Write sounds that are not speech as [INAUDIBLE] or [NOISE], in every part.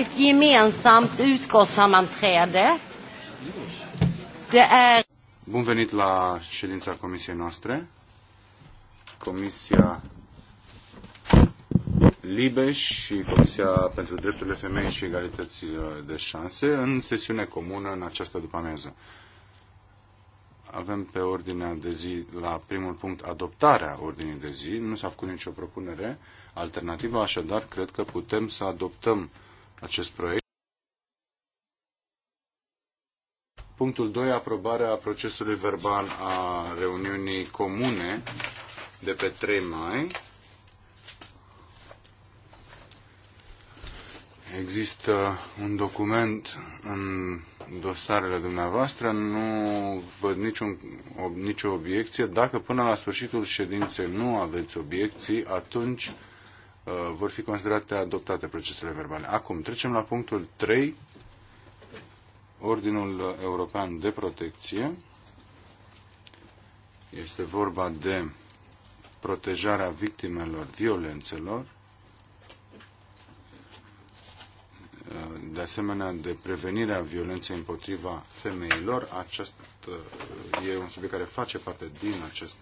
ett gemensamt utskottssammanträde. Det är... Bun venit la ședința comisiei noastre. Comisia Libe și Comisia pentru Drepturile Femeii și Egalități uh, de Șanse în sesiune comună în această după-amiază. Avem pe ordinea de zi, la primul punct, adoptarea ordinii de zi. Nu s-a făcut nicio propunere alternativă, așadar cred că putem să adoptăm uh, acest proiect. Punctul 2. Aprobarea procesului verbal a reuniunii comune de pe 3 mai. Există un document în dosarele dumneavoastră, nu văd niciun, nicio obiecție. Dacă până la sfârșitul ședinței nu aveți obiecții, atunci Uh, vor fi considerate adoptate procesele verbale. Acum, trecem la punctul 3, Ordinul European de Protecție. Este vorba de protejarea victimelor violențelor, uh, de asemenea de prevenirea violenței împotriva femeilor. Acest uh, e un subiect care face parte din acest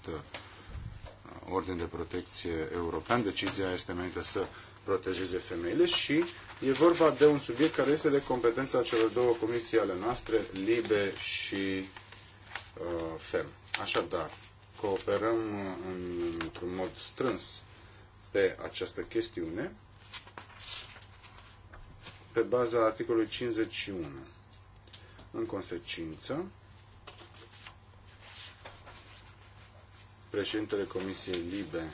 ordin de protecție european. Decizia este menită să protejeze femeile și e vorba de un subiect care este de competența celor două comisii ale noastre, LIBE și uh, FEM. Așadar, cooperăm în, uh, într-un mod strâns pe această chestiune pe baza articolului 51. În consecință, președintele Comisiei Libe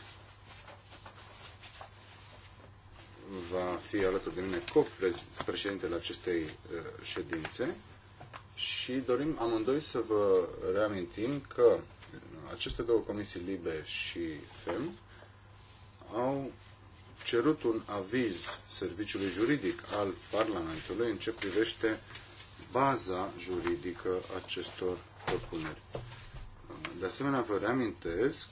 va fi alături de mine co-președintele acestei uh, ședințe și dorim amândoi să vă reamintim că aceste două comisii, LIBE și FEM, au cerut un aviz serviciului juridic al Parlamentului în ce privește baza juridică acestor propuneri. De asemenea, vă reamintesc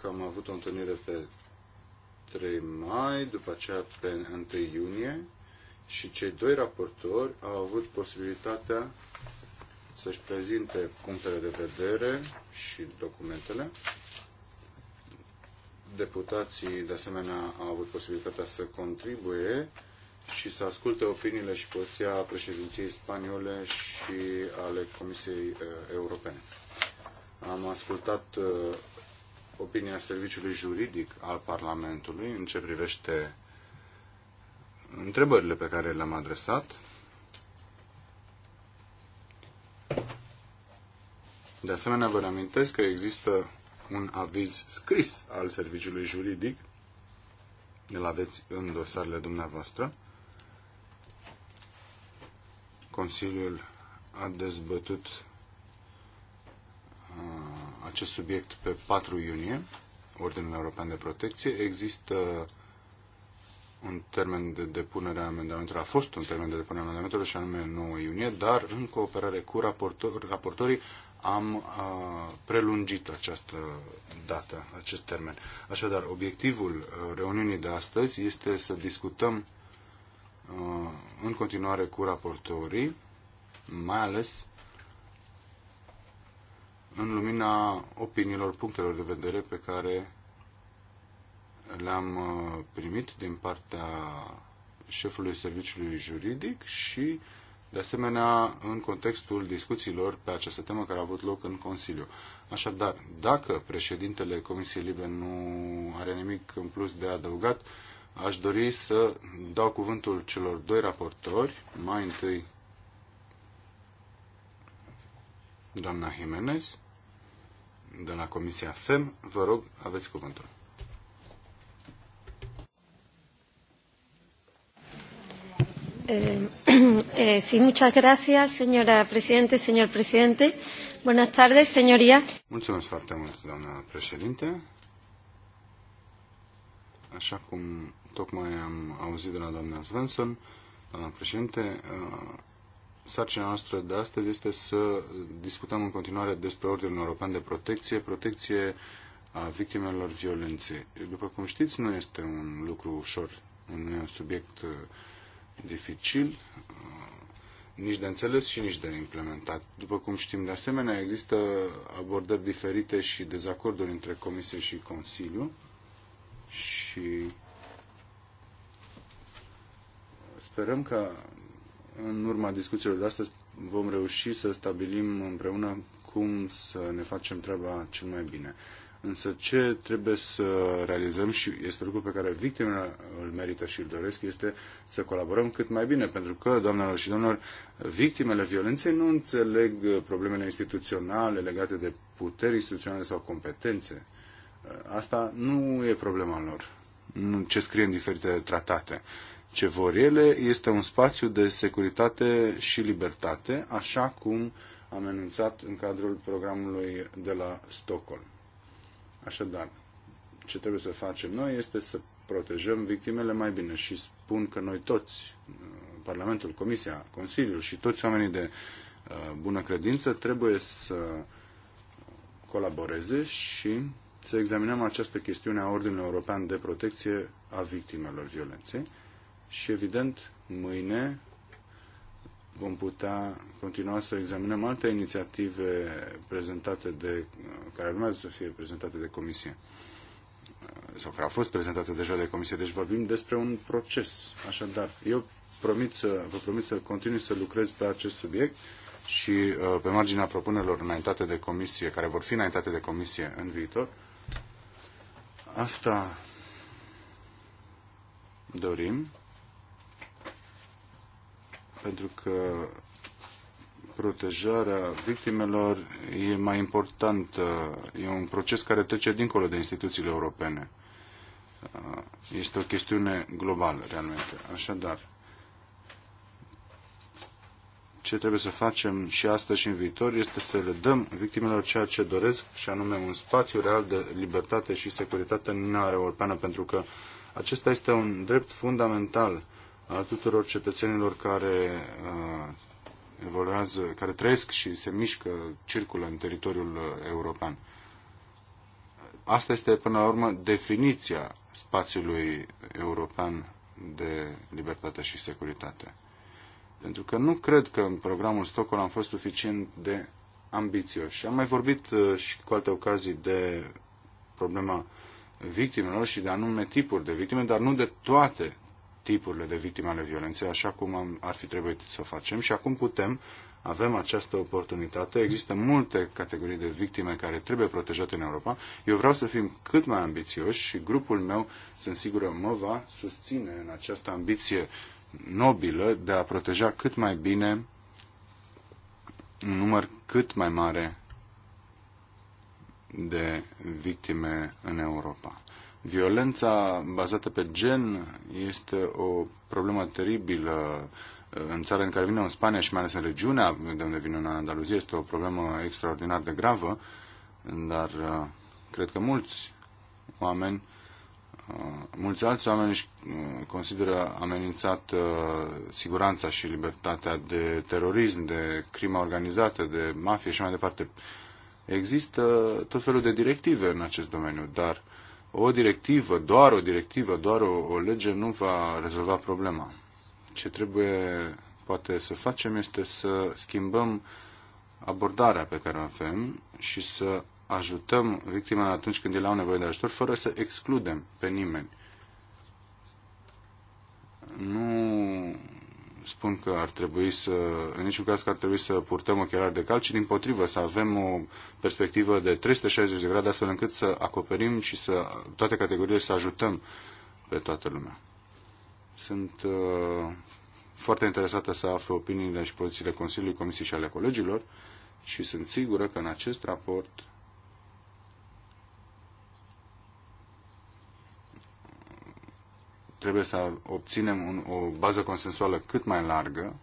că am avut o întâlnire pe 3 mai, după aceea pe 1 iunie și cei doi raportori au avut posibilitatea să-și prezinte punctele de vedere și documentele. Deputații, de asemenea, au avut posibilitatea să contribuie și să asculte opiniile și poziția președinției spaniole și ale Comisiei uh, Europene. Am ascultat uh, opinia Serviciului Juridic al Parlamentului în ce privește întrebările pe care le-am adresat. De asemenea, vă reamintesc că există un aviz scris al Serviciului Juridic, îl aveți în dosarele dumneavoastră, Consiliul a dezbătut uh, acest subiect pe 4 iunie, Ordinul European de Protecție. Există un termen de depunere a amendamentelor, a fost un termen de depunere a amendamentelor și anume 9 iunie, dar în cooperare cu raportor, raportorii am a, uh, prelungit această dată, acest termen. Așadar, obiectivul uh, reuniunii de astăzi este să discutăm Uh, în continuare cu raportorii, mai ales în lumina opiniilor, punctelor de vedere pe care le-am uh, primit din partea șefului serviciului juridic și, de asemenea, în contextul discuțiilor pe această temă care a avut loc în Consiliu. Așadar, dacă președintele Comisiei Libe nu are nimic în plus de adăugat, Aș dori să dau cuvântul celor doi raportori. Mai întâi, doamna Jimenez, de la Comisia FEM. Vă rog, aveți cuvântul. Eh, eh, sí, muchas gracias, señora presidente, señor presidente. Buenas tardes, señoría. Muchas gracias, señora presidente. Así como... Tocmai am auzit de la doamna Svensson, doamna președinte, uh, sarcina noastră de astăzi este să discutăm în continuare despre Ordinul European de Protecție, protecție a victimelor violenței. După cum știți, nu este un lucru ușor, un subiect uh, dificil, uh, nici de înțeles și nici de implementat. După cum știm, de asemenea, există abordări diferite și dezacorduri între Comisie și Consiliu și Sperăm că în urma discuțiilor de astăzi vom reuși să stabilim împreună cum să ne facem treaba cel mai bine. Însă ce trebuie să realizăm și este lucru pe care victimele îl merită și îl doresc, este să colaborăm cât mai bine, pentru că, doamnelor și domnilor, victimele violenței nu înțeleg problemele instituționale legate de puteri instituționale sau competențe. Asta nu e problema lor, ce scrie în diferite tratate ce vor ele este un spațiu de securitate și libertate, așa cum am anunțat în cadrul programului de la Stockholm. Așadar, ce trebuie să facem noi este să protejăm victimele mai bine și spun că noi toți, Parlamentul, Comisia, Consiliul și toți oamenii de uh, bună credință trebuie să colaboreze și să examinăm această chestiune a Ordinului European de Protecție a Victimelor Violenței și evident mâine vom putea continua să examinăm alte inițiative prezentate de, care urmează să fie prezentate de comisie sau care au fost prezentate deja de comisie. Deci vorbim despre un proces. Așadar, eu promit să, vă promit să continui să lucrez pe acest subiect și uh, pe marginea propunerilor înaintate de comisie, care vor fi înaintate de comisie în viitor. Asta dorim pentru că protejarea victimelor e mai importantă, e un proces care trece dincolo de instituțiile europene. Uh, este o chestiune globală, realmente. Așadar, ce trebuie să facem și astăzi și în viitor este să le dăm victimelor ceea ce doresc, și anume un spațiu real de libertate și securitate în Uniunea Europeană, pentru că acesta este un drept fundamental a tuturor cetățenilor care uh, evoluează, care trăiesc și se mișcă, circulă în teritoriul uh, european. Asta este, până la urmă, definiția spațiului european de libertate și securitate. Pentru că nu cred că în programul Stockholm am fost suficient de Și Am mai vorbit uh, și cu alte ocazii de problema victimelor și de anume tipuri de victime, dar nu de toate tipurile de victime ale violenței, așa cum am, ar fi trebuit să o facem și acum putem, avem această oportunitate, există multe categorii de victime care trebuie protejate în Europa. Eu vreau să fim cât mai ambițioși și grupul meu, sunt sigură, mă va susține în această ambiție nobilă de a proteja cât mai bine un număr cât mai mare de victime în Europa. Violența bazată pe gen este o problemă teribilă uh, în țara în care vine, în Spania și mai ales în regiunea de unde vine, în Andaluzia, este o problemă extraordinar de gravă, dar uh, cred că mulți oameni, uh, mulți alți oameni își consideră amenințat siguranța și libertatea de terorism, de crima organizată, de mafie și mai departe. Există tot felul de directive în acest domeniu, dar uh, o directivă, doar o directivă, doar o, o lege nu va rezolva problema. Ce trebuie poate să facem este să schimbăm abordarea pe care o avem și să ajutăm victimele atunci când ele au nevoie de ajutor, fără să excludem pe nimeni. Nu spun că ar trebui să, în niciun caz că ar trebui să purtăm ochelari de cal, ci din potrivă să avem o perspectivă de 360 de grade astfel încât să acoperim și să toate categoriile să ajutăm pe toată lumea. Sunt uh, foarte interesată să aflu opiniile și pozițiile Consiliului Comisiei și ale colegilor și sunt sigură că în acest raport trebuie să obținem un, o bază consensuală cât mai largă.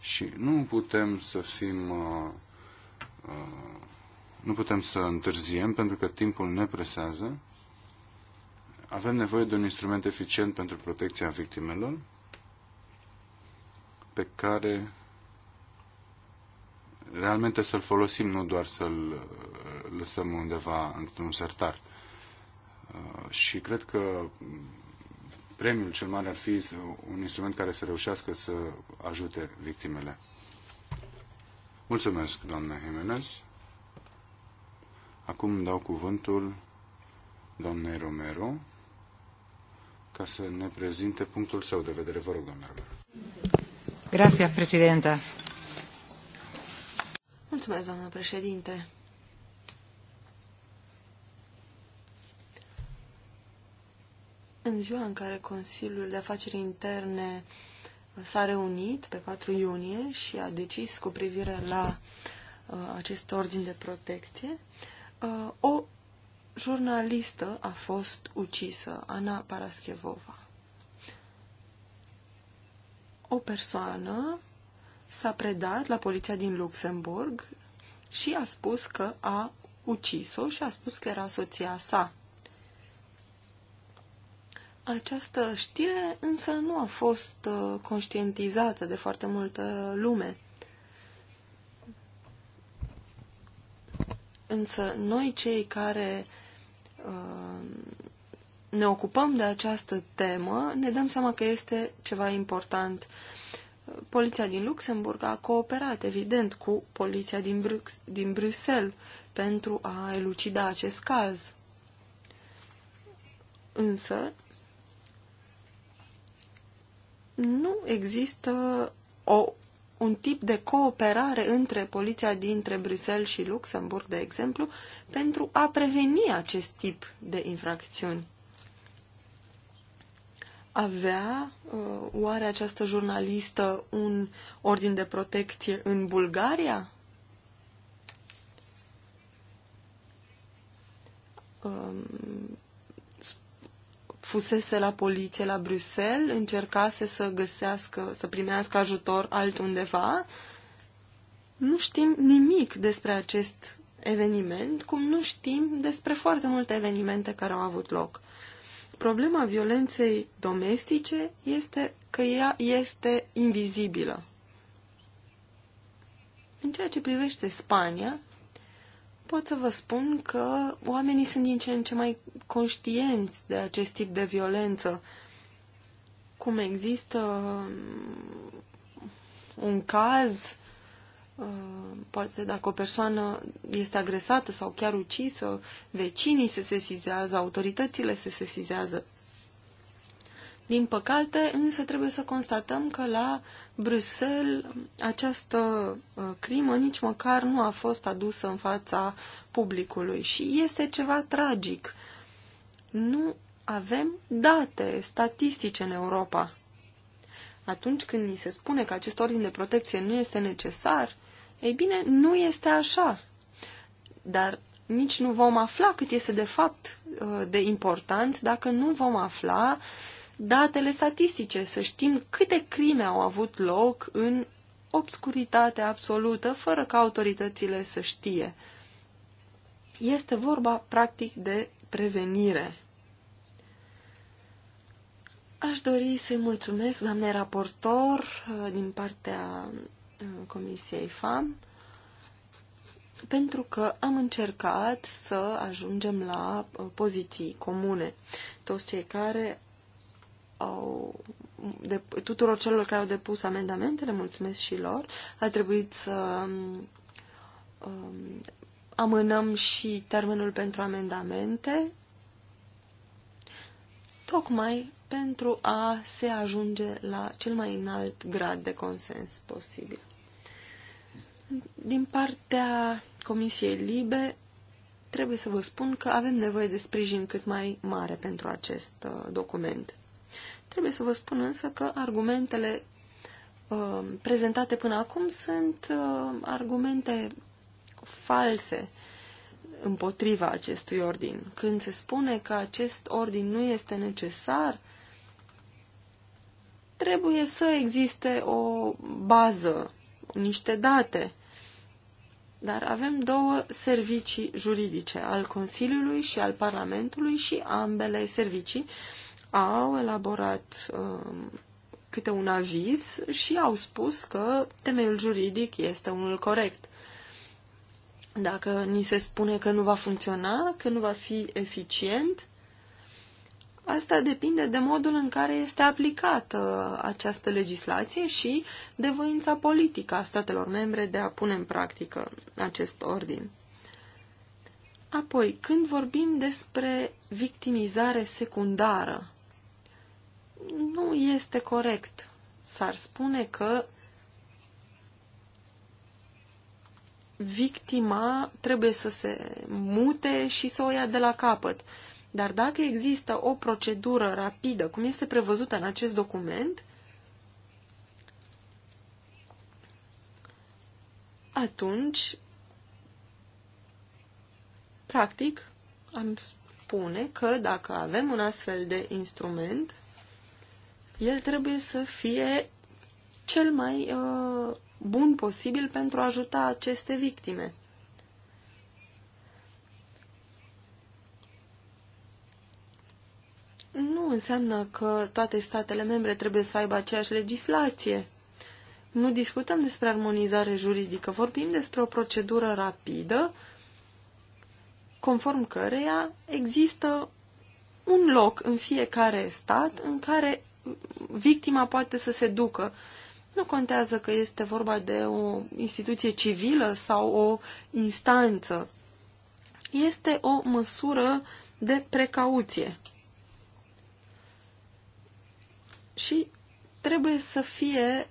Și nu putem să fim. Uh, uh, nu putem să întârziem pentru că timpul ne presează. Avem nevoie de un instrument eficient pentru protecția victimelor pe care realmente să-l folosim, nu doar să-l uh, lăsăm undeva într-un sertar. Uh, și cred că premiul cel mare ar fi un instrument care să reușească să ajute victimele. Mulțumesc, doamna Jimenez. Acum dau cuvântul doamnei Romero ca să ne prezinte punctul său de vedere. Vă rog, doamna Romero. Gracias, presidenta. Mulțumesc, doamnă președinte. În ziua în care Consiliul de Afaceri Interne s-a reunit pe 4 iunie și a decis cu privire la uh, acest ordin de protecție, uh, o jurnalistă a fost ucisă, Ana Paraschevova. O persoană s-a predat la poliția din Luxemburg și a spus că a ucis-o și a spus că era soția sa. Această știre însă nu a fost uh, conștientizată de foarte multă lume. Însă noi cei care uh, ne ocupăm de această temă, ne dăm seama că este ceva important. Poliția din Luxemburg a cooperat, evident, cu poliția din, Brux din Bruxelles pentru a elucida acest caz. Însă, nu există o, un tip de cooperare între poliția dintre Bruxelles și Luxemburg, de exemplu, pentru a preveni acest tip de infracțiuni avea uh, oare această jurnalistă un ordin de protecție în Bulgaria? Um, fusese la poliție la Bruxelles, încercase să găsească, să primească ajutor altundeva. Nu știm nimic despre acest eveniment, cum nu știm despre foarte multe evenimente care au avut loc. Problema violenței domestice este că ea este invizibilă. În ceea ce privește Spania, pot să vă spun că oamenii sunt din ce în ce mai conștienți de acest tip de violență. Cum există um, un caz Uh, poate dacă o persoană este agresată sau chiar ucisă, vecinii se sesizează, autoritățile se sesizează. Din păcate, însă trebuie să constatăm că la Bruxelles această uh, crimă nici măcar nu a fost adusă în fața publicului și este ceva tragic. Nu avem date statistice în Europa. Atunci când ni se spune că acest ordin de protecție nu este necesar, ei bine, nu este așa. Dar nici nu vom afla cât este de fapt uh, de important dacă nu vom afla datele statistice, să știm câte crime au avut loc în obscuritate absolută, fără ca autoritățile să știe. Este vorba, practic, de prevenire. Aș dori să-i mulțumesc, doamne raportor, uh, din partea Uh, Comisiei FAM pentru că am încercat să ajungem la uh, poziții comune. Toți cei care au, de, tuturor celor care au depus amendamentele, mulțumesc și lor, a trebuit să um, amânăm și termenul pentru amendamente, tocmai pentru a se ajunge la cel mai înalt grad de consens posibil. Din partea Comisiei Libe, trebuie să vă spun că avem nevoie de sprijin cât mai mare pentru acest uh, document. Trebuie să vă spun însă că argumentele uh, prezentate până acum sunt uh, argumente false împotriva acestui ordin. Când se spune că acest ordin nu este necesar, trebuie să existe o bază niște date. Dar avem două servicii juridice, al Consiliului și al Parlamentului și ambele servicii au elaborat um, câte un aviz și au spus că temeiul juridic este unul corect. Dacă ni se spune că nu va funcționa, că nu va fi eficient, Asta depinde de modul în care este aplicată uh, această legislație și de voința politică a statelor membre de a pune în practică acest ordin. Apoi, când vorbim despre victimizare secundară, nu este corect. S-ar spune că victima trebuie să se mute și să o ia de la capăt. Dar dacă există o procedură rapidă, cum este prevăzută în acest document, atunci, practic, am spune că dacă avem un astfel de instrument, el trebuie să fie cel mai uh, bun posibil pentru a ajuta aceste victime. nu înseamnă că toate statele membre trebuie să aibă aceeași legislație. Nu discutăm despre armonizare juridică, vorbim despre o procedură rapidă conform căreia există un loc în fiecare stat în care victima poate să se ducă. Nu contează că este vorba de o instituție civilă sau o instanță. Este o măsură de precauție. și trebuie să fie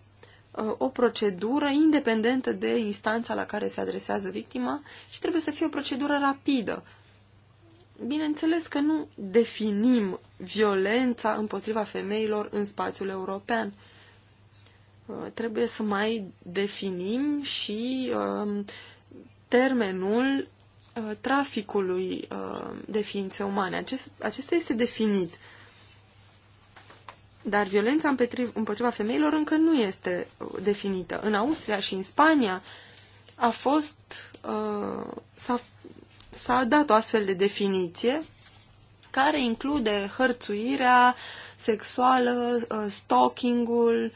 uh, o procedură independentă de instanța la care se adresează victima și trebuie să fie o procedură rapidă. Bineînțeles că nu definim violența împotriva femeilor în spațiul european. Uh, trebuie să mai definim și uh, termenul traficului de ființe umane. acesta este definit dar violența împotriva femeilor încă nu este uh, definită. În Austria și în Spania a fost, uh, s-a dat o astfel de definiție care include hărțuirea sexuală, uh, stalkingul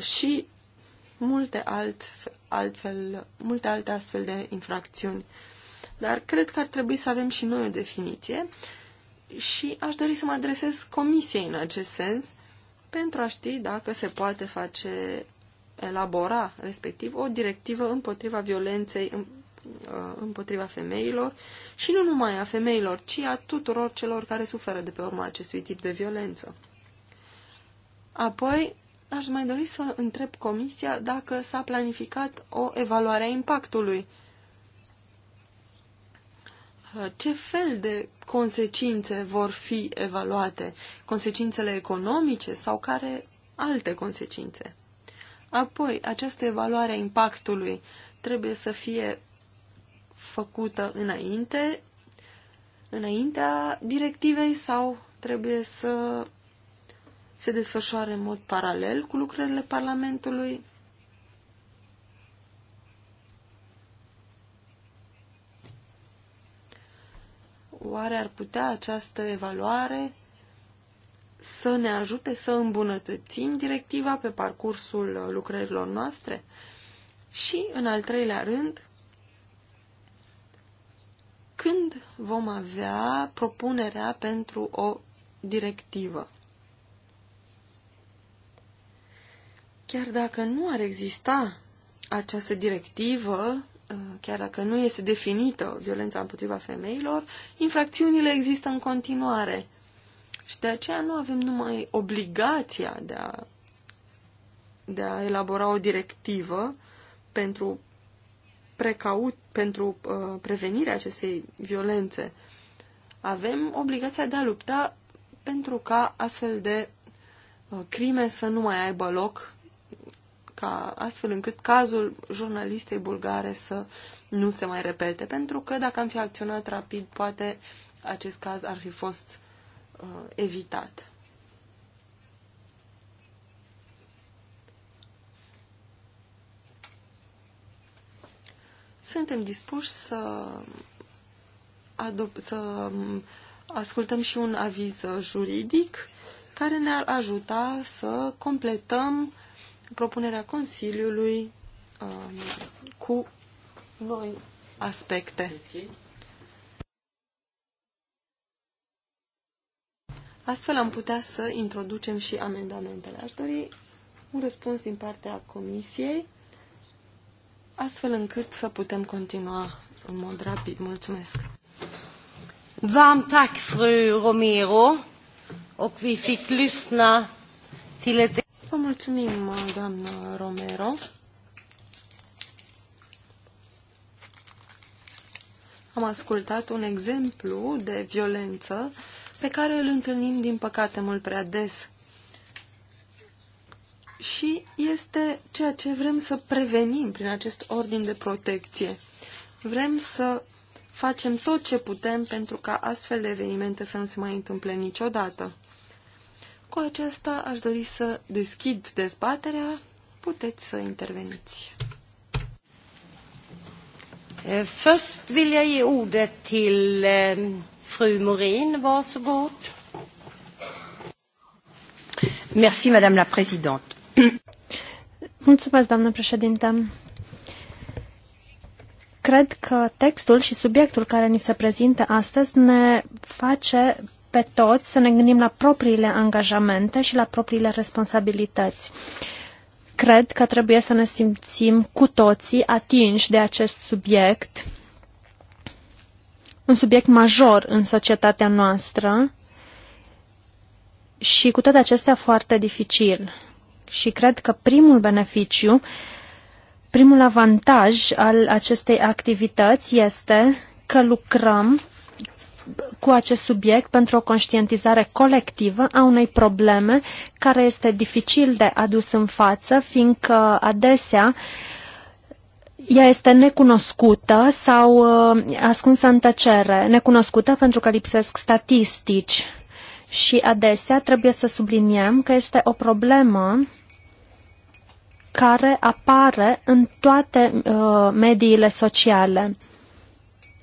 și multe, alt, altfel, multe alte astfel de infracțiuni. Dar cred că ar trebui să avem și noi o definiție și aș dori să mă adresez comisiei în acest sens pentru a ști dacă se poate face elabora respectiv o directivă împotriva violenței uh, împotriva femeilor și nu numai a femeilor, ci a tuturor celor care suferă de pe urma acestui tip de violență. Apoi, aș mai dori să întreb Comisia dacă s-a planificat o evaluare a impactului. Uh, ce fel de consecințe vor fi evaluate, consecințele economice sau care alte consecințe. Apoi, această evaluare a impactului trebuie să fie făcută înainte, înaintea directivei sau trebuie să se desfășoare în mod paralel cu lucrările Parlamentului. oare ar putea această evaluare să ne ajute să îmbunătățim directiva pe parcursul uh, lucrărilor noastre? Și, în al treilea rând, când vom avea propunerea pentru o directivă? Chiar dacă nu ar exista această directivă, Uh, chiar dacă nu este definită violența împotriva femeilor, infracțiunile există în continuare. Și de aceea nu avem numai obligația de a, de a elabora o directivă pentru, precaut, pentru uh, prevenirea acestei violențe. Avem obligația de a lupta pentru ca astfel de uh, crime să nu mai aibă loc ca, astfel încât cazul jurnalistei bulgare să nu se mai repete, pentru că dacă am fi acționat rapid, poate acest caz ar fi fost uh, evitat. Suntem dispuși să, adop- să um, ascultăm și un aviz juridic care ne-ar ajuta să completăm propunerea Consiliului um, cu noi aspecte. Astfel am putea să introducem și amendamentele. Aș dori un răspuns din partea Comisiei, astfel încât să putem continua în mod rapid. Mulțumesc! Varmt tack fru Romero och vi fick lyssna till ett Vă mulțumim, doamnă Romero. Am ascultat un exemplu de violență pe care îl întâlnim, din păcate, mult prea des. Și este ceea ce vrem să prevenim prin acest ordin de protecție. Vrem să facem tot ce putem pentru ca astfel de evenimente să nu se mai întâmple niciodată. Cu aceasta aș dori să deschid dezbaterea. Puteți să interveniți. Eh, först vill jag ge ordet eh, fru Morin. Varsågod. Merci, madame la présidente. Mulțumesc, doamnă președintă. Cred că textul și subiectul care ni se prezintă astăzi ne face pe toți să ne gândim la propriile angajamente și la propriile responsabilități. Cred că trebuie să ne simțim cu toții atinși de acest subiect, un subiect major în societatea noastră și cu toate acestea foarte dificil. Și cred că primul beneficiu, primul avantaj al acestei activități este că lucrăm cu acest subiect pentru o conștientizare colectivă a unei probleme care este dificil de adus în față, fiindcă adesea ea este necunoscută sau uh, ascunsă în tăcere, necunoscută pentru că lipsesc statistici. Și adesea trebuie să subliniem că este o problemă care apare în toate uh, mediile sociale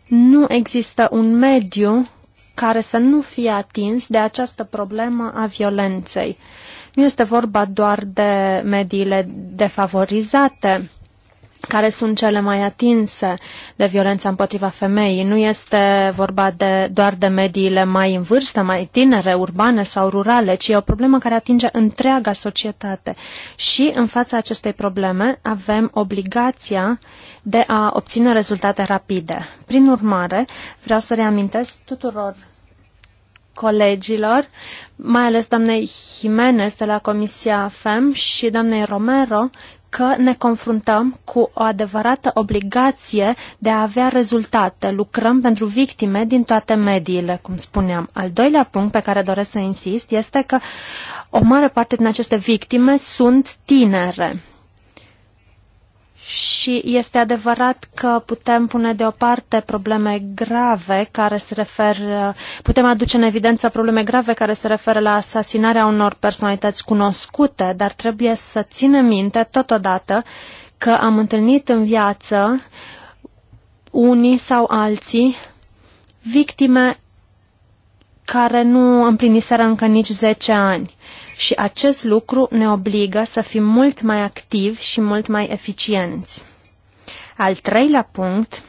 nu există un mediu care să nu fie atins de această problemă a violenței. Nu este vorba doar de mediile defavorizate, care sunt cele mai atinse de violența împotriva femeii. Nu este vorba de, doar de mediile mai în vârstă, mai tinere, urbane sau rurale, ci e o problemă care atinge întreaga societate. Și în fața acestei probleme avem obligația de a obține rezultate rapide. Prin urmare, vreau să reamintesc tuturor colegilor, mai ales doamnei Jimenez de la Comisia FEM și doamnei Romero, că ne confruntăm cu o adevărată obligație de a avea rezultate. Lucrăm pentru victime din toate mediile, cum spuneam. Al doilea punct pe care doresc să insist este că o mare parte din aceste victime sunt tinere. Și este adevărat că putem pune deoparte probleme grave care se refer, putem aduce în evidență probleme grave care se referă la asasinarea unor personalități cunoscute, dar trebuie să ținem minte totodată că am întâlnit în viață unii sau alții victime care nu împliniseră încă nici 10 ani și acest lucru ne obligă să fim mult mai activi și mult mai eficienți. Al treilea punct,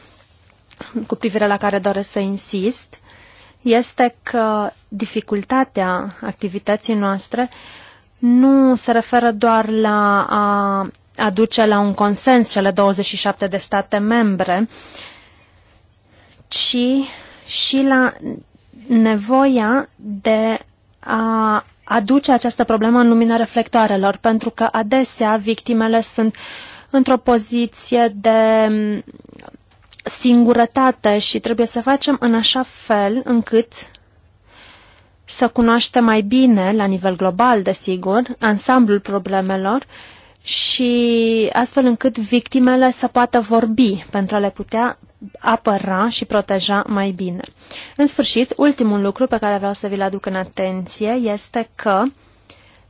cu privire la care doresc să insist, este că dificultatea activității noastre nu se referă doar la a aduce la un consens cele 27 de state membre, ci și la nevoia de a aduce această problemă în lumina reflectoarelor, pentru că adesea victimele sunt într-o poziție de mm, singurătate și trebuie să facem în așa fel încât să cunoaștem mai bine, la nivel global, desigur, ansamblul problemelor și astfel încât victimele să poată vorbi pentru a le putea apăra și proteja mai bine. În sfârșit, ultimul lucru pe care vreau să vi-l aduc în atenție este că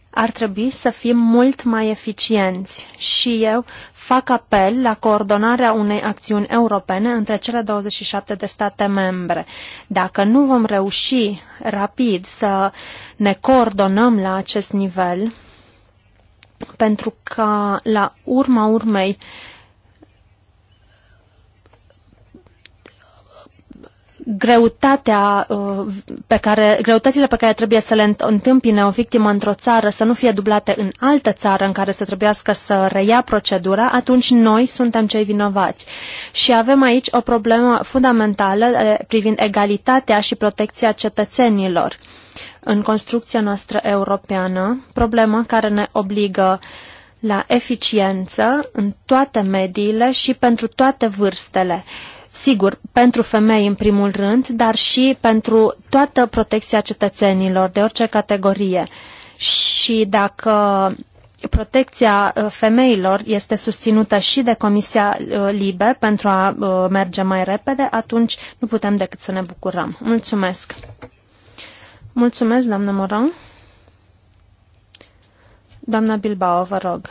ar trebui să fim mult mai eficienți și eu fac apel la coordonarea unei acțiuni europene între cele 27 de state membre. Dacă nu vom reuși rapid să ne coordonăm la acest nivel, pentru că la urma urmei greutatea uh, pe care, greutățile pe care trebuie să le întâmpine o victimă într-o țară să nu fie dublate în altă țară în care să trebuiască să reia procedura, atunci noi suntem cei vinovați. Și avem aici o problemă fundamentală eh, privind egalitatea și protecția cetățenilor în construcția noastră europeană, problemă care ne obligă la eficiență în toate mediile și pentru toate vârstele sigur, pentru femei în primul rând, dar și pentru toată protecția cetățenilor de orice categorie. Și dacă protecția uh, femeilor este susținută și de Comisia uh, Libe pentru a uh, merge mai repede, atunci nu putem decât să ne bucurăm. Mulțumesc! Mulțumesc, doamnă Moran. Doamna Bilbao, vă rog.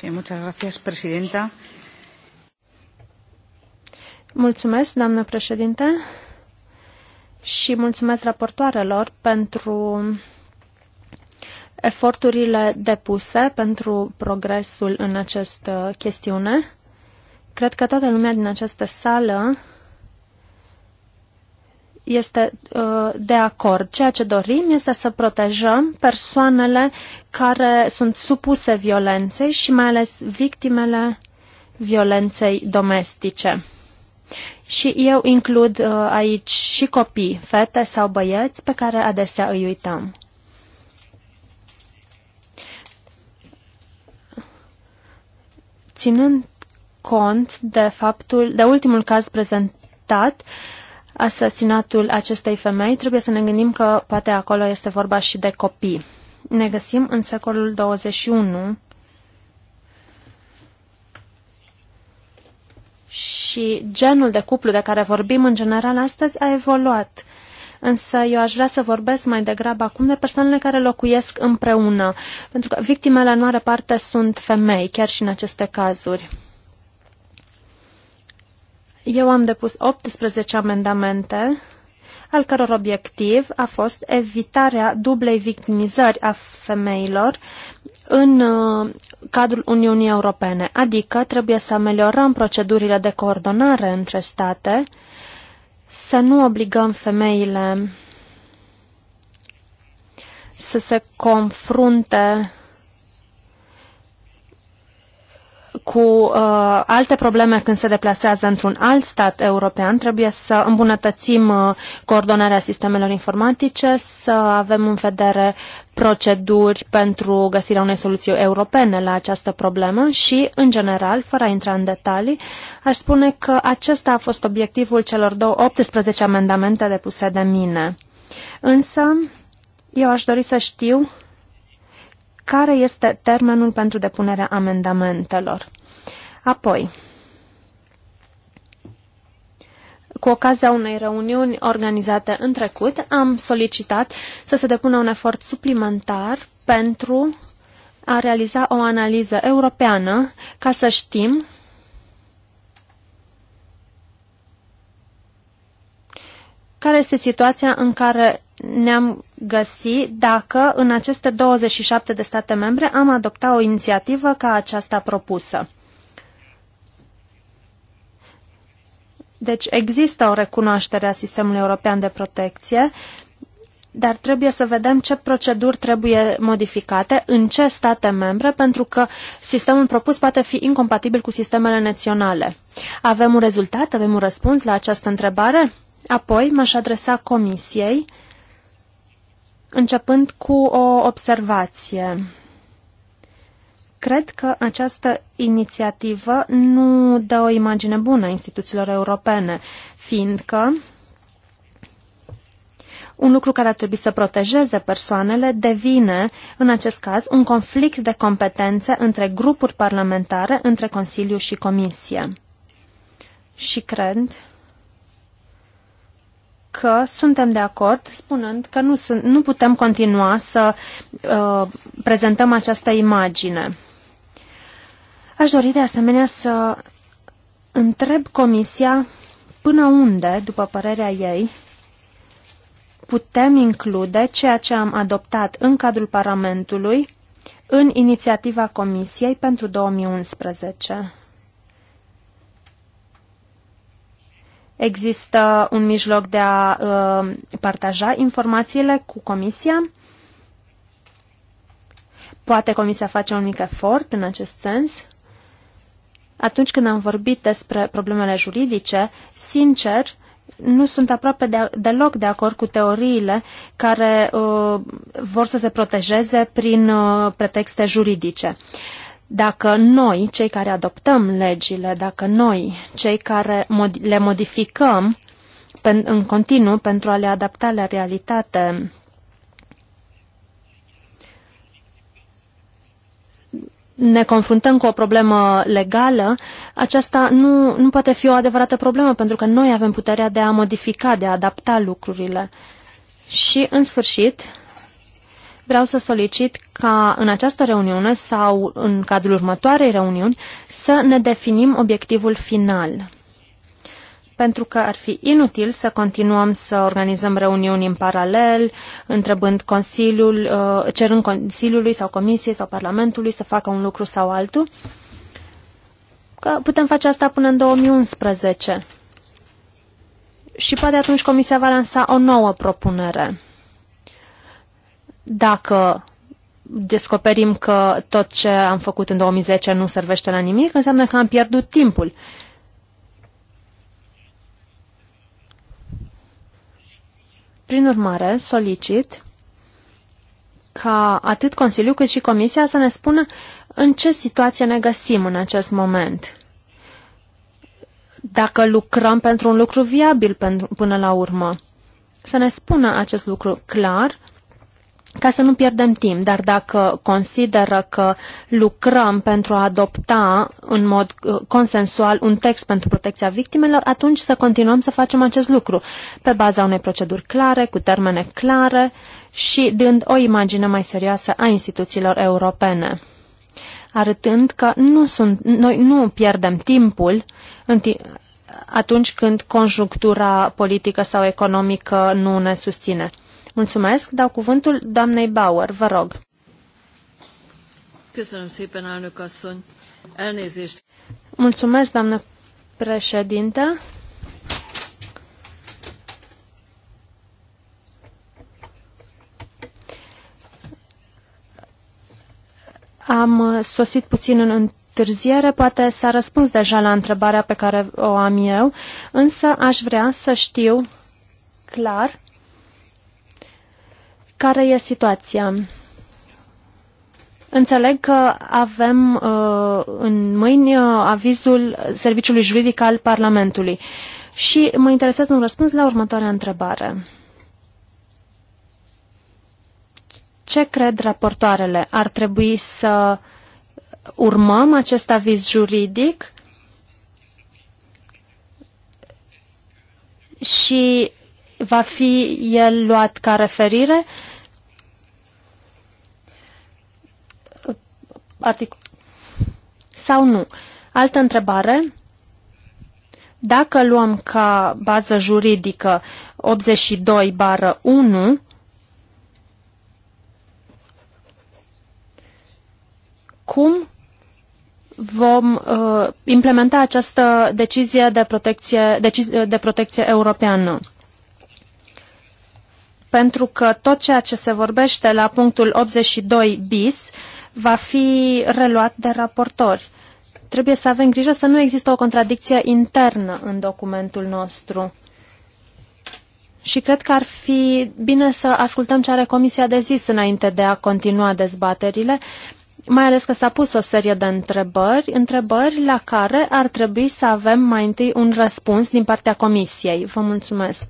Sí, muchas gracias, presidenta. Mulțumesc, doamnă președinte, și mulțumesc raportoarelor pentru eforturile depuse pentru progresul în această chestiune. Cred că toată lumea din această sală este uh, de acord. Ceea ce dorim este să protejăm persoanele care sunt supuse violenței și mai ales victimele violenței domestice. Și eu includ uh, aici și copii, fete sau băieți, pe care adesea îi uităm. Ținând cont de faptul, de ultimul caz prezentat, asasinatul acestei femei, trebuie să ne gândim că poate acolo este vorba și de copii. Ne găsim în secolul 21 și genul de cuplu de care vorbim în general astăzi a evoluat. Însă eu aș vrea să vorbesc mai degrabă acum de persoanele care locuiesc împreună, pentru că victimele în mare parte sunt femei, chiar și în aceste cazuri. Eu am depus 18 amendamente al căror obiectiv a fost evitarea dublei victimizări a femeilor în uh, cadrul Uniunii Europene, adică trebuie să ameliorăm procedurile de coordonare între state, să nu obligăm femeile să se confrunte cu uh, alte probleme când se deplasează într-un alt stat european. Trebuie să îmbunătățim uh, coordonarea sistemelor informatice, să avem în vedere proceduri pentru găsirea unei soluții europene la această problemă și, în general, fără a intra în detalii, aș spune că acesta a fost obiectivul celor două 18 amendamente depuse de mine. Însă, eu aș dori să știu care este termenul pentru depunerea amendamentelor. Apoi, cu ocazia unei reuniuni organizate în trecut, am solicitat să se depună un efort suplimentar pentru a realiza o analiză europeană ca să știm care este situația în care ne-am găsi dacă în aceste 27 de state membre am adoptat o inițiativă ca aceasta propusă. Deci există o recunoaștere a sistemului european de protecție, dar trebuie să vedem ce proceduri trebuie modificate, în ce state membre, pentru că sistemul propus poate fi incompatibil cu sistemele naționale. Avem un rezultat, avem un răspuns la această întrebare? Apoi m-aș adresa Comisiei, începând cu o observație. Cred că această inițiativă nu dă o imagine bună instituțiilor europene, fiindcă un lucru care ar trebui să protejeze persoanele devine, în acest caz, un conflict de competențe între grupuri parlamentare, între Consiliu și Comisie. Și cred că suntem de acord spunând că nu, sunt, nu putem continua să uh, prezentăm această imagine. Aș dori de asemenea să întreb Comisia până unde, după părerea ei, putem include ceea ce am adoptat în cadrul Parlamentului în inițiativa Comisiei pentru 2011. Există un mijloc de a uh, partaja informațiile cu Comisia? Poate Comisia face un mic efort în acest sens? Atunci când am vorbit despre problemele juridice, sincer, nu sunt aproape de, deloc de acord cu teoriile care uh, vor să se protejeze prin uh, pretexte juridice. Dacă noi, cei care adoptăm legile, dacă noi, cei care mod- le modificăm pen- în continuu pentru a le adapta la realitate, ne confruntăm cu o problemă legală, aceasta nu, nu poate fi o adevărată problemă, pentru că noi avem puterea de a modifica, de a adapta lucrurile. Și, în sfârșit, vreau să solicit ca în această reuniune sau în cadrul următoarei reuniuni să ne definim obiectivul final pentru că ar fi inutil să continuăm să organizăm reuniuni în paralel, întrebând Consiliul, uh, cerând Consiliului sau Comisiei sau Parlamentului să facă un lucru sau altul, că putem face asta până în 2011. Și poate atunci Comisia va lansa o nouă propunere. Dacă descoperim că tot ce am făcut în 2010 nu servește la nimic, înseamnă că am pierdut timpul. Prin urmare, solicit ca atât Consiliul cât și Comisia să ne spună în ce situație ne găsim în acest moment. Dacă lucrăm pentru un lucru viabil până la urmă. Să ne spună acest lucru clar ca să nu pierdem timp, dar dacă consideră că lucrăm pentru a adopta în mod uh, consensual un text pentru protecția victimelor, atunci să continuăm să facem acest lucru pe baza unei proceduri clare, cu termene clare și dând o imagine mai serioasă a instituțiilor europene arătând că nu sunt, noi nu pierdem timpul în atunci când conjunctura politică sau economică nu ne susține. Mulțumesc. Dau cuvântul doamnei Bauer. Vă rog. Mulțumesc, doamnă președinte. Am sosit puțin în întârziere, poate s-a răspuns deja la întrebarea pe care o am eu, însă aș vrea să știu clar care e situația? Înțeleg că avem uh, în mâini uh, avizul Serviciului Juridic al Parlamentului și mă interesează un răspuns la următoarea întrebare. Ce cred raportoarele? Ar trebui să urmăm acest aviz juridic și va fi el luat ca referire? Artic... Sau nu? Altă întrebare. Dacă luăm ca bază juridică 82 bară 1, cum vom uh, implementa această decizie de protecție, decizie de protecție europeană? pentru că tot ceea ce se vorbește la punctul 82 bis va fi reluat de raportori. Trebuie să avem grijă să nu există o contradicție internă în documentul nostru. Și cred că ar fi bine să ascultăm ce are Comisia de zis înainte de a continua dezbaterile, mai ales că s-a pus o serie de întrebări, întrebări la care ar trebui să avem mai întâi un răspuns din partea Comisiei. Vă mulțumesc!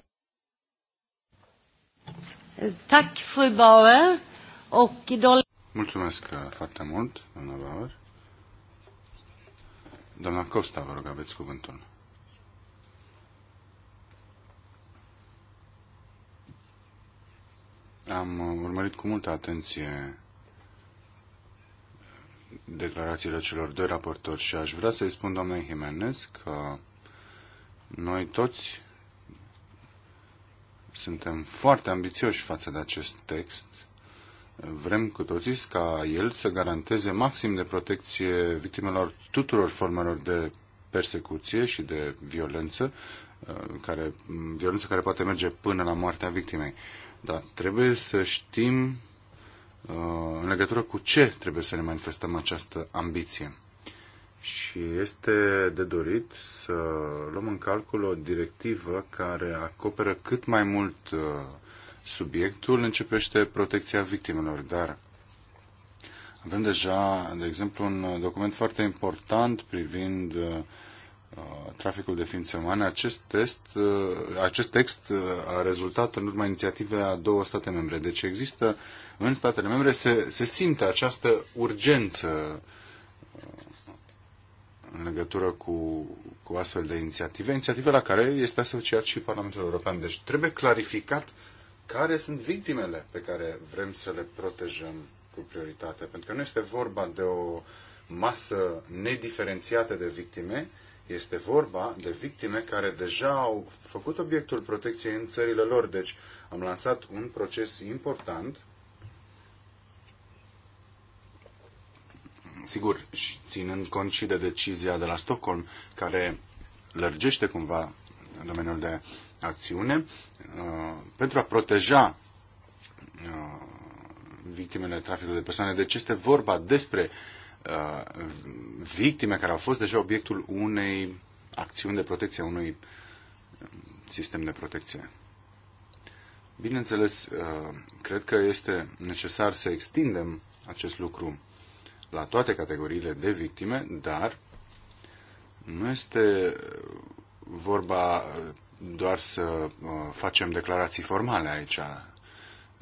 Mulțumesc foarte mult, doamna Bauer. Doamna Costa, vă rog, aveți cuvântul. Am urmărit cu multă atenție declarațiile celor doi raportori și aș vrea să-i spun doamnei Jimenez că noi toți suntem foarte ambițioși față de acest text. Vrem cu toții ca el să garanteze maxim de protecție victimelor tuturor formelor de persecuție și de violență, uh, care, violență care poate merge până la moartea victimei. Dar trebuie să știm uh, în legătură cu ce trebuie să ne manifestăm această ambiție și este de dorit să luăm în calcul o directivă care acoperă cât mai mult uh, subiectul, începește protecția victimelor, dar avem deja, de exemplu, un document foarte important privind uh, traficul de ființe umane. Acest, test, uh, acest text a rezultat în urma inițiativei a două state membre. Deci există în statele membre, se, se simte această urgență în legătură cu, cu astfel de inițiative, inițiative la care este asociat și Parlamentul European. Deci trebuie clarificat care sunt victimele pe care vrem să le protejăm cu prioritate. Pentru că nu este vorba de o masă nediferențiată de victime, este vorba de victime care deja au făcut obiectul protecției în țările lor. Deci am lansat un proces important sigur, și ținând cont și de decizia de la Stockholm, care lărgește cumva domeniul de acțiune, uh, pentru a proteja uh, victimele traficului de persoane. Deci este vorba despre uh, victime care au fost deja obiectul unei acțiuni de protecție, unui sistem de protecție. Bineînțeles, cred că este necesar să extindem acest lucru la toate categoriile de victime, dar nu este vorba doar să uh, facem declarații formale aici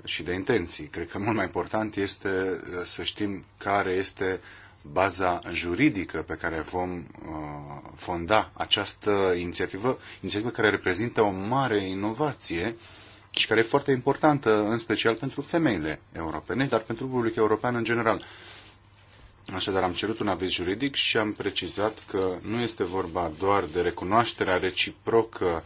și de intenții. Cred că mult mai important este uh, să știm care este baza juridică pe care vom uh, fonda această inițiativă, inițiativă care reprezintă o mare inovație și care e foarte importantă, în special pentru femeile europene, dar pentru publicul european în general. Așadar, am cerut un aviz juridic și am precizat că nu este vorba doar de recunoașterea reciprocă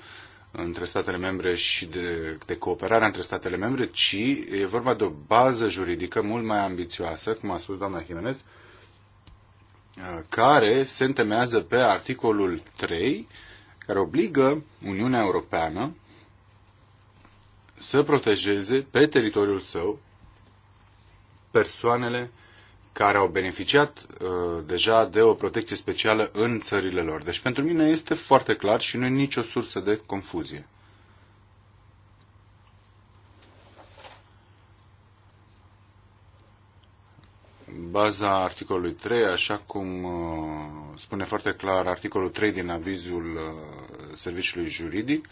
între statele membre și de, de cooperarea între statele membre, ci e vorba de o bază juridică mult mai ambițioasă, cum a spus doamna Jimenez, care se întemeiază pe articolul 3, care obligă Uniunea Europeană să protejeze pe teritoriul său persoanele care au beneficiat uh, deja de o protecție specială în țările lor. Deci pentru mine este foarte clar și nu e nicio sursă de confuzie. baza articolului 3, așa cum uh, spune foarte clar articolul 3 din avizul uh, serviciului juridic,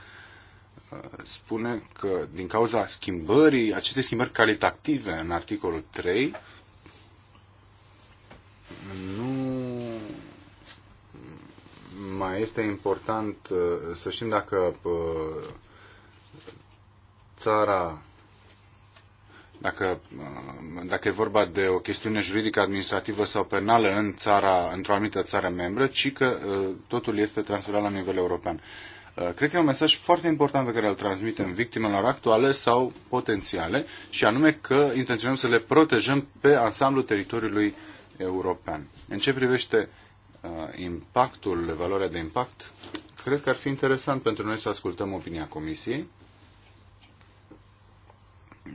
uh, spune că din cauza schimbării, aceste schimbări calitative în articolul 3, nu mai este important uh, să știm dacă uh, țara dacă, uh, dacă e vorba de o chestiune juridică, administrativă sau penală în țara, într-o anumită țară membră, ci că totul este transferat la nivel european. Cred că e un mesaj foarte important pe care îl transmitem victimelor actuale sau potențiale și anume că intenționăm să le protejăm pe ansamblul teritoriului uh, european. În ce privește uh, impactul, valoarea de impact, cred că ar fi interesant pentru noi să ascultăm opinia Comisiei,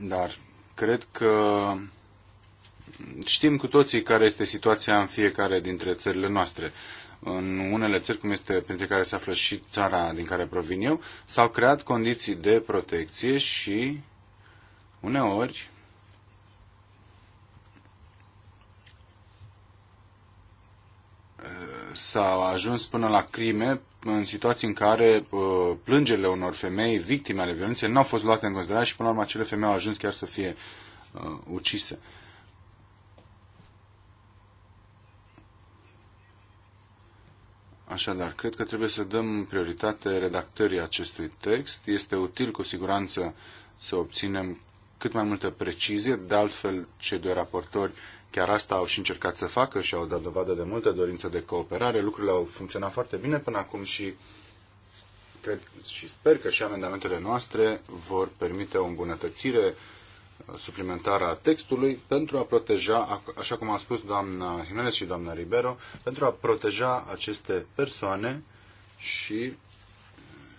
dar cred că știm cu toții care este situația în fiecare dintre țările noastre. În unele țări, cum este printre care se află și țara din care provin eu, s-au creat condiții de protecție și uneori s-a ajuns până la crime în situații în care uh, plângerile unor femei, victime ale violenței, nu au fost luate în considerare și până la urmă acele femei au ajuns chiar să fie uh, ucise. Așadar, cred că trebuie să dăm prioritate redactării acestui text. Este util cu siguranță să obținem cât mai multă precizie, de altfel cei doi raportori Chiar asta au și încercat să facă și au dat dovadă de multă dorință de cooperare. Lucrurile au funcționat foarte bine până acum și cred și sper că și amendamentele noastre vor permite o îmbunătățire uh, suplimentară a textului pentru a proteja, așa cum a spus doamna Jimenez și doamna Ribero, pentru a proteja aceste persoane și uh,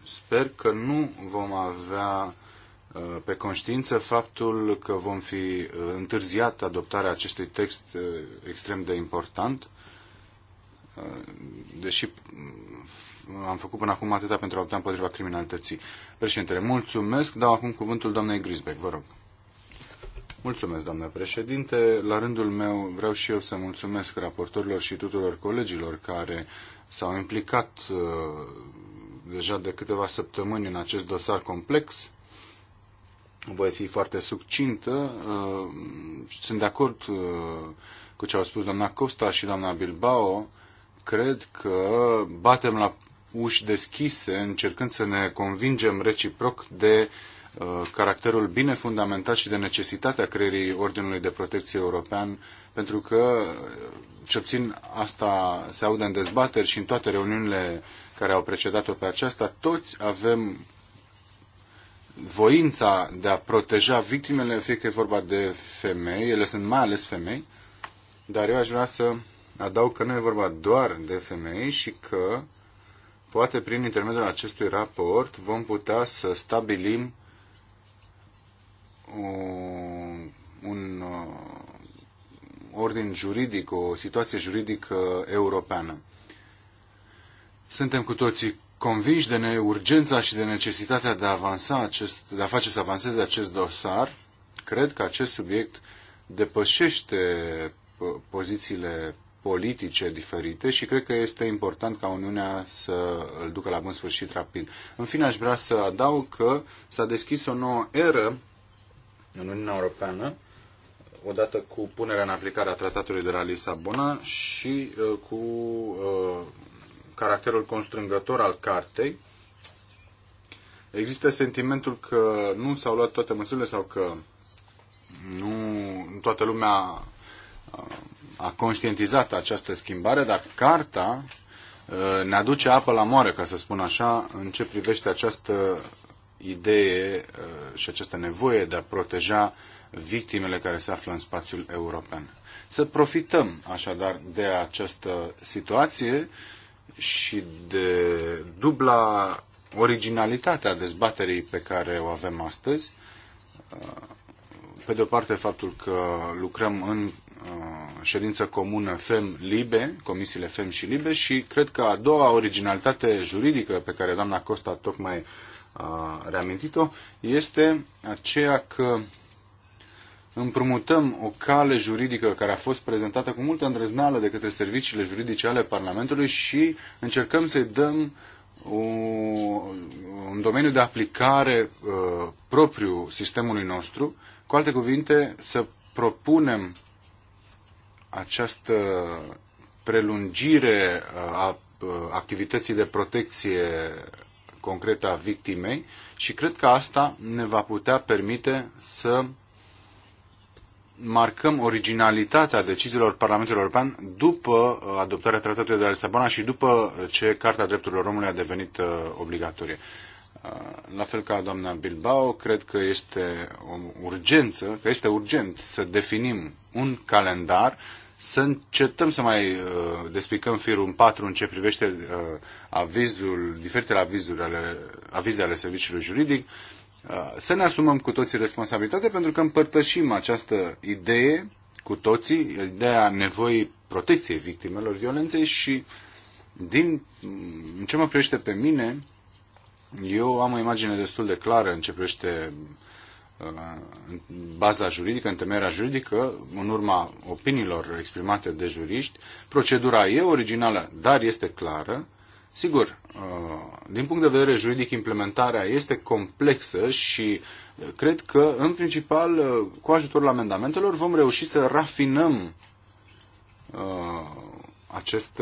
sper că nu vom avea pe conștiință faptul că vom fi uh, întârziat adoptarea acestui text uh, extrem de important, uh, deși mm, am făcut până acum atâta pentru a opta împotriva criminalității. Președintele, mulțumesc. Dau acum cuvântul doamnei Grisbeck, vă rog. Mulțumesc, doamnă președinte. La rândul meu vreau și eu să mulțumesc raportorilor și tuturor colegilor care s-au implicat deja de câteva săptămâni în acest dosar complex voi fi foarte succintă. Uh, sunt de acord uh, cu ce au spus doamna Costa și doamna Bilbao. Cred că batem la uși deschise încercând să ne convingem reciproc de uh, caracterul bine fundamentat și de necesitatea creierii Ordinului de Protecție European, pentru că, ce obțin asta se aude în dezbateri și în toate reuniunile care au precedat-o pe aceasta, toți avem voința de a proteja victimele, fie că e vorba de femei, ele sunt mai ales femei, dar eu aș vrea să adaug că nu e vorba doar de femei și că poate prin intermediul acestui raport vom putea să stabilim o, un uh, ordin juridic, o situație juridică europeană. Suntem cu toții convinși de neurgența urgența și de necesitatea de a, avansa acest, de a face să avanseze acest dosar, cred că acest subiect depășește uh, pozițiile politice diferite și cred că este important ca Uniunea să îl ducă la bun sfârșit rapid. În fine, aș vrea să adaug că s-a deschis o nouă eră în Uniunea Europeană, odată cu punerea în aplicare a tratatului de la Lisabona și uh, cu uh, caracterul constrângător al cartei, există sentimentul că nu s-au luat toate măsurile sau că nu toată lumea uh, a conștientizat această schimbare, dar carta uh, ne aduce apă la moare, ca să spun așa, în ce privește această idee uh, și această nevoie de a proteja victimele care se află în spațiul european. Să profităm așadar de această situație și de dubla originalitate a dezbaterii pe care o avem astăzi. Pe de o parte, faptul că lucrăm în uh, ședință comună FEM-LIBE, comisiile FEM și LIBE și cred că a doua originalitate juridică pe care doamna Costa tocmai uh, a reamintit-o este aceea că împrumutăm o cale juridică care a fost prezentată cu multă îndrăzneală de către serviciile juridice ale Parlamentului și încercăm să-i dăm un domeniu de aplicare uh, propriu sistemului nostru. Cu alte cuvinte, să propunem această prelungire uh, a uh, activității de protecție concretă a victimei și cred că asta ne va putea permite să marcăm originalitatea deciziilor Parlamentului European după uh, adoptarea Tratatului de la Lisabona și după ce Carta Drepturilor Omului a devenit uh, obligatorie. Uh, la fel ca doamna Bilbao, cred că este o urgență, că este urgent să definim un calendar, să încetăm să mai despicăm firul în patru în ce privește avizul, diferitele avizuri ale, avize ale serviciului juridic, Uh, să ne asumăm cu toții responsabilitate pentru că împărtășim această idee cu toții, ideea nevoii protecției victimelor violenței și din în ce mă privește pe mine, eu am o imagine destul de clară în ce privește uh, baza juridică, întemeierea juridică, în urma opiniilor exprimate de juriști. Procedura e originală, dar este clară. Sigur, Uh, din punct de vedere juridic, implementarea este complexă și uh, cred că, în principal, uh, cu ajutorul amendamentelor, vom reuși să rafinăm acest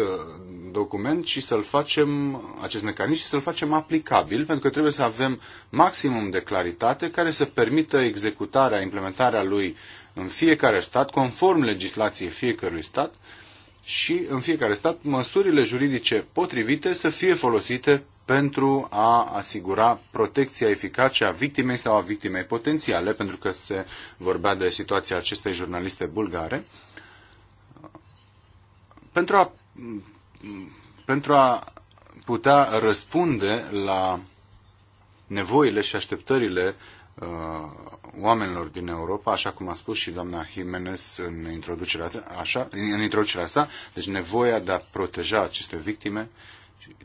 document și să-l facem, acest mecanism și să-l facem aplicabil, pentru că trebuie să avem maximum de claritate care să permită executarea, implementarea lui în fiecare stat, conform legislației fiecărui stat, și în fiecare stat măsurile juridice potrivite să fie folosite pentru a asigura protecția eficace a victimei sau a victimei potențiale, pentru că se vorbea de situația acestei jurnaliste bulgare, pentru a, pentru a putea răspunde la nevoile și așteptările uh, oamenilor din Europa, așa cum a spus și doamna Jimenez în introducerea, așa, în introducerea asta, deci nevoia de a proteja aceste victime,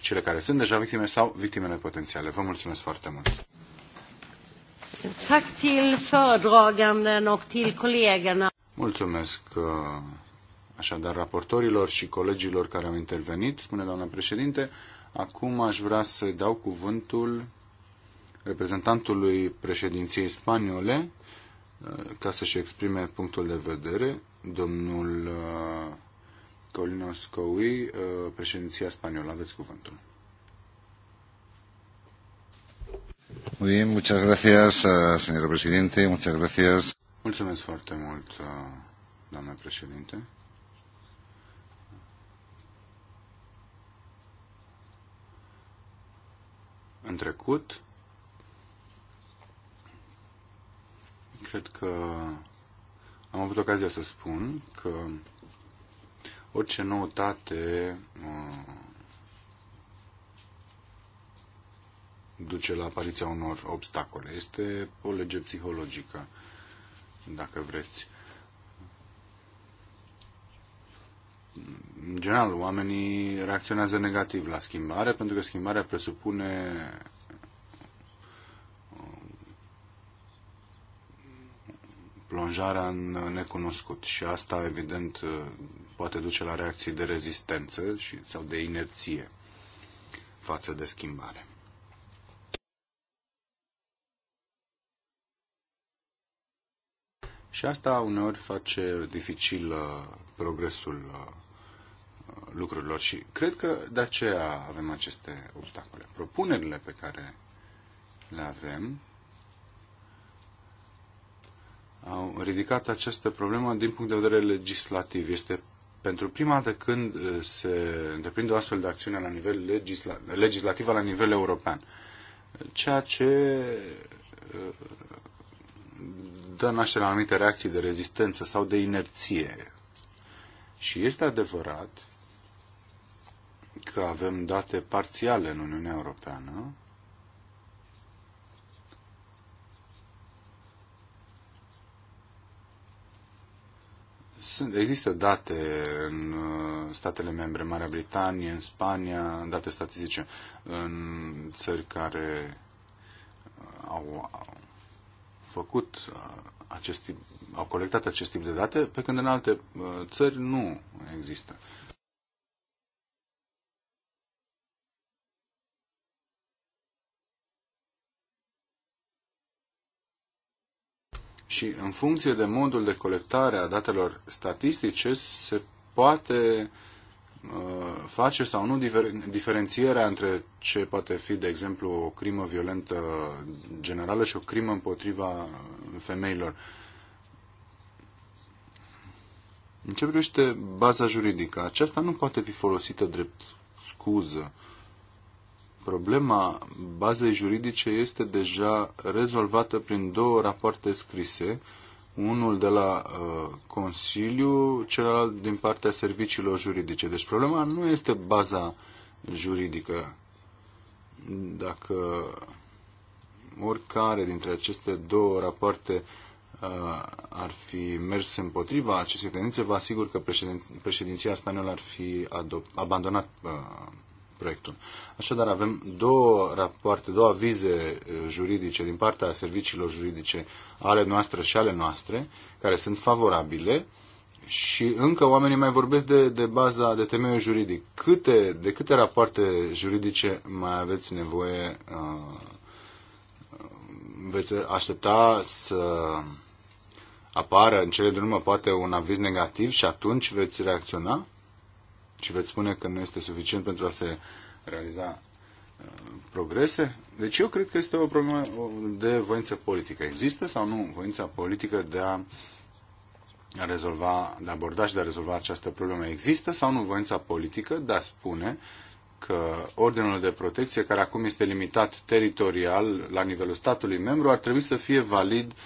cele care sunt deja victime sau victimele potențiale. Vă mulțumesc foarte mult! Mulțumesc uh, așadar raportorilor și colegilor care au intervenit, spune doamna președinte. Acum aș vrea să dau cuvântul reprezentantului președinției spaniole eh, ca să-și exprime punctul de vedere, domnul eh, Colinos Coui, eh, președinția spaniolă. Aveți cuvântul. muchas gracias, señor presidente, muchas gracias. Mulțumesc foarte mult, doamnă președinte. În trecut, cred că am avut ocazia să spun că orice noutate uh, duce la apariția unor obstacole. Este o lege psihologică, dacă vreți. În general, oamenii reacționează negativ la schimbare, pentru că schimbarea presupune plonjarea în necunoscut și asta, evident, poate duce la reacții de rezistență și, sau de inerție față de schimbare. Și asta uneori face dificil uh, progresul uh, lucrurilor și cred că de aceea avem aceste obstacole. Propunerile pe care le avem au ridicat această problemă din punct de vedere legislativ. Este pentru prima dată când uh, se întreprinde o astfel de acțiune la nivel legisla- legislativ la nivel european. Ceea ce uh, dă naștere la anumite reacții de rezistență sau de inerție. Și este adevărat că avem date parțiale în Uniunea Europeană sunt, există date în uh, statele membre, Marea Britanie, în Spania, date statistice, în țări care uh, au, au făcut uh, acest tip, au colectat acest tip de date, pe când în alte țări nu există. și în funcție de modul de colectare a datelor statistice se poate uh, face sau nu diferențierea între ce poate fi, de exemplu, o crimă violentă generală și o crimă împotriva femeilor. În ce privește baza juridică, aceasta nu poate fi folosită drept scuză Problema bazei juridice este deja rezolvată prin două rapoarte scrise, unul de la uh, Consiliu, celălalt din partea serviciilor juridice. Deci problema nu este baza juridică. Dacă oricare dintre aceste două rapoarte uh, ar fi mers împotriva acestei tendințe, vă asigur că președin- președinția spaniolă ar fi abandonat uh, proiectul. Așadar, avem două rapoarte, două avize eh, juridice din partea serviciilor juridice ale noastre și ale noastre, care sunt favorabile și încă oamenii mai vorbesc de, de baza, de temeiul juridic. Câte, de câte rapoarte juridice mai aveți nevoie? Uh, veți aștepta să apară în cele din urmă poate un aviz negativ și atunci veți reacționa? și veți spune că nu este suficient pentru a se realiza uh, progrese. Deci eu cred că este o problemă de voință politică. Există sau nu voința politică de a rezolva, de a aborda și de a rezolva această problemă? Există sau nu voința politică de a spune că ordinul de protecție, care acum este limitat teritorial la nivelul statului membru, ar trebui să fie valid uh,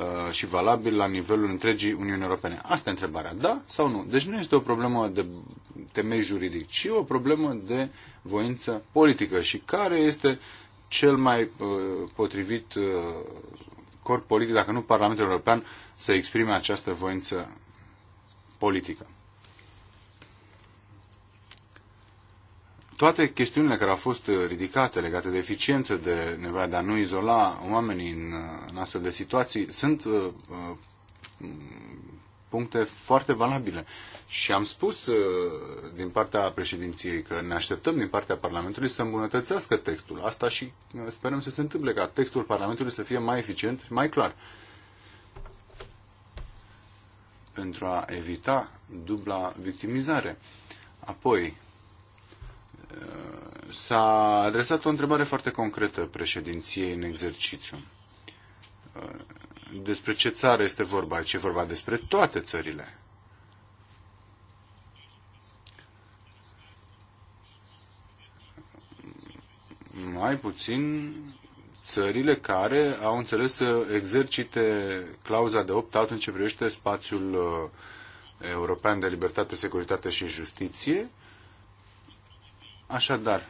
Uh, și valabil la nivelul întregii Uniuni Europene. Asta e întrebarea, da sau nu? Deci nu este o problemă de temei juridic, ci o problemă de voință politică și care este cel mai uh, potrivit uh, corp politic, dacă nu Parlamentul European, să exprime această voință politică. toate chestiunile care au fost uh, ridicate legate de eficiență, de nevoia de a nu izola oamenii în, uh, în astfel de situații, sunt uh, uh, puncte foarte valabile. Și am spus uh, din partea președinției că ne așteptăm din partea Parlamentului să îmbunătățească textul. Asta și sperăm să se întâmple, ca textul Parlamentului să fie mai eficient și mai clar. Pentru a evita dubla victimizare. Apoi, s-a adresat o întrebare foarte concretă președinției în exercițiu. Uh, despre ce țară este vorba? Ce vorba despre toate țările? Mai puțin țările care au înțeles să exercite clauza de opt out în ce privește spațiul uh, european de libertate, securitate și justiție, Așadar,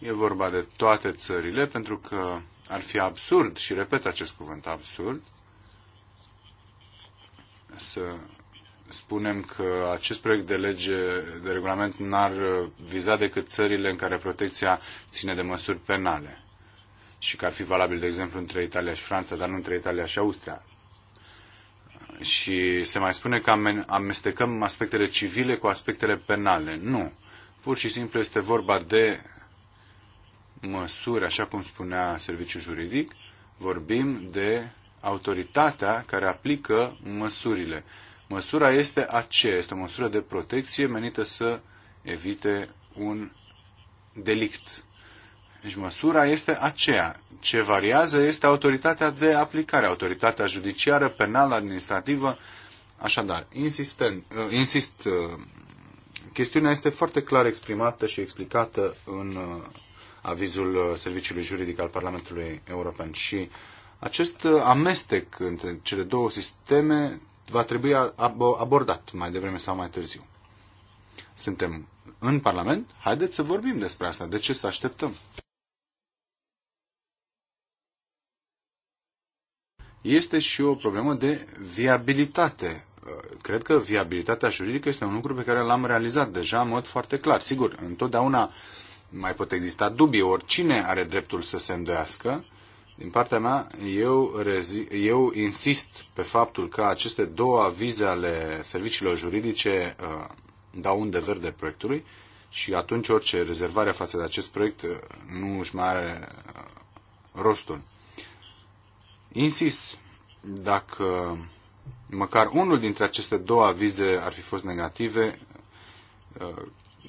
e vorba de toate țările, pentru că ar fi absurd, și repet acest cuvânt, absurd, să spunem că acest proiect de lege, de regulament, n-ar viza decât țările în care protecția ține de măsuri penale și că ar fi valabil, de exemplu, între Italia și Franța, dar nu între Italia și Austria. Și se mai spune că amestecăm aspectele civile cu aspectele penale. Nu. Pur și simplu este vorba de măsuri, așa cum spunea serviciul juridic, vorbim de autoritatea care aplică măsurile. Măsura este aceea, este o măsură de protecție menită să evite un delict. Deci măsura este aceea. Ce variază este autoritatea de aplicare, autoritatea judiciară, penală, administrativă. Așadar, insistent, uh, insist uh, chestiunea este foarte clar exprimată și explicată în uh, avizul uh, Serviciului Juridic al Parlamentului European și acest uh, amestec între cele două sisteme va trebui abordat mai devreme sau mai târziu. Suntem în Parlament, haideți să vorbim despre asta. De ce să așteptăm? Este și o problemă de viabilitate Uh, cred că viabilitatea juridică este un lucru pe care l-am realizat deja în mod foarte clar. Sigur, întotdeauna mai pot exista dubii. Oricine are dreptul să se îndoiască. Din partea mea, eu, rezi- eu insist pe faptul că aceste două avize ale serviciilor juridice uh, dau unde verde proiectului și atunci orice rezervare față de acest proiect uh, nu își mai are uh, rostul. Insist, dacă măcar unul dintre aceste două avize ar fi fost negative, uh,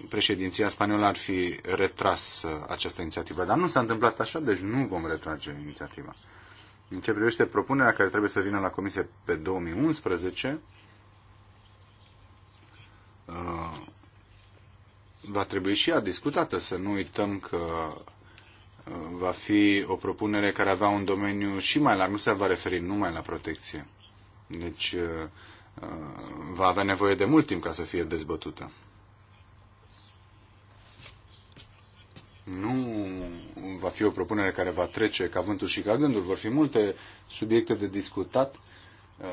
președinția spaniolă ar fi retras uh, această inițiativă. Dar nu s-a întâmplat așa, deci nu vom retrage inițiativa. În ce privește propunerea care trebuie să vină la Comisie pe 2011, uh, va trebui și ea discutată. Să nu uităm că va fi o propunere care avea un domeniu și mai larg, nu se va referi numai la protecție. Deci uh, uh, va avea nevoie de mult timp ca să fie dezbătută. Nu va fi o propunere care va trece ca vântul și ca gândul. Vor fi multe subiecte de discutat, uh,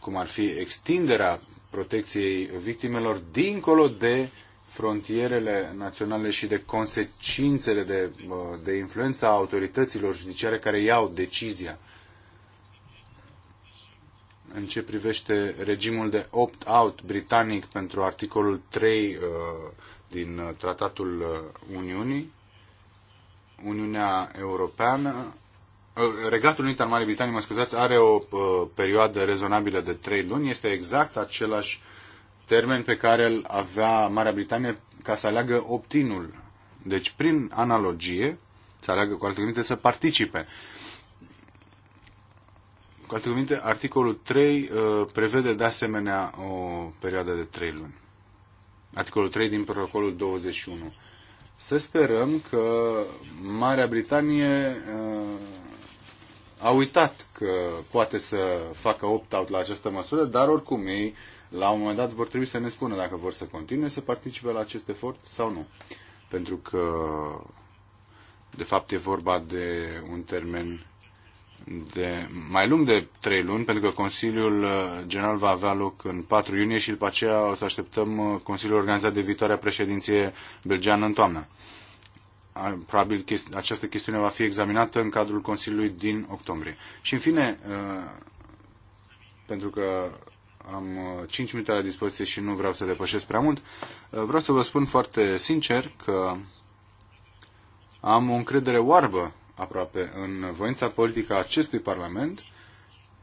cum ar fi extinderea protecției victimelor dincolo de frontierele naționale și de consecințele de, de influența autorităților judiciare care iau decizia în ce privește regimul de opt-out britanic pentru articolul 3 uh, din uh, Tratatul uh, Uniunii, Uniunea Europeană, Regatul Unit al Marii Britanii, mă scuzați, are o perioadă rezonabilă de 3 luni. Este exact același termen pe care îl avea Marea Britanie ca să aleagă optinul. Deci, prin analogie, să aleagă cu alte cuvinte, să participe. Cu alte cuvinte, articolul 3 uh, prevede de asemenea o perioadă de 3 luni. Articolul 3 din protocolul 21. Să sperăm că Marea Britanie uh, a uitat că poate să facă opt-out la această măsură, dar oricum ei la un moment dat vor trebui să ne spună dacă vor să continue să participe la acest efort sau nu. Pentru că, de fapt, e vorba de un termen de mai lung de trei luni, pentru că Consiliul uh, General va avea loc în 4 iunie și după aceea o să așteptăm uh, Consiliul organizat de viitoarea președinție belgeană în toamnă. Probabil această chestiune va fi examinată în cadrul Consiliului din octombrie. Și în fine, uh, pentru că am 5 minute la dispoziție și nu vreau să depășesc prea mult, vreau să vă spun foarte sincer că am o încredere oarbă aproape în voința politică a acestui Parlament,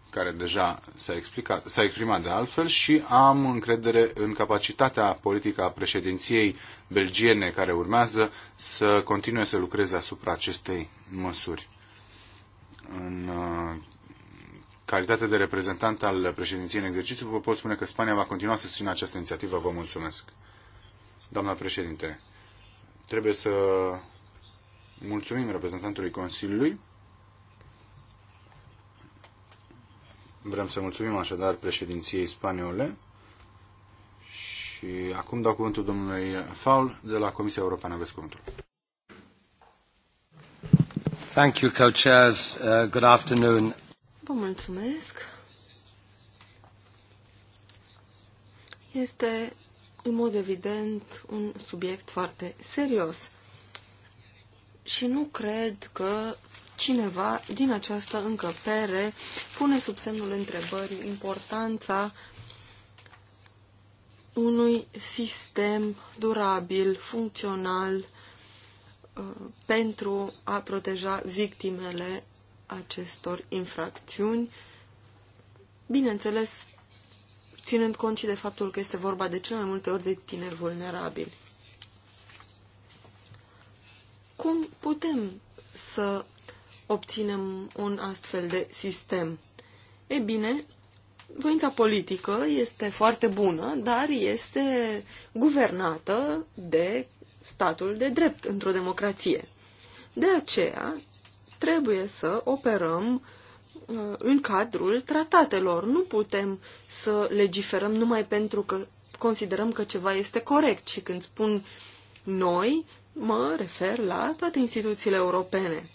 care deja s-a, explicat, s-a exprimat de altfel, și am încredere în capacitatea politică a președinției belgiene care urmează să continue să lucreze asupra acestei măsuri. În uh, calitate de reprezentant al președinției în exercițiu, vă pot spune că Spania va continua să susțină această inițiativă. Vă mulțumesc. Doamna președinte, trebuie să Mulțumim reprezentantului Consiliului. Vrem să mulțumim așadar președinției spaniole. Și acum dau cuvântul domnului Faul de la Comisia Europeană. Aveți cuvântul. Thank you, co-chairs. Uh, good afternoon. Vă mulțumesc. Este, în mod evident, un subiect foarte serios și nu cred că cineva din această încăpere pune sub semnul întrebării importanța unui sistem durabil, funcțional, uh, pentru a proteja victimele acestor infracțiuni, bineînțeles, ținând cont și de faptul că este vorba de cele mai multe ori de tineri vulnerabili. Cum putem să obținem un astfel de sistem? E bine, voința politică este foarte bună, dar este guvernată de statul de drept într-o democrație. De aceea, trebuie să operăm uh, în cadrul tratatelor. Nu putem să legiferăm numai pentru că considerăm că ceva este corect. Și când spun noi, mă refer la toate instituțiile europene.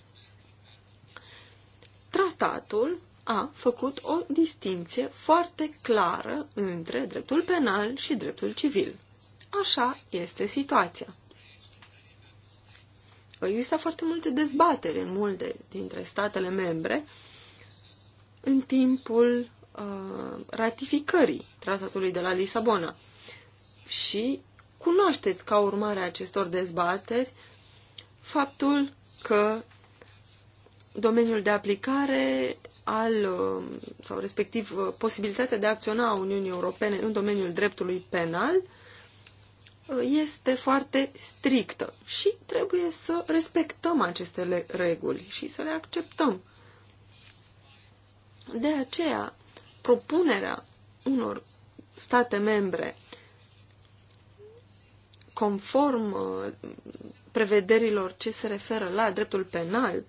Tratatul a făcut o distinție foarte clară între dreptul penal și dreptul civil. Așa este situația. Există foarte multe dezbateri în multe dintre statele membre în timpul uh, ratificării tratatului de la Lisabona. Și Cunoașteți ca urmare a acestor dezbateri faptul că domeniul de aplicare al, um, sau respectiv uh, posibilitatea de a acționa a Uniunii Europene în domeniul dreptului penal uh, este foarte strictă și trebuie să respectăm aceste reguli și să le acceptăm. De aceea, propunerea unor state membre conform uh, prevederilor ce se referă la dreptul penal,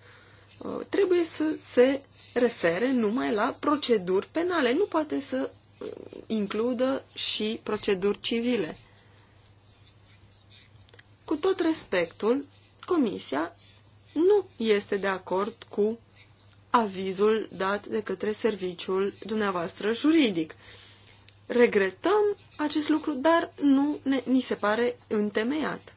uh, trebuie să se refere numai la proceduri penale. Nu poate să uh, includă și proceduri civile. Cu tot respectul, Comisia nu este de acord cu avizul dat de către serviciul dumneavoastră juridic. Regretăm acest lucru, dar nu ne, ni se pare întemeiat.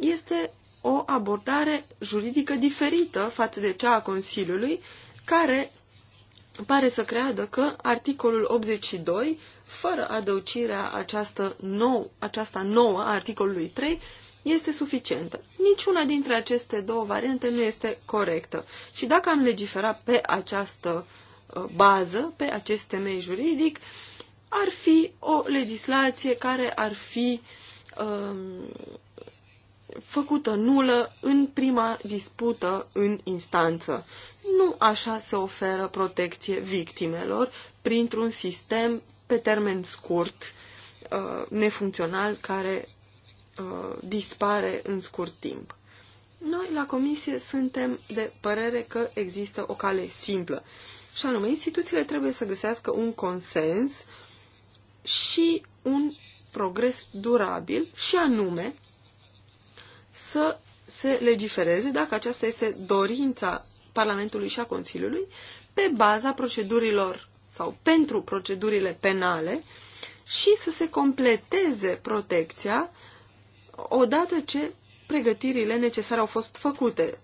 Este o abordare juridică diferită față de cea a Consiliului, care pare să creadă că articolul 82, fără adăucirea această nou, aceasta nouă a articolului 3, este suficientă. Niciuna dintre aceste două variante nu este corectă. Și dacă am legiferat pe această uh, bază, pe acest temei juridic, uh, ar fi o legislație care ar fi um, făcută nulă în prima dispută în instanță. Nu așa se oferă protecție victimelor printr-un sistem pe termen scurt, uh, nefuncțional, care uh, dispare în scurt timp. Noi, la comisie, suntem de părere că există o cale simplă. Și anume, instituțiile trebuie să găsească un consens, și un progres durabil și anume să se legifereze, dacă aceasta este dorința Parlamentului și a Consiliului, pe baza procedurilor sau pentru procedurile penale și să se completeze protecția odată ce pregătirile necesare au fost făcute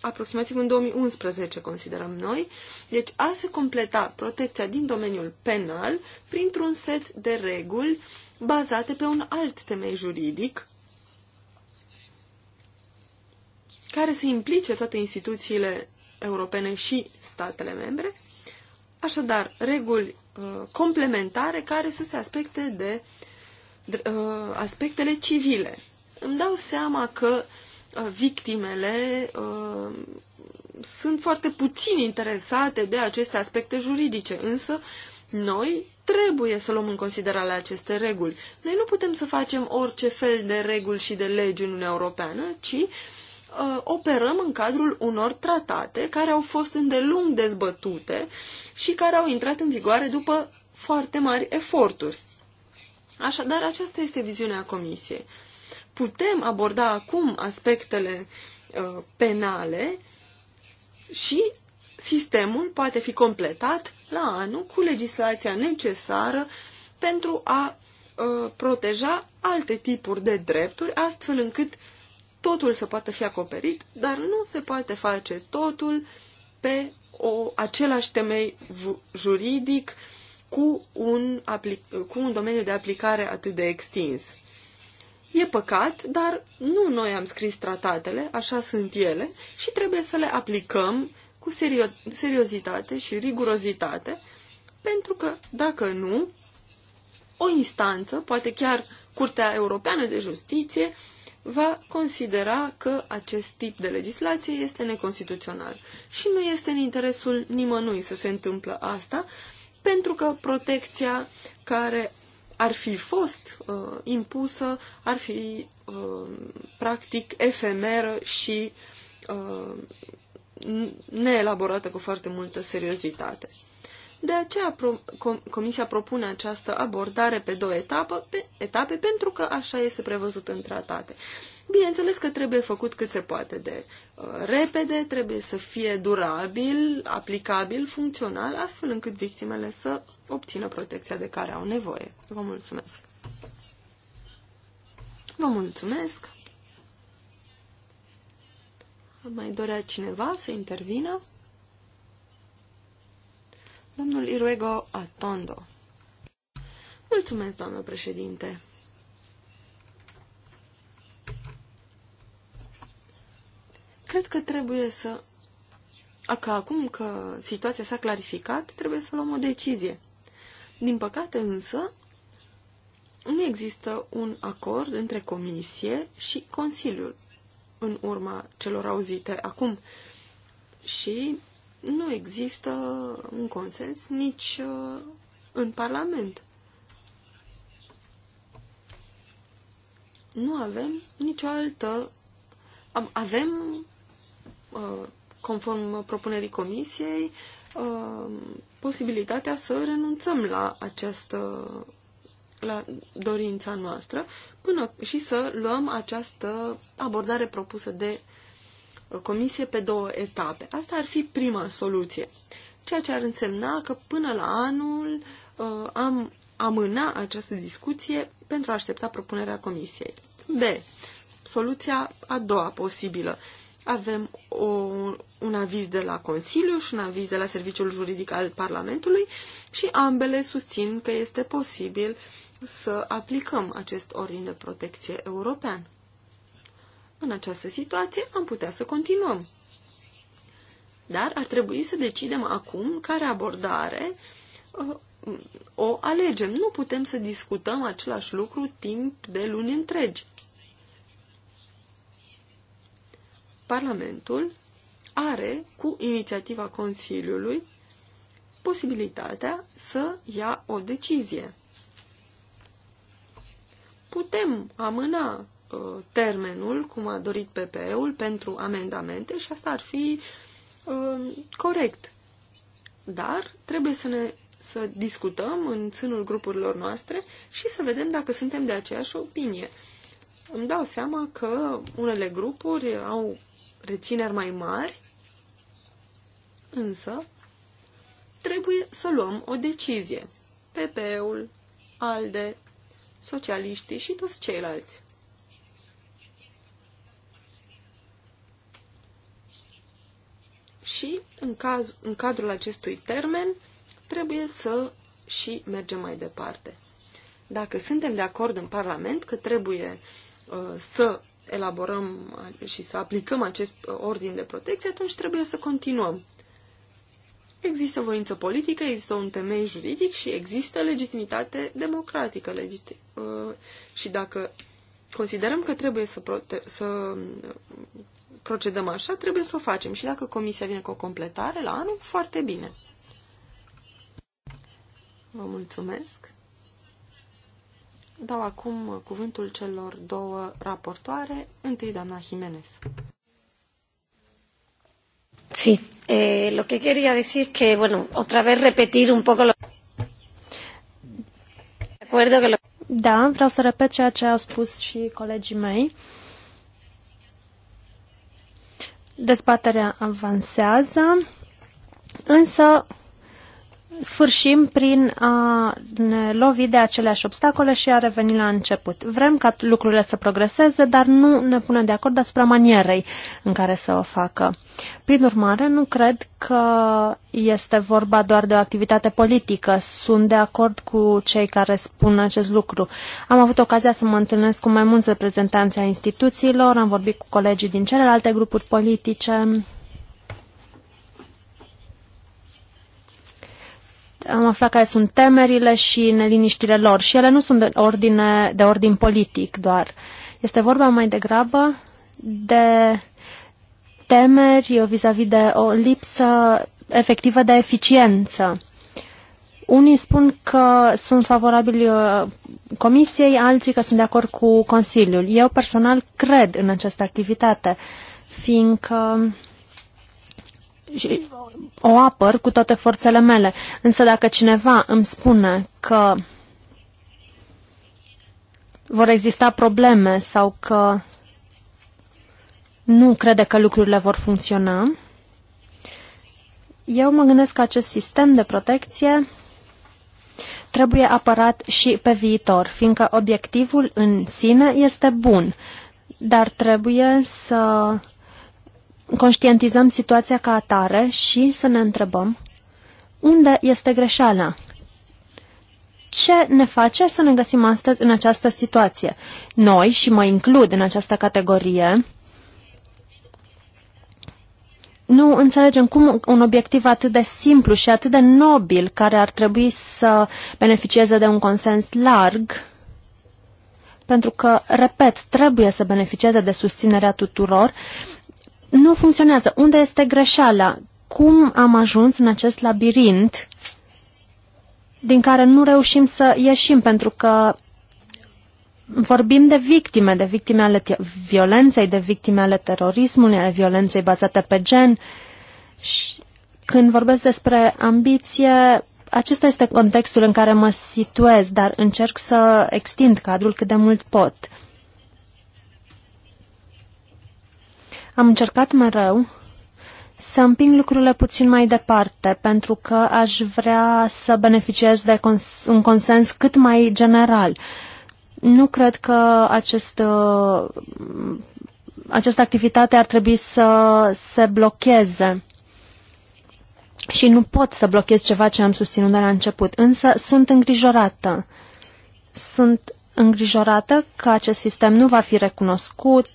aproximativ în 2011, considerăm noi. Deci a se completa protecția din domeniul penal printr-un set de reguli bazate pe un alt temei juridic care să implice toate instituțiile europene și statele membre, așadar reguli uh, complementare care să se aspecte de uh, aspectele civile. Îmi dau seama că uh, Uh, victimele uh, sunt foarte puțin interesate de aceste aspecte juridice, însă noi trebuie să luăm în considerare aceste reguli. Noi nu putem să facem orice fel de reguli și de legi în Uniunea Europeană, ci uh, operăm în cadrul unor tratate care au fost îndelung dezbătute și care au intrat în vigoare după foarte mari eforturi. Așadar, aceasta este viziunea Comisiei. Uh, putem aborda acum aspectele uh, penale și sistemul poate fi completat la anul cu legislația necesară pentru a uh, proteja alte tipuri de drepturi, astfel încât totul să poată fi acoperit, dar nu se poate face totul pe o, același temei juridic cu un, cu un domeniu de aplicare atât de extins. E păcat, dar nu noi am scris tratatele, așa sunt ele, și trebuie să le aplicăm cu serio- seriozitate și rigurozitate, pentru că, dacă nu, o instanță, poate chiar Curtea Europeană de Justiție, va considera că acest tip de legislație este neconstituțional. Și nu este în interesul nimănui să se întâmplă asta, pentru că protecția care ar fi fost uh, impusă, ar fi uh, practic efemeră și uh, neelaborată cu foarte multă seriozitate. De aceea pro, com, Comisia propune această abordare pe două etape, pe, etape pentru că așa este prevăzut în tratate. Bineînțeles că trebuie făcut cât se poate de uh, repede, trebuie să fie durabil, aplicabil, funcțional, astfel încât victimele să obțină protecția de care au nevoie. Vă mulțumesc! Vă mulțumesc! Mai dorea cineva să intervină? Domnul Iruego Atondo. Mulțumesc, doamnă președinte. Cred că trebuie să... Că acum că situația s-a clarificat, trebuie să luăm o decizie. Din păcate însă, nu există un acord între Comisie și Consiliul în urma celor auzite acum. Și nu există un consens nici uh, în Parlament. Nu avem nicio altă... Avem Uh, conform propunerii comisiei, uh, posibilitatea să renunțăm la această la dorința noastră până și să luăm această abordare propusă de comisie pe două etape. Asta ar fi prima soluție, ceea ce ar însemna că până la anul uh, am amâna această discuție pentru a aștepta propunerea comisiei. B. Soluția a doua posibilă avem o, un aviz de la Consiliu și un aviz de la Serviciul Juridic al Parlamentului și ambele susțin că este posibil să aplicăm acest ordin de protecție european. În această situație am putea să continuăm. Dar ar trebui să decidem acum care abordare uh, o alegem. Nu putem să discutăm același lucru timp de luni întregi. Parlamentul are, cu inițiativa Consiliului, posibilitatea să ia o decizie. Putem amâna uh, termenul, cum a dorit PPE-ul, pentru amendamente și asta ar fi uh, corect. Dar trebuie să ne să discutăm în ținul grupurilor noastre și să vedem dacă suntem de aceeași opinie. Îmi dau seama că unele grupuri au rețineri mai mari, însă trebuie să luăm o decizie. PP-ul, ALDE, socialiștii și toți ceilalți. Și în, caz, în cadrul acestui termen trebuie să și mergem mai departe. Dacă suntem de acord în Parlament că trebuie uh, să elaborăm și să aplicăm acest ordin de protecție, atunci trebuie să continuăm. Există voință politică, există un temei juridic și există legitimitate democratică. legit uh, și dacă considerăm că trebuie să, prote- să procedăm așa, trebuie să o facem. Și dacă comisia vine cu o completare la anul, foarte bine. Vă mulțumesc. Dau acum cuvântul celor două raportoare, întâi doamna Jimenez. Sí, eh, lo que quería decir que, bueno, otra vez repetir un poco lo De acuerdo que lo... Da, vreau să repet ceea ce au spus și colegii mei. Dezbaterea avansează, însă sfârșim prin a ne lovi de aceleași obstacole și a reveni la început. Vrem ca lucrurile să progreseze, dar nu ne punem de acord asupra manierei în care să o facă. Prin urmare, nu cred că este vorba doar de o activitate politică. Sunt de acord cu cei care spun acest lucru. Am avut ocazia să mă întâlnesc cu mai mulți reprezentanți ai instituțiilor, am vorbit cu colegii din celelalte grupuri politice am aflat care sunt temerile și neliniștile lor și ele nu sunt de, ordine, de ordin politic doar. Este vorba mai degrabă de temeri vis-a-vis -vis de o lipsă efectivă de eficiență. Unii spun că sunt favorabili uh, Comisiei, alții că sunt de acord cu Consiliul. Eu personal cred în această activitate, fiindcă o apăr cu toate forțele mele. Însă dacă cineva îmi spune că vor exista probleme sau că nu crede că lucrurile vor funcționa, eu mă gândesc că acest sistem de protecție trebuie apărat și pe viitor, fiindcă obiectivul în sine este bun, dar trebuie să conștientizăm situația ca atare și să ne întrebăm unde este greșeala ce ne face să ne găsim astăzi în această situație. Noi, și mă includ în această categorie, nu înțelegem cum un obiectiv atât de simplu și atât de nobil, care ar trebui să beneficieze de un consens larg, pentru că, repet, trebuie să beneficieze de susținerea tuturor, uh, nu funcționează. Unde este greșeala? Cum am ajuns în acest labirint din care nu reușim să ieșim pentru că vorbim de victime, de victime ale violenței, de victime ale terorismului, ale violenței bazate pe gen. Și când vorbesc despre ambiție, acesta este contextul în care mă situez, dar încerc să extind cadrul cât de mult pot. Am încercat mereu să împing lucrurile puțin mai departe, pentru că aș vrea să beneficiez de cons- un consens cât mai general. Nu cred că acest, uh, această activitate ar trebui să se blocheze. Și nu pot să blochez ceva ce am susținut de la început, însă sunt îngrijorată. Sunt îngrijorată că acest sistem nu va fi recunoscut,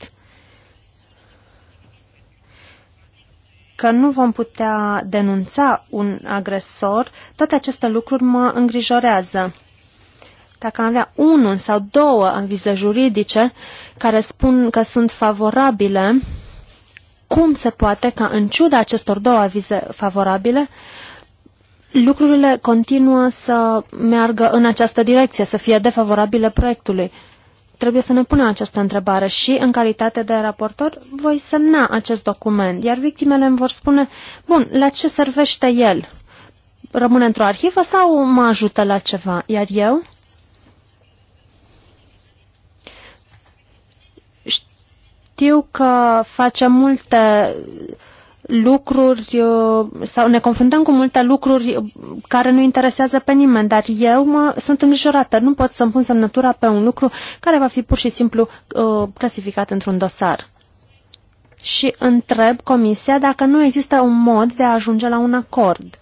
că nu vom putea denunța un agresor, toate aceste lucruri mă îngrijorează. Dacă am avea unul sau două avize juridice care spun că sunt favorabile, cum se poate ca, în ciuda acestor două avize favorabile, lucrurile continuă să meargă în această direcție, să fie defavorabile proiectului? trebuie să ne punem această întrebare și, în calitate de raportor, voi semna acest document, iar victimele îmi vor spune, bun, la ce servește el? Rămâne într-o arhivă sau mă ajută la ceva? Iar eu? Știu că face multe lucruri uh, sau ne confruntăm cu multe lucruri care nu interesează pe nimeni, dar eu mă, sunt îngrijorată, nu pot să-mi pun semnătura pe un lucru care va fi pur și simplu uh, clasificat într-un dosar. Și întreb Comisia dacă nu există un mod de a ajunge la un acord.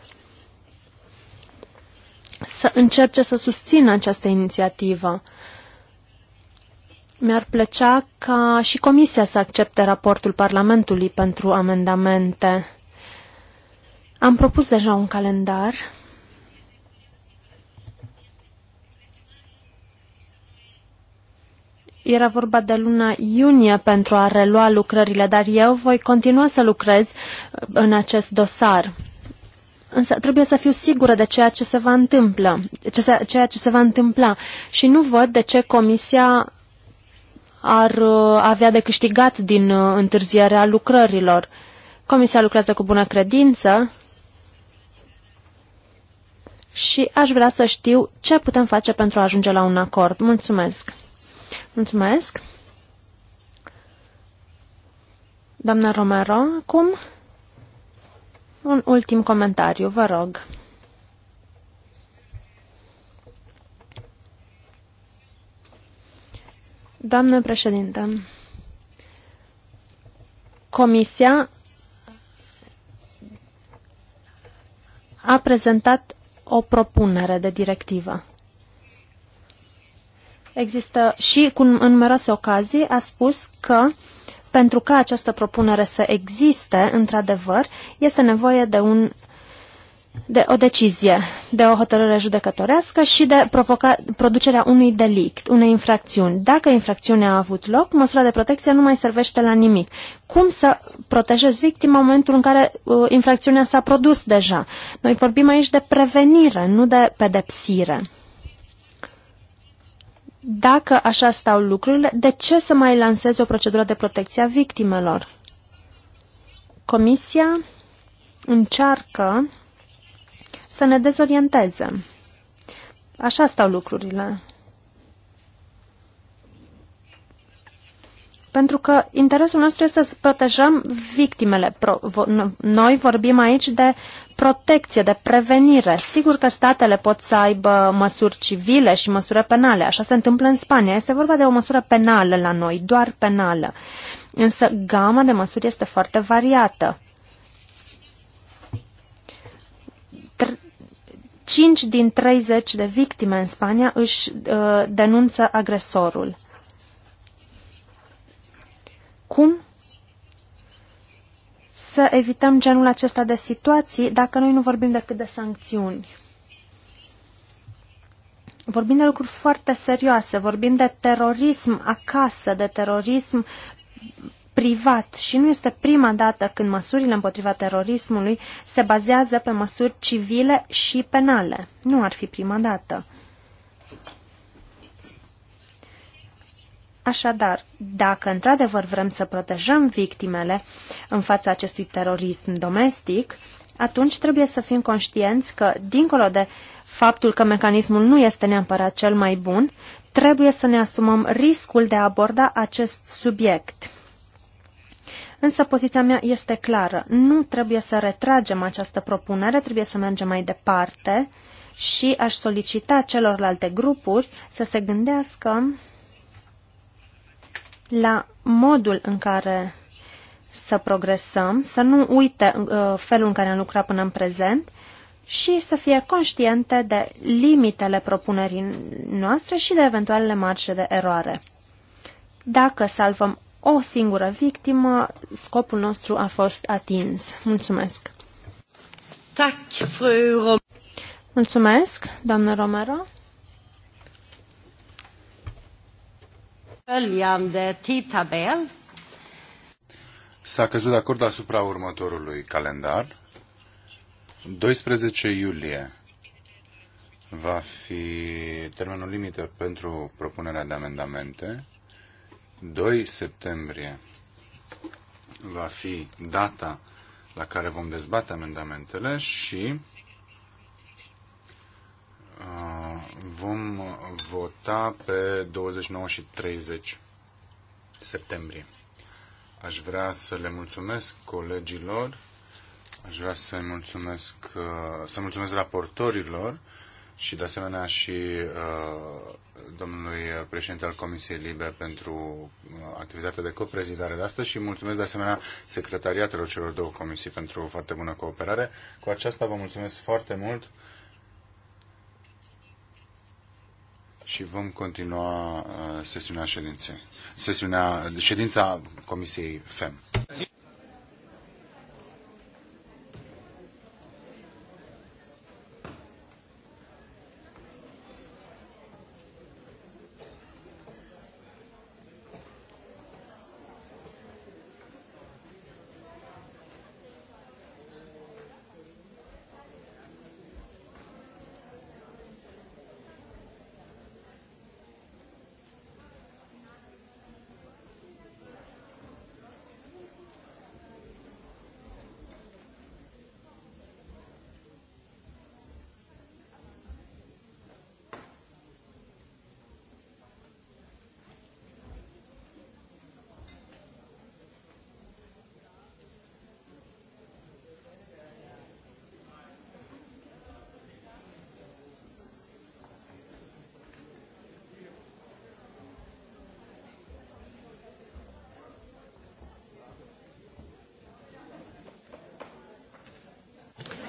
Să încerce să susțină această inițiativă. Uh, mi-ar plăcea ca și Comisia să accepte raportul Parlamentului pentru amendamente. Am propus deja un calendar. Era vorba de luna iunie pentru a relua lucrările, dar eu voi continua să lucrez uh, în acest dosar. Însă trebuie să fiu sigură de ceea ce se va întâmpla, ce ceea ce se va întâmpla și nu văd de ce Comisia ar uh, avea de câștigat din uh, întârzierea lucrărilor. Comisia lucrează cu bună credință și aș vrea să știu ce putem face pentru a ajunge la un acord. Mulțumesc! Mulțumesc! Doamna Romero, acum un ultim comentariu, vă rog. Doamnă președintă, Comisia a prezentat o propunere de directivă. Există și, cu, în numeroase ocazii, a spus că pentru ca această propunere să existe, într-adevăr, este nevoie de un de o decizie, de o hotărâre judecătorească și de provoca producerea unui delict, unei infracțiuni. Dacă infracțiunea a avut loc, măsura de protecție nu mai servește la nimic. Cum să protejezi victima în momentul în care uh, infracțiunea s-a produs deja? Noi vorbim aici de prevenire, nu de pedepsire. Dacă așa stau lucrurile, de ce să mai lansezi o procedură de protecție a victimelor? Comisia încearcă să ne dezorienteze. Așa stau lucrurile. Pentru că interesul nostru este să protejăm victimele. Pro, vo, noi vorbim aici de protecție, de prevenire. Sigur că statele pot să aibă măsuri civile și măsuri penale. Așa se întâmplă în Spania. Este vorba de o măsură penală la noi, doar penală. Însă gama de măsuri este foarte variată. 5 din 30 de victime în Spania își uh, denunță agresorul. Cum să evităm genul acesta de situații dacă noi nu vorbim decât de sancțiuni? Vorbim de lucruri foarte serioase, vorbim de terorism acasă, de terorism privat și nu este prima dată când măsurile împotriva terorismului se bazează pe măsuri civile și penale. Nu ar fi prima dată. Așadar, dacă într-adevăr vrem să protejăm victimele în fața acestui terorism domestic, atunci trebuie să fim conștienți că, dincolo de faptul că mecanismul nu este neapărat cel mai bun, trebuie să ne asumăm riscul de a aborda acest subiect. Însă poziția mea este clară. Nu trebuie să retragem această propunere, trebuie să mergem mai departe și aș solicita celorlalte grupuri să se gândească la modul în care să progresăm, să nu uite uh, felul în care am lucrat până în prezent și să fie conștiente de limitele propunerii noastre și de eventualele marge de eroare. Dacă salvăm o singură victimă, scopul nostru a fost atins. Mulțumesc! Mulțumesc, doamnă Romero. Följande tidtabell. S-a căzut de acord asupra următorului calendar. 12 iulie va fi termenul limită pentru propunerea de amendamente. 2 septembrie va fi data la care vom dezbate amendamentele și uh, vom vota pe 29 și 30 septembrie. Aș vrea să le mulțumesc colegilor, aș vrea să-i mulțumesc, uh, să mulțumesc raportorilor și de asemenea și uh, domnului președinte al Comisiei Libe pentru uh, activitatea de coprezidare de astăzi și mulțumesc de asemenea secretariatelor celor două comisii pentru o foarte bună cooperare. Cu aceasta vă mulțumesc foarte mult și vom continua uh, sesiunea ședinței. Sesiunea, ședința Comisiei FEM.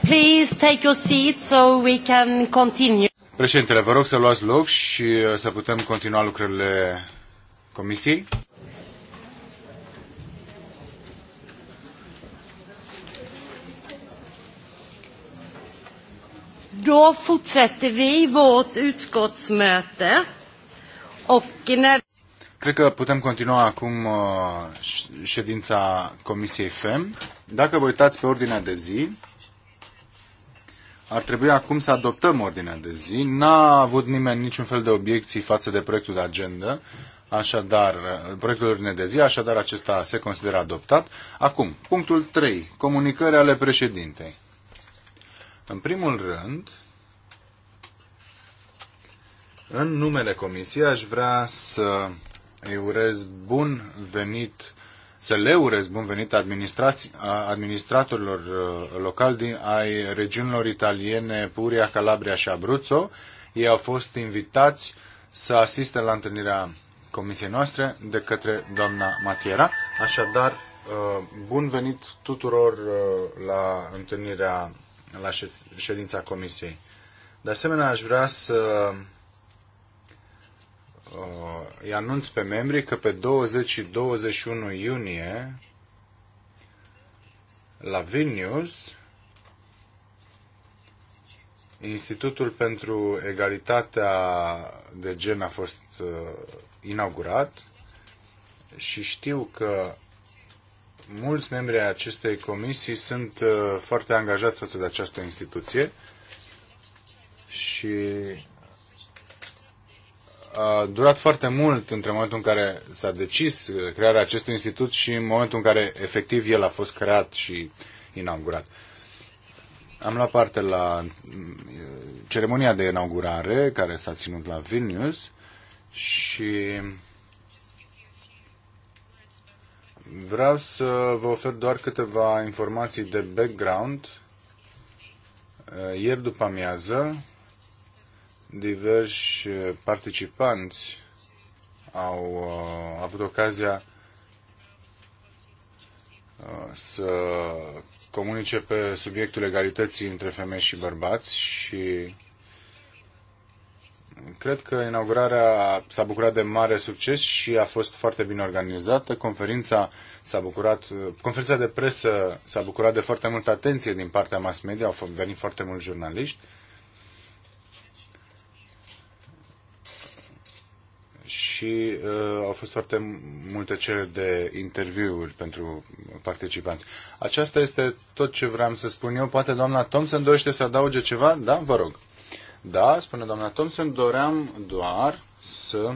Please take your seat so we can continue. Președintele, vă rog să luați loc și uh, să putem continua lucrările comisiei. Då fortsätter vi vårt utskottsmöte. Och när... Cred că putem continua acum uh, ședința Comisiei FEM. Dacă vă uitați pe ordinea de zi, ar trebui acum să adoptăm ordinea de zi. N-a avut nimeni niciun fel de obiecții față de proiectul de agenda, așadar, proiectul de ordine de zi, așadar acesta se consideră adoptat. Acum, punctul 3. Comunicări ale președintei. În primul rând, în numele comisiei aș vrea să îi urez bun venit să le urez bun venit administratorilor uh, locali ai regiunilor italiene Puria, Calabria și Abruzzo. Ei au fost invitați să asiste la întâlnirea comisiei noastre de către doamna Matiera. Așadar, uh, bun venit tuturor uh, la întâlnirea, la ședința comisiei. De asemenea, aș vrea să Uh, îi anunț pe membrii că pe 20 și 21 iunie la Vilnius Institutul pentru Egalitatea de Gen a fost uh, inaugurat și știu că mulți membri ai acestei comisii sunt uh, foarte angajați față de această instituție și a durat foarte mult între momentul în care s-a decis uh, crearea acestui institut și în momentul în care efectiv el a fost creat și inaugurat. Am luat parte la uh, ceremonia de inaugurare care s-a ținut la Vilnius și vreau să vă ofer doar câteva informații de background. Uh, ieri după amiază diversi eh, participanți au uh, avut ocazia uh, să comunice pe subiectul egalității între femei și bărbați și cred că inaugurarea s-a bucurat de mare succes și a fost foarte bine organizată. Conferința s-a bucurat, conferința de presă s-a bucurat de foarte multă atenție din partea mass media, au venit foarte mulți jurnaliști. Uh, și uh, au fost foarte multe cereri de interviuri pentru participanți. Aceasta este tot ce vreau să spun eu. Poate doamna Thompson dorește să adauge ceva? Da, vă rog. Da, spune doamna Thompson, doream doar să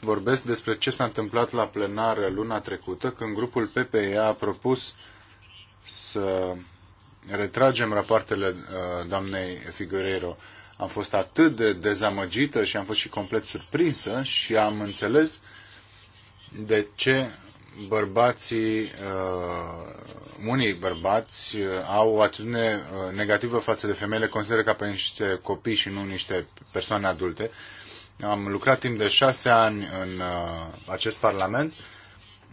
vorbesc despre ce s-a întâmplat la plenară luna trecută, când grupul PPE a propus să retragem rapoartele uh, doamnei Figuerero am fost atât de dezamăgită și am fost și complet surprinsă și am înțeles de ce bărbații, uh, unii bărbați uh, au o atitudine uh, negativă față de femeile, consideră ca pe niște copii și nu niște persoane adulte. Am lucrat timp de șase ani în uh, acest parlament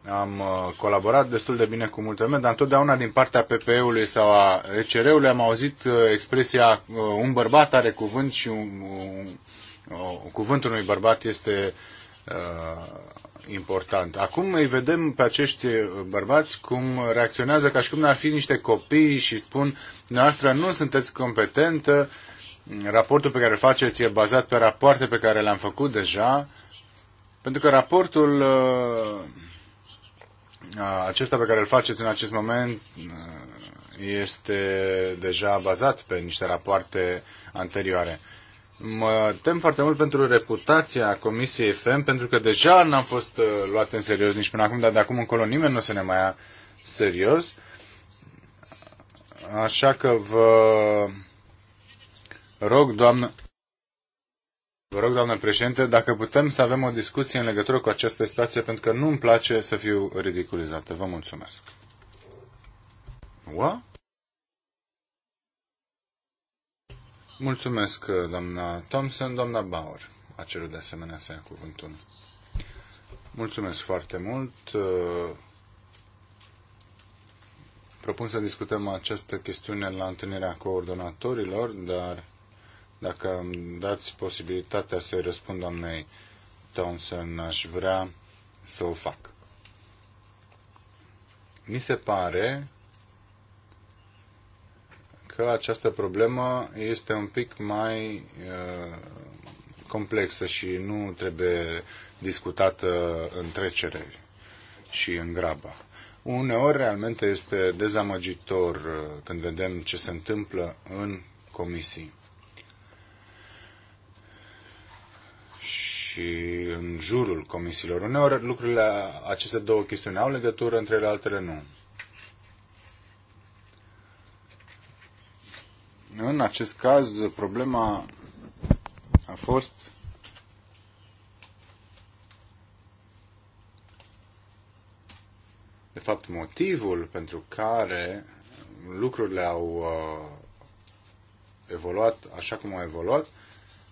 am uh, colaborat destul de bine cu multe oameni, dar întotdeauna din partea PPE-ului sau a ECR-ului am auzit uh, expresia uh, un bărbat are cuvânt și un, un, un, cuvântul unui bărbat este uh, important. Acum îi vedem pe acești bărbați cum reacționează ca și cum ar fi niște copii și spun noastră nu sunteți competentă, raportul pe care îl faceți e bazat pe rapoarte pe care le-am făcut deja, pentru că raportul uh, acesta pe care îl faceți în acest moment este deja bazat pe niște rapoarte anterioare. Mă tem foarte mult pentru reputația Comisiei FM, pentru că deja n-am fost luat în serios nici până acum, dar de acum încolo nimeni nu se ne mai ia serios. Așa că vă rog, doamnă, Vă rog, doamnă președinte, dacă putem să avem o discuție în legătură cu această stație, pentru că nu-mi place să fiu ridiculizată. Vă mulțumesc. Ua? Mulțumesc, doamna Thompson, doamna Bauer. A cerut de asemenea să ia cuvântul. Mulțumesc foarte mult. Propun să discutăm această chestiune la întâlnirea coordonatorilor, dar dacă îmi dați posibilitatea să-i răspund doamnei Thompson, aș vrea să o fac. Mi se pare că această problemă este un pic mai uh, complexă și nu trebuie discutată în trecere și în grabă. Uneori realmente este dezamăgitor uh, când vedem ce se întâmplă în comisii. și în jurul comisiilor. Uneori lucrurile, aceste două chestiuni au legătură, între ele altele nu. În acest caz, problema a fost de fapt motivul pentru care lucrurile au uh, evoluat așa cum au evoluat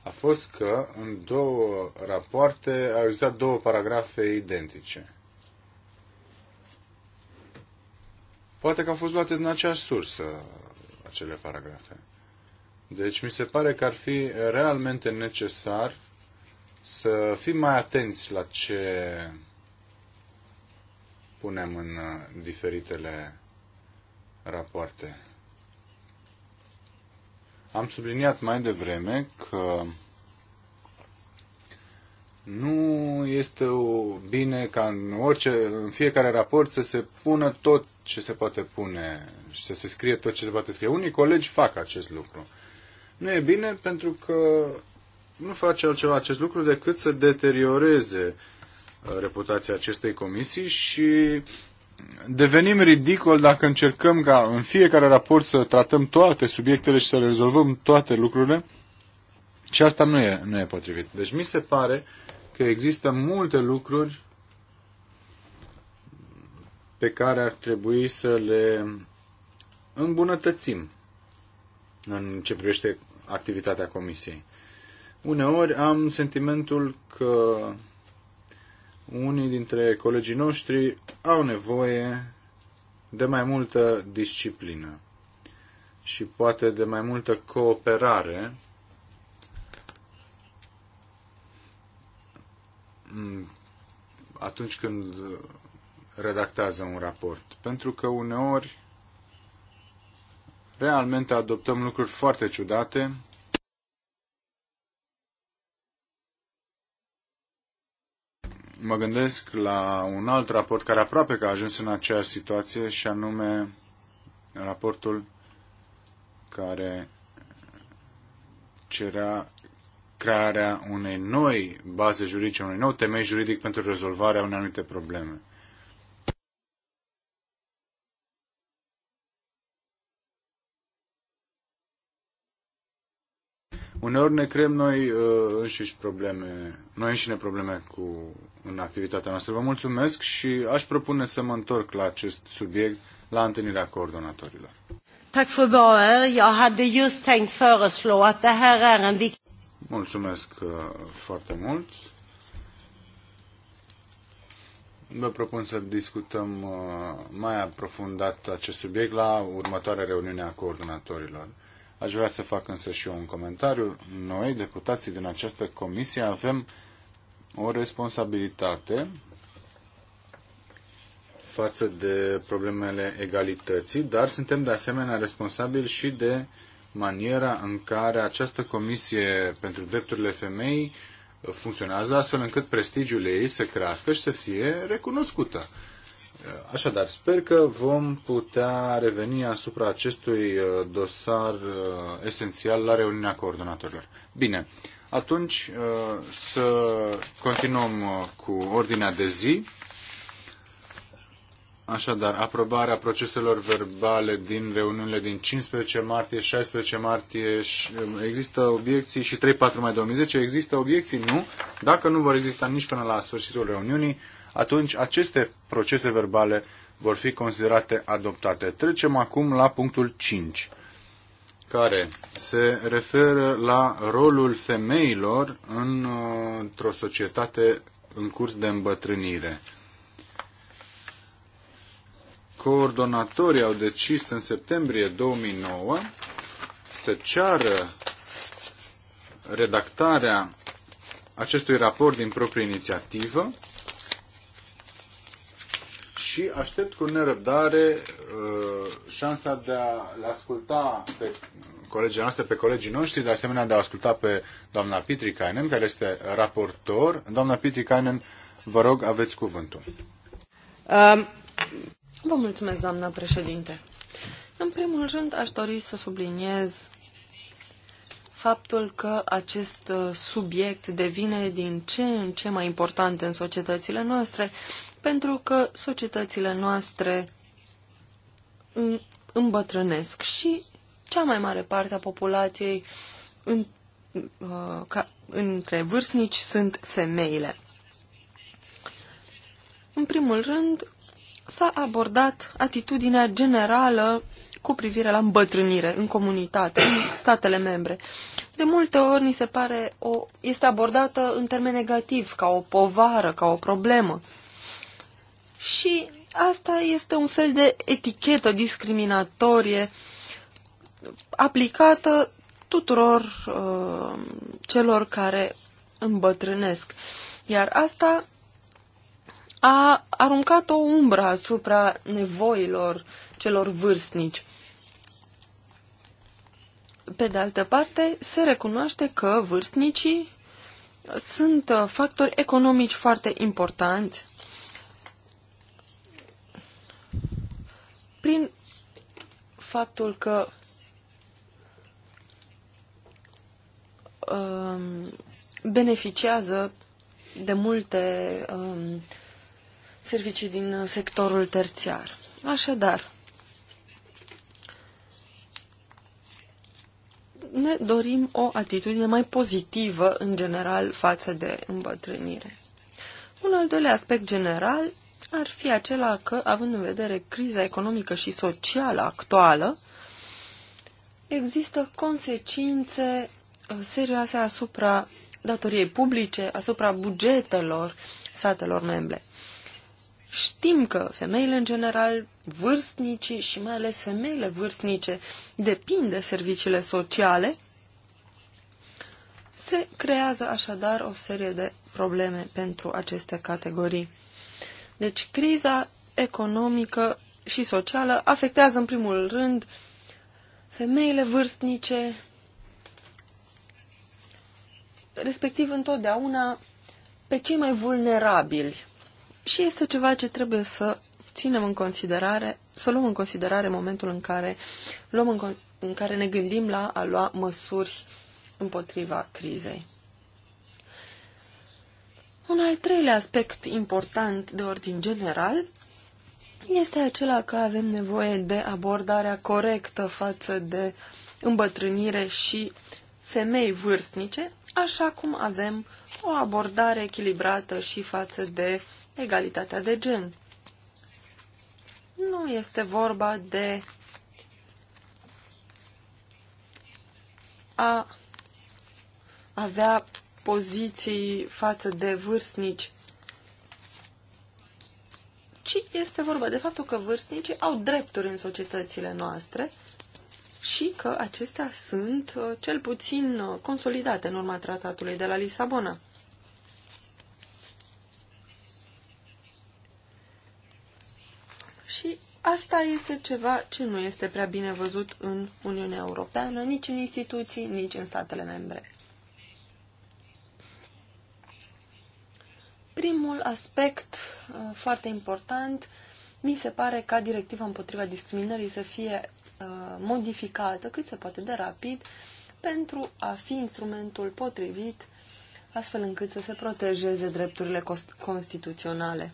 a fost că în două rapoarte au existat două paragrafe identice. Poate că au fost luate din aceeași sursă acele paragrafe. Deci mi se pare că ar fi realmente necesar să fim mai atenți la ce punem în uh, diferitele rapoarte. Am subliniat mai devreme că nu este o bine ca în, orice, în fiecare raport să se pună tot ce se poate pune și să se scrie tot ce se poate scrie. Unii colegi fac acest lucru. Nu e bine pentru că nu face altceva acest lucru decât să deterioreze uh, reputația acestei comisii și devenim ridicol dacă încercăm ca în fiecare raport să tratăm toate subiectele și să rezolvăm toate lucrurile și asta nu e, nu e potrivit. Deci mi se pare că există multe lucruri pe care ar trebui să le îmbunătățim în ce privește activitatea comisiei. Uneori am sentimentul că unii dintre colegii noștri au nevoie de mai multă disciplină și poate de mai multă cooperare atunci când redactează un raport. Pentru că uneori realmente adoptăm lucruri foarte ciudate mă gândesc la un alt raport care aproape că a ajuns în aceeași situație și anume raportul care cerea crearea unei noi baze juridice, unui nou temei juridic pentru rezolvarea unei anumite probleme. Uneori ne creăm noi uh, înșiși probleme, noi înșine probleme cu, în activitatea noastră. Vă mulțumesc și aș propune să mă întorc la acest subiect la întâlnirea coordonatorilor. Tack fru Jag hade just tänkt föreslå att det här är en viktig... Mulțumesc uh, foarte mult. Vă propun să discutăm uh, mai aprofundat acest subiect la următoarea reuniune a coordonatorilor. Aș vrea să fac însă și eu un comentariu. Noi, deputații din această comisie, avem o responsabilitate față de problemele egalității, dar suntem de asemenea responsabili și de maniera în care această comisie pentru drepturile femei funcționează astfel încât prestigiul ei să crească și să fie recunoscută. Așadar, sper că vom putea reveni asupra acestui uh, dosar uh, esențial la reuniunea coordonatorilor. Bine, atunci uh, să continuăm cu ordinea de zi. Așadar, aprobarea proceselor verbale din reuniunile din 15 martie, 16 martie, există obiecții și 3-4 mai 2010, există obiecții? Nu. Dacă nu vor exista nici până la sfârșitul reuniunii, atunci aceste procese verbale vor fi considerate adoptate. Trecem acum la punctul 5, care se referă la rolul femeilor uh, într-o societate în curs de îmbătrânire. Coordonatorii au decis în septembrie 2009 să ceară redactarea acestui raport din proprie inițiativă și aștept cu nerăbdare uh, șansa de a le asculta pe colegii noastre, pe colegii noștri, de asemenea de a asculta pe doamna Pitricainen, care este raportor. Doamna Pitricainen, vă rog, aveți cuvântul. Um, vă mulțumesc, doamna președinte. În primul rând, aș dori să subliniez faptul că acest uh, subiect devine din ce în ce mai important în societățile noastre pentru că societățile noastre îmbătrânesc și cea mai mare parte a populației în, uh, ca, între vârstnici sunt femeile. În primul rând, s-a abordat atitudinea generală cu privire la îmbătrânire în comunitate, în statele membre. De multe ori ni se pare o, este abordată în termen negativ, ca o povară, ca o problemă. Uh, și asta este un fel de etichetă discriminatorie aplicată tuturor uh, celor care îmbătrânesc. Iar asta a aruncat o umbră asupra nevoilor celor vârstnici. Pe de altă parte, se recunoaște că vârstnicii sunt uh, factori economici foarte importanți prin faptul că um, beneficiază de multe um, servicii din sectorul terțiar. Așadar, ne dorim o atitudine mai pozitivă, în general, față de îmbătrânire. Un al doilea aspect general ar fi acela că, având în vedere criza economică și socială actuală, există consecințe uh, serioase asupra datoriei publice, asupra bugetelor satelor membre. Știm că femeile în general, vârstnici și mai ales femeile vârstnice depind de serviciile sociale. Se creează așadar o serie de probleme pentru aceste categorii. Deci criza economică și socială afectează în primul rând femeile vârstnice, respectiv întotdeauna pe cei mai vulnerabili. Și este ceva ce trebuie să ținem în considerare, să luăm în considerare momentul în care, luăm în, în care ne gândim la a lua măsuri împotriva crizei. Un al treilea aspect important de ordin general este acela că avem nevoie de abordarea corectă față de îmbătrânire și femei vârstnice, așa cum avem o abordare echilibrată și față de egalitatea de gen. Nu este vorba de a avea poziții față de vârstnici, ci este vorba de faptul că vârstnicii au drepturi în societățile noastre și că acestea sunt uh, cel puțin uh, consolidate în urma tratatului de la Lisabona. Și asta este ceva ce nu este prea bine văzut în Uniunea Europeană, nici în instituții, nici în statele membre. Primul aspect uh, foarte important, mi se pare ca directiva împotriva discriminării să fie uh, modificată cât se poate de rapid pentru a fi instrumentul potrivit astfel încât să se protejeze drepturile constituționale.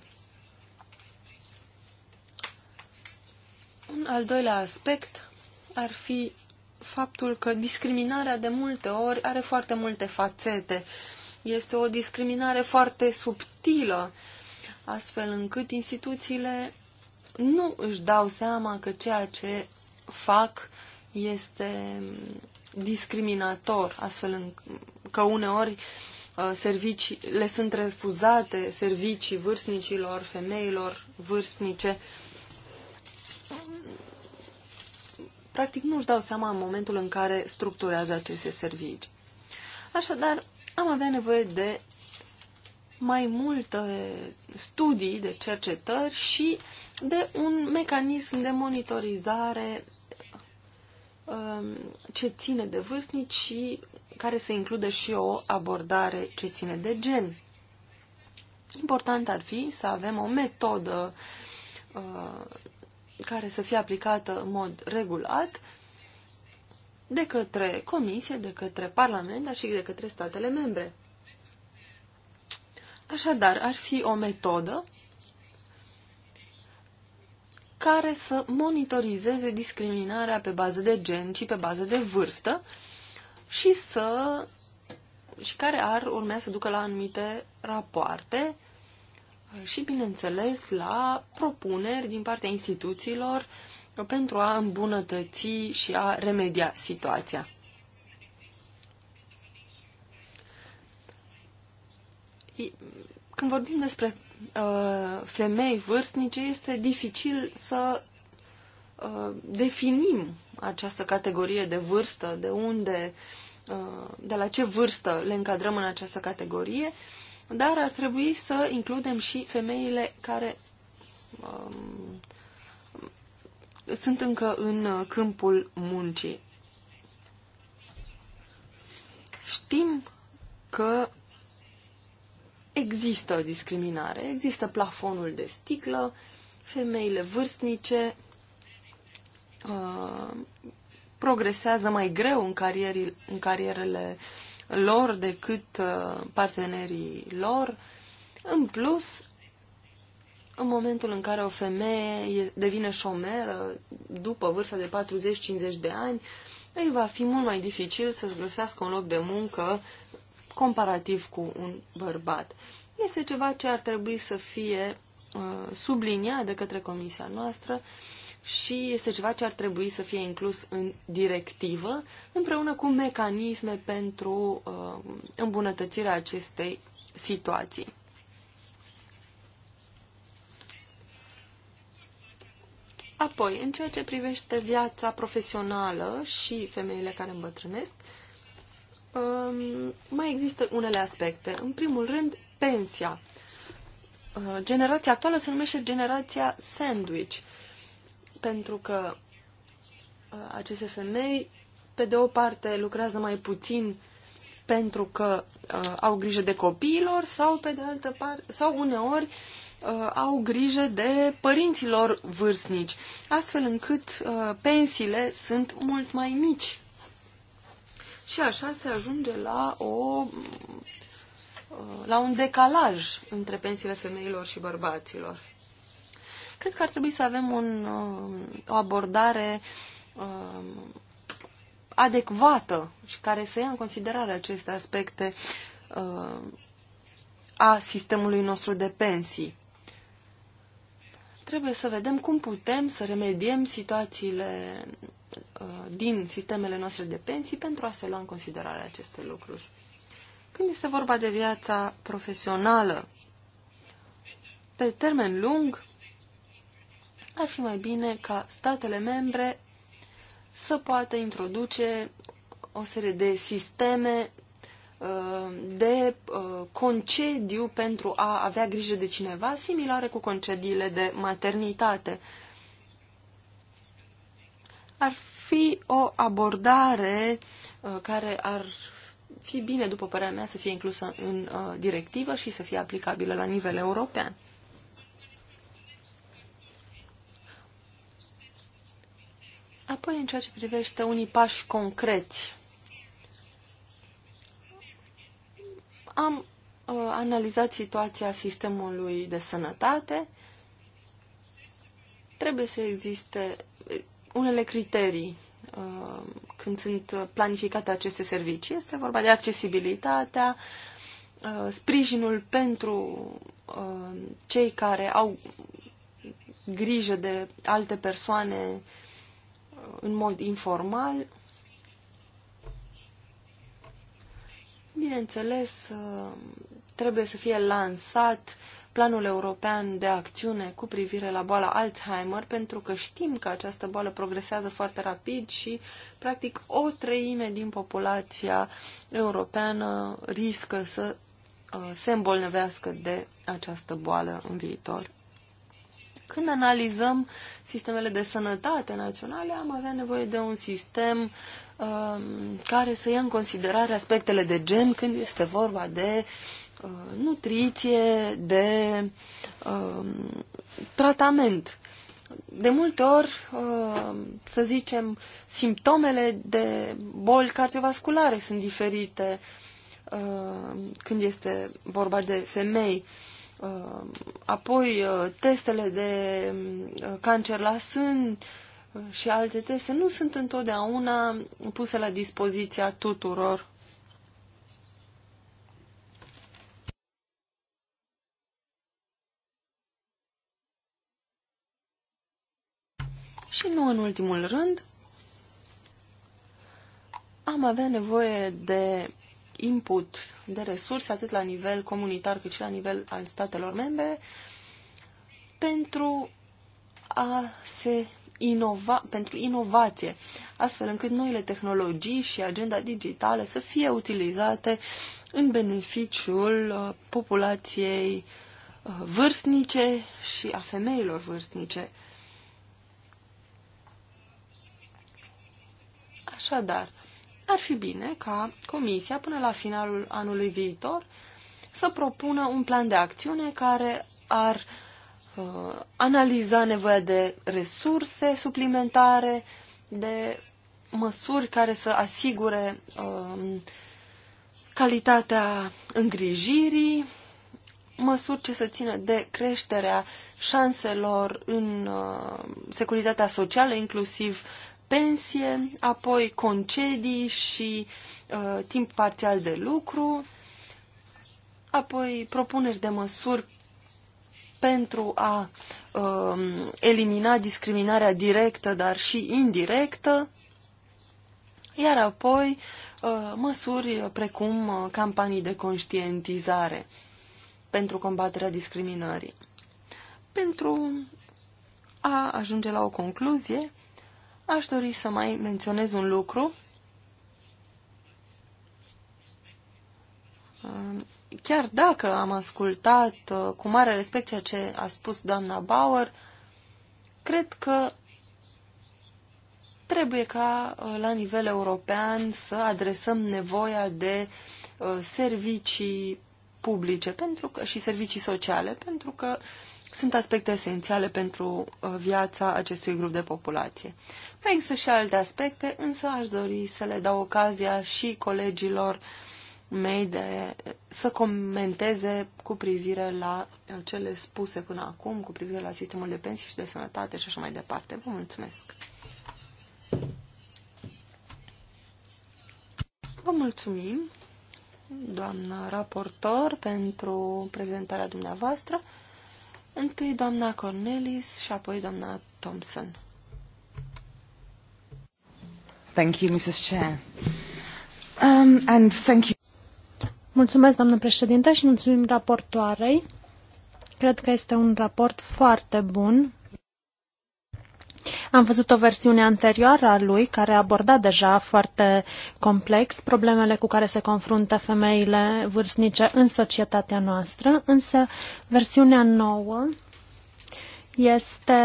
Un al doilea aspect ar fi faptul că discriminarea de multe ori are foarte multe fațete este o discriminare foarte subtilă, astfel încât instituțiile nu își dau seama că ceea ce fac este discriminator, astfel că uneori uh, servicii, le sunt refuzate servicii vârstnicilor, femeilor vârstnice. Practic nu își dau seama în momentul în care structurează aceste servicii. Așadar, am avea nevoie de mai multe studii de cercetări și de un mecanism de monitorizare um, ce ține de vârstnici și care să includă și o abordare ce ține de gen. Important ar fi să avem o metodă uh, care să fie aplicată în mod regulat de către Comisie, de către Parlament, dar și de către statele membre. Așadar, ar fi o metodă care să monitorizeze discriminarea pe bază de gen și pe bază de vârstă și să și care ar urmea să ducă la anumite rapoarte și, bineînțeles, la propuneri din partea instituțiilor pentru a îmbunătăți și a remedia situația. Când vorbim despre uh, femei vârstnice, este dificil să uh, definim această categorie de vârstă, de unde, uh, de la ce vârstă le încadrăm în această categorie, dar ar trebui să includem și femeile care uh, sunt încă în uh, câmpul muncii. Știm că există discriminare, există plafonul de sticlă, femeile vârstnice uh, progresează mai greu în, carieri, în carierele lor decât uh, partenerii lor. În plus, în momentul în care o femeie devine șomeră după vârsta de 40-50 de ani, îi va fi mult mai dificil să-și găsească un loc de muncă comparativ cu un bărbat. Este ceva ce ar trebui să fie uh, subliniat de către comisia noastră și este ceva ce ar trebui să fie inclus în directivă, împreună cu mecanisme pentru uh, îmbunătățirea acestei situații. Apoi, în ceea ce privește viața profesională și femeile care îmbătrânesc, um, mai există unele aspecte. În primul rând, pensia. Uh, generația actuală se numește generația sandwich, pentru că uh, aceste femei, pe de o parte, lucrează mai puțin pentru că uh, au grijă de copiilor sau, pe de altă parte, sau uneori uh, uh, au grijă de părinților vârstnici, astfel încât uh, pensiile sunt mult mai mici. Și așa se ajunge la, o, uh, la un decalaj între pensiile femeilor și bărbaților. Cred că ar trebui să avem un, uh, o abordare uh, adecvată și care să ia în considerare aceste aspecte uh, a sistemului nostru de pensii. Trebuie să vedem cum putem să remediem situațiile uh, din sistemele noastre de pensii pentru a se lua în considerare aceste lucruri. Când este vorba de viața profesională, pe termen lung, ar fi mai bine ca statele membre să poată introduce o serie de sisteme Uh, de uh, concediu pentru a avea grijă de cineva, similare cu concediile de maternitate. Ar fi o abordare uh, care ar fi bine, după părerea mea, să fie inclusă în directivă și să fie aplicabilă la nivel european. Apoi, în ceea ce privește unii pași concreți am uh, analizat situația sistemului de sănătate. Trebuie să existe uh, unele criterii uh, când sunt planificate aceste servicii. Este vorba de accesibilitatea, uh, sprijinul pentru uh, cei care au grijă de alte persoane uh, în mod informal, Bineînțeles, uh, trebuie să fie lansat planul european de acțiune cu privire la boala Alzheimer, pentru că știm că această boală progresează foarte rapid și, practic, o treime din populația europeană riscă să uh, se îmbolnăvească de această boală în viitor. Când analizăm sistemele de sănătate naționale, am avea nevoie de un sistem uh, care să ia în considerare aspectele de gen când este vorba de uh, nutriție, de uh, tratament. De multe ori, um, să zicem, simptomele de boli cardiovasculare sunt diferite când este vorba de femei Um, apoi, uh, testele de um, cancer la sân uh, și alte teste nu sunt întotdeauna puse la dispoziția tuturor. Și nu în ultimul rând, am avea nevoie de input de resurse, atât la nivel comunitar cât și la nivel al statelor membre, pentru a se inova, pentru inovație, astfel încât noile tehnologii și agenda digitală să fie utilizate în beneficiul uh, populației uh, vârstnice și a femeilor vârstnice. Așadar, ar fi bine ca Comisia, până la finalul anului viitor, să propună un plan de acțiune care ar uh, analiza nevoia de resurse suplimentare, de măsuri care să asigure uh, calitatea îngrijirii, măsuri ce să țină de creșterea șanselor în uh, securitatea socială, inclusiv pensie, apoi concedii și uh, timp parțial de lucru, apoi propuneri de măsuri pentru a uh, elimina discriminarea directă, dar și indirectă, iar apoi uh, măsuri precum uh, campanii de conștientizare pentru combaterea discriminării. Pentru a ajunge la o concluzie, Aș dori să mai menționez un lucru. Ehm, chiar dacă am ascultat uh, cu mare respect ceea ce a spus doamna Bauer, cred că trebuie ca uh, la nivel european să adresăm nevoia de uh, servicii publice pentru că, și servicii sociale, pentru că uh, sunt aspecte esențiale pentru uh, viața acestui grup de populație. Mai există și alte aspecte, însă aș dori să le dau ocazia și colegilor mei de, uh, să comenteze cu privire la uh, cele spuse până acum, cu privire la sistemul de pensii și de sănătate și așa mai departe. Vă mulțumesc! Vă mulțumim, doamnă raportor, pentru prezentarea dumneavoastră. Întâi doamna Cornelis și apoi doamna Thompson. Thank you, Mrs. Chair. Um, and thank you. Mulțumesc, doamnă președinte, și mulțumim raportoarei. Cred că este un raport foarte bun am văzut o versiune anterioară a lui care aborda deja foarte complex problemele cu care se confruntă femeile vârstnice în societatea noastră, însă versiunea nouă este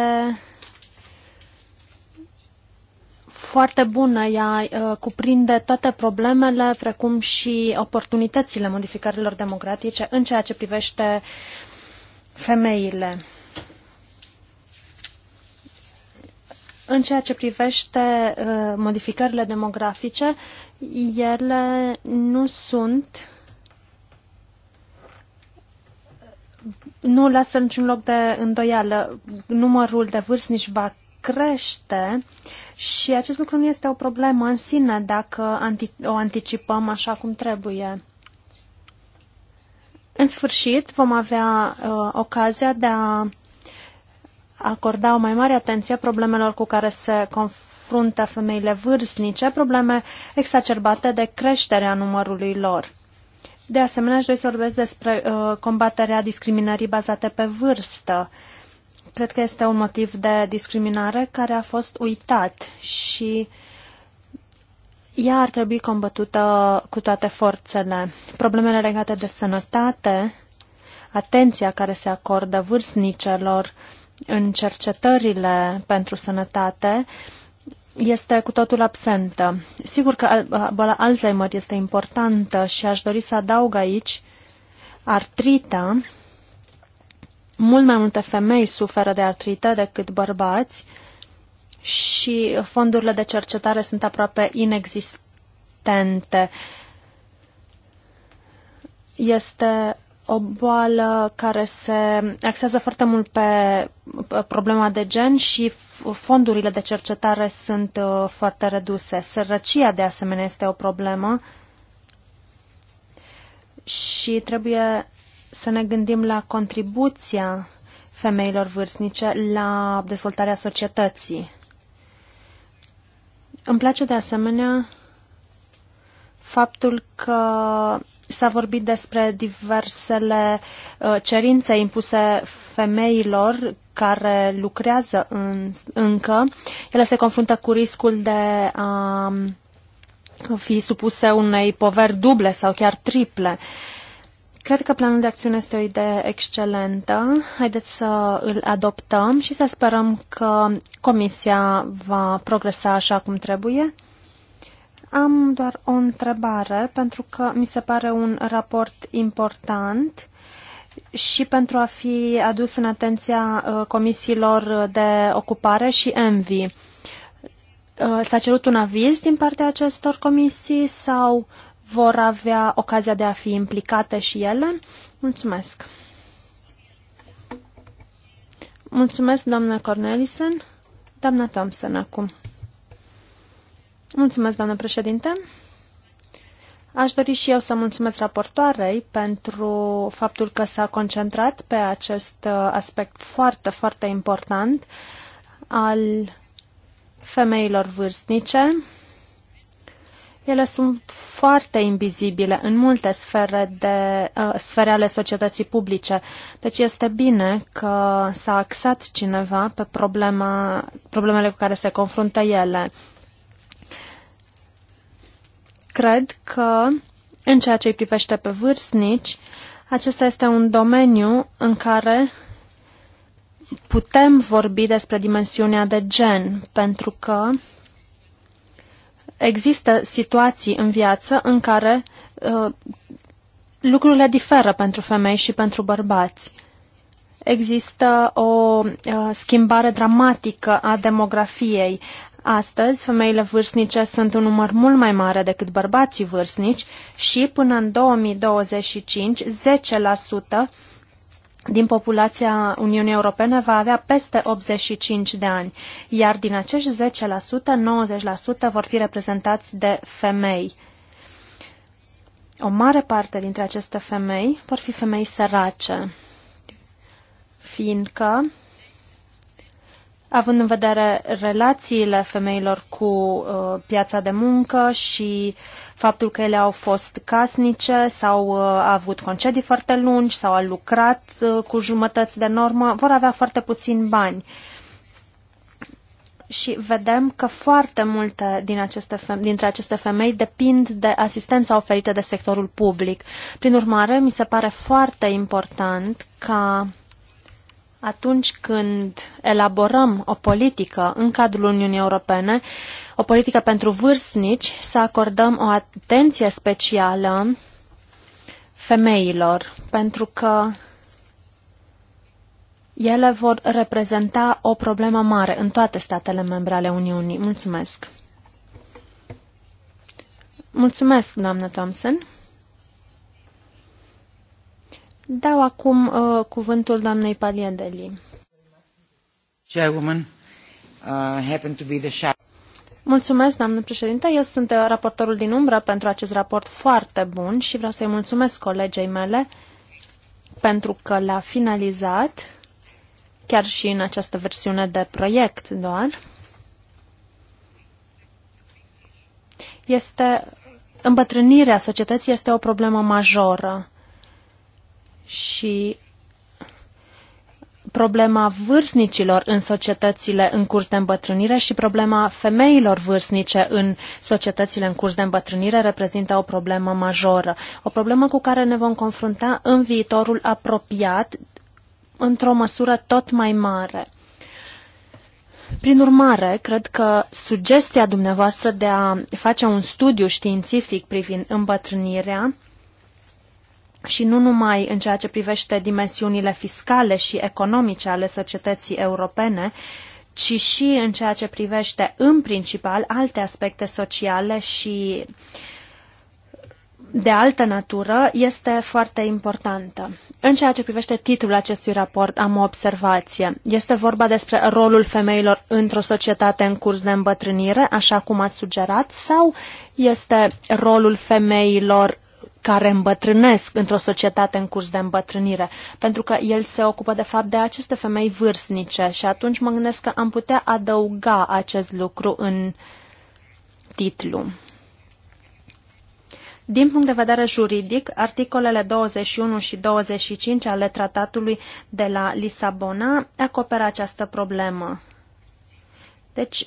foarte bună. Ea uh, cuprinde toate problemele, precum și oportunitățile modificărilor democratice în ceea ce privește femeile. în ceea ce privește uh, modificările demografice, ele nu sunt nu lasă niciun loc de îndoială. Numărul de vârstnici va crește și acest lucru nu este o problemă în sine dacă o anticipăm așa cum trebuie. În sfârșit, vom avea uh, ocazia de a acorda o mai mare atenție problemelor cu care se confruntă femeile vârstnice, probleme exacerbate de creșterea numărului lor. De asemenea, aș să vorbesc despre uh, combaterea discriminării bazate pe vârstă. Cred că este un motiv de discriminare care a fost uitat și ea ar trebui combătută cu toate forțele. Problemele legate de sănătate, atenția care se acordă vârstnicelor, uh, în cercetările pentru sănătate este cu totul absentă. Sigur că boala Alzheimer este importantă și aș dori să adaug aici artrita. Mult mai multe femei suferă de artrită decât bărbați și fondurile de cercetare sunt aproape inexistente. Este o boală care se axează foarte mult pe problema de gen și fondurile de cercetare sunt uh, foarte reduse. Sărăcia, de asemenea, este o problemă și trebuie să ne gândim la contribuția femeilor vârstnice la dezvoltarea societății. Îmi place de asemenea faptul că S-a vorbit despre diversele uh, cerințe impuse femeilor care lucrează în, încă. Ele se confruntă cu riscul de a um, fi supuse unei poveri duble sau chiar triple. Cred că planul de acțiune este o idee excelentă. Haideți să îl adoptăm și să sperăm că Comisia va progresa așa cum trebuie. Am doar o întrebare, pentru că mi se pare un raport important și pentru a fi adus în atenția uh, comisiilor de ocupare și ENVI. Uh, s-a cerut un aviz din partea acestor comisii sau vor avea ocazia de a fi implicate și ele? Mulțumesc! Mulțumesc, doamna Cornelisen. Doamna Thompson, acum. Mulțumesc, doamnă președinte. Aș dori și eu să mulțumesc raportoarei pentru faptul că s-a concentrat pe acest uh, aspect foarte, foarte important al femeilor vârstnice. Ele sunt foarte invizibile în multe sfere, de, uh, sfere ale societății publice. Deci este bine că s-a axat cineva pe problema, problemele cu care se confruntă ele cred că, în ceea ce îi privește pe vârstnici, acesta este un domeniu în care putem vorbi despre dimensiunea de gen, pentru că există situații în viață în care uh, lucrurile diferă pentru femei și pentru bărbați. Există o uh, schimbare dramatică a demografiei. Astăzi, femeile vârstnice sunt un număr mult mai mare decât bărbații vârstnici și, până în 2025, 10% din populația Uniunii Europene va avea peste 85 de ani, iar din acești 10%, 90% vor fi reprezentați de femei. O mare parte dintre aceste femei vor fi femei sărace, fiindcă având în vedere relațiile femeilor cu uh, piața de muncă și faptul că ele au fost casnice sau uh, au avut concedii foarte lungi sau au lucrat uh, cu jumătăți de normă, vor avea foarte puțin bani. Și vedem că foarte multe din aceste feme- dintre aceste femei depind de asistența oferită de sectorul public. Prin urmare, mi se pare foarte important ca atunci când elaborăm o politică în cadrul Uniunii Europene, o politică pentru vârstnici, să acordăm o atenție specială femeilor, pentru că ele vor reprezenta o problemă mare în toate statele membre ale Uniunii. Mulțumesc! Mulțumesc, doamnă Thompson! Dau acum uh, cuvântul doamnei Paliandeli. Chairwoman, uh, happen to be the shadow. Mulțumesc, doamnă președinte. Eu sunt uh, raportorul din umbră pentru acest raport foarte bun și vreau să-i mulțumesc colegei mele pentru că l-a finalizat, chiar și în această versiune de proiect doar. Este, îmbătrânirea societății este o problemă majoră și problema vârstnicilor în societățile în curs de îmbătrânire și problema femeilor vârstnice în societățile în curs de îmbătrânire reprezintă o problemă majoră, o problemă cu care ne vom confrunta în viitorul apropiat într-o măsură tot mai mare. Prin urmare, cred că sugestia dumneavoastră de a face un studiu științific privind îmbătrânirea și nu numai în ceea ce privește dimensiunile fiscale și economice ale societății europene, ci și în ceea ce privește în principal alte aspecte sociale și de altă natură, este foarte importantă. În ceea ce privește titlul acestui raport, am o observație. Este vorba despre rolul femeilor într-o societate în curs de îmbătrânire, așa cum ați sugerat, sau este rolul femeilor care îmbătrânesc într-o societate în curs de îmbătrânire, pentru că el se ocupă de fapt de aceste femei vârstnice și atunci mă gândesc că am putea adăuga acest lucru în titlu. Din punct de vedere juridic, articolele 21 și 25 ale tratatului de la Lisabona acoperă această problemă. Deci,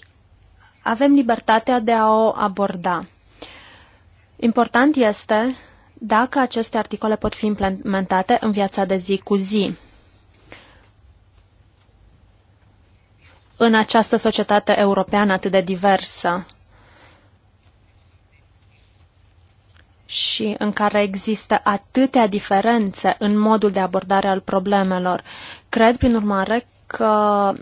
avem libertatea de a o aborda. Important este dacă aceste articole pot fi implementate în viața de zi cu zi. În această societate europeană atât de diversă și în care există atâtea diferențe în modul de abordare al problemelor, cred, prin urmare, că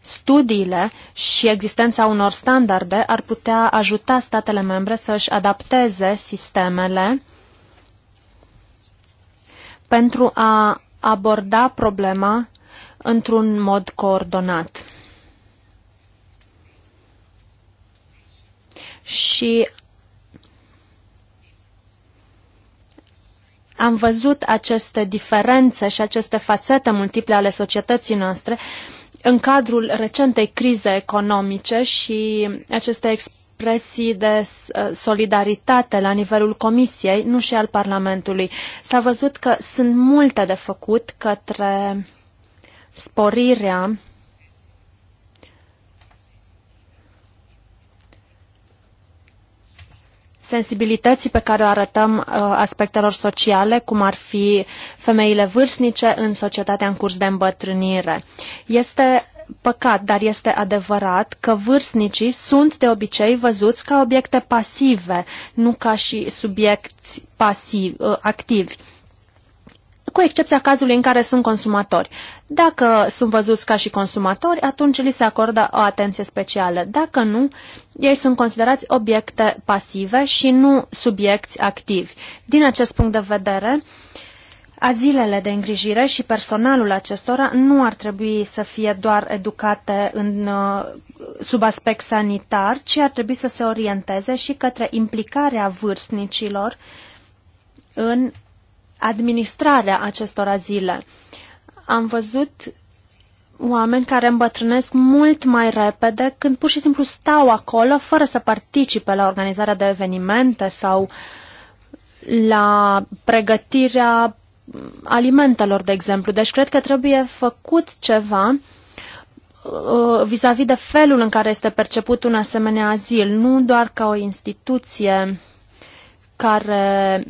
studiile și existența unor standarde ar putea ajuta statele membre să își adapteze sistemele pentru a aborda problema într-un mod coordonat. Și am văzut aceste diferențe și aceste fațete multiple ale societății noastre în cadrul recentei crize economice și aceste experiențe preside de uh, solidaritate la nivelul Comisiei, nu și al Parlamentului. S-a văzut că sunt multe de făcut către sporirea sensibilității pe care o arătăm uh, aspectelor sociale, cum ar fi femeile vârstnice în societatea în curs de îmbătrânire. Este păcat, dar este adevărat că vârstnicii sunt de obicei văzuți ca obiecte pasive, nu ca și subiecti pasivi, ă, activi cu excepția cazului în care sunt consumatori. Dacă sunt văzuți ca și consumatori, atunci li se acordă o atenție specială. Dacă nu, ei sunt considerați obiecte pasive și nu subiecti activi. Din acest punct de vedere, uh, Azilele de îngrijire și personalul acestora nu ar trebui să fie doar educate în, uh, sub aspect sanitar, ci ar trebui să se orienteze și către implicarea vârstnicilor în administrarea acestor azile. Am văzut oameni care îmbătrânesc mult mai repede când pur și simplu stau acolo fără să participe la organizarea de evenimente sau la pregătirea alimentelor, de exemplu. Deci cred că trebuie făcut ceva uh, vis-a-vis -vis de felul în care este perceput un asemenea azil, nu doar ca o instituție care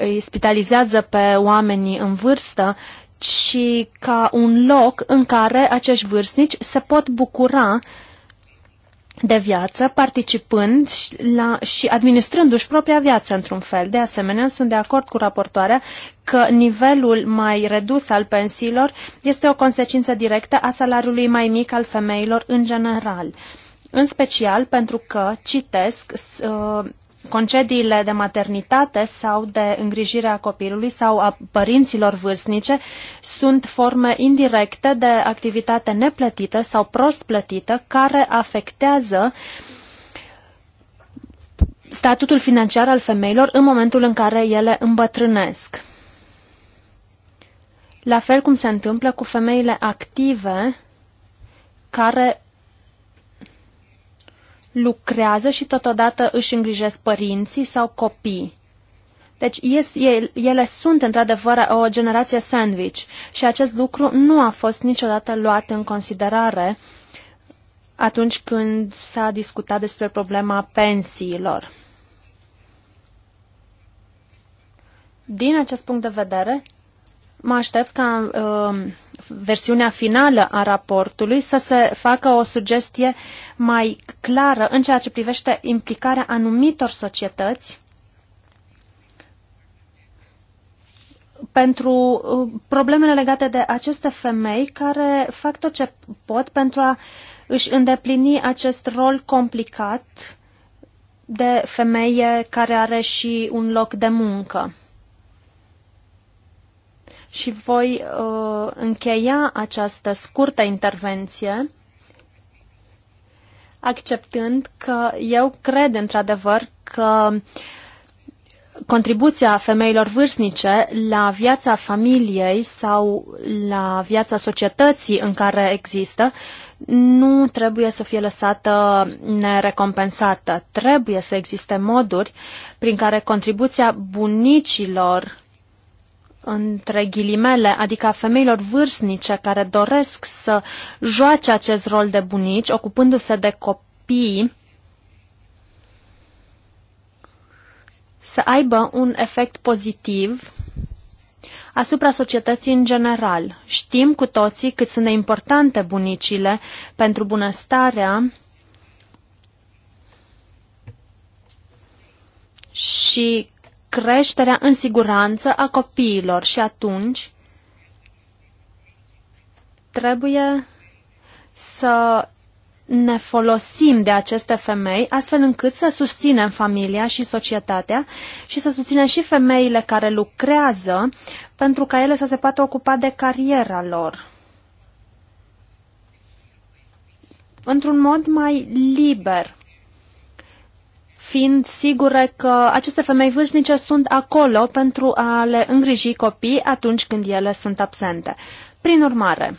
îi spitalizează pe oamenii în vârstă, ci ca un loc în care acești vârstnici se pot bucura uh, de viață, participând la, și administrându-și propria viață într-un fel. De asemenea, sunt de acord cu raportoarea că nivelul mai redus al pensiilor este o consecință directă a salariului mai mic al femeilor în general. În special pentru că, citesc, uh, concediile de maternitate sau de îngrijire a copilului sau a părinților vârstnice sunt forme indirecte de activitate neplătită sau prost plătită care afectează statutul financiar al femeilor în momentul în care ele îmbătrânesc. La fel cum se întâmplă cu femeile active care lucrează și totodată își îngrijesc părinții sau copii. Deci ele sunt într-adevăr o generație sandwich și acest lucru nu a fost niciodată luat în considerare atunci când s-a discutat despre problema pensiilor. Din acest punct de vedere, mă aștept ca uh, versiunea finală a raportului să se facă o sugestie mai clară în ceea ce privește implicarea anumitor societăți pentru uh, problemele legate de aceste femei care fac tot ce pot pentru a își îndeplini acest rol complicat de femeie care are și un loc de muncă și voi uh, încheia această scurtă intervenție acceptând că eu cred într-adevăr că contribuția femeilor vârstnice la viața familiei sau la viața societății în care există nu trebuie să fie lăsată nerecompensată. Trebuie să existe moduri prin care contribuția bunicilor între ghilimele, adică a femeilor vârstnice care doresc să joace acest rol de bunici, ocupându-se de copii, să aibă un efect pozitiv asupra societății în general. Știm cu toții cât sunt de importante bunicile pentru bunăstarea și creșterea în siguranță a copiilor și atunci trebuie să ne folosim de aceste femei astfel încât să susținem familia și societatea și să susținem și femeile care lucrează pentru ca ele să se poată ocupa de cariera lor. Într-un mod mai liber fiind sigure că aceste femei vârstnice sunt acolo pentru a le îngriji copii atunci când ele sunt absente. Prin urmare,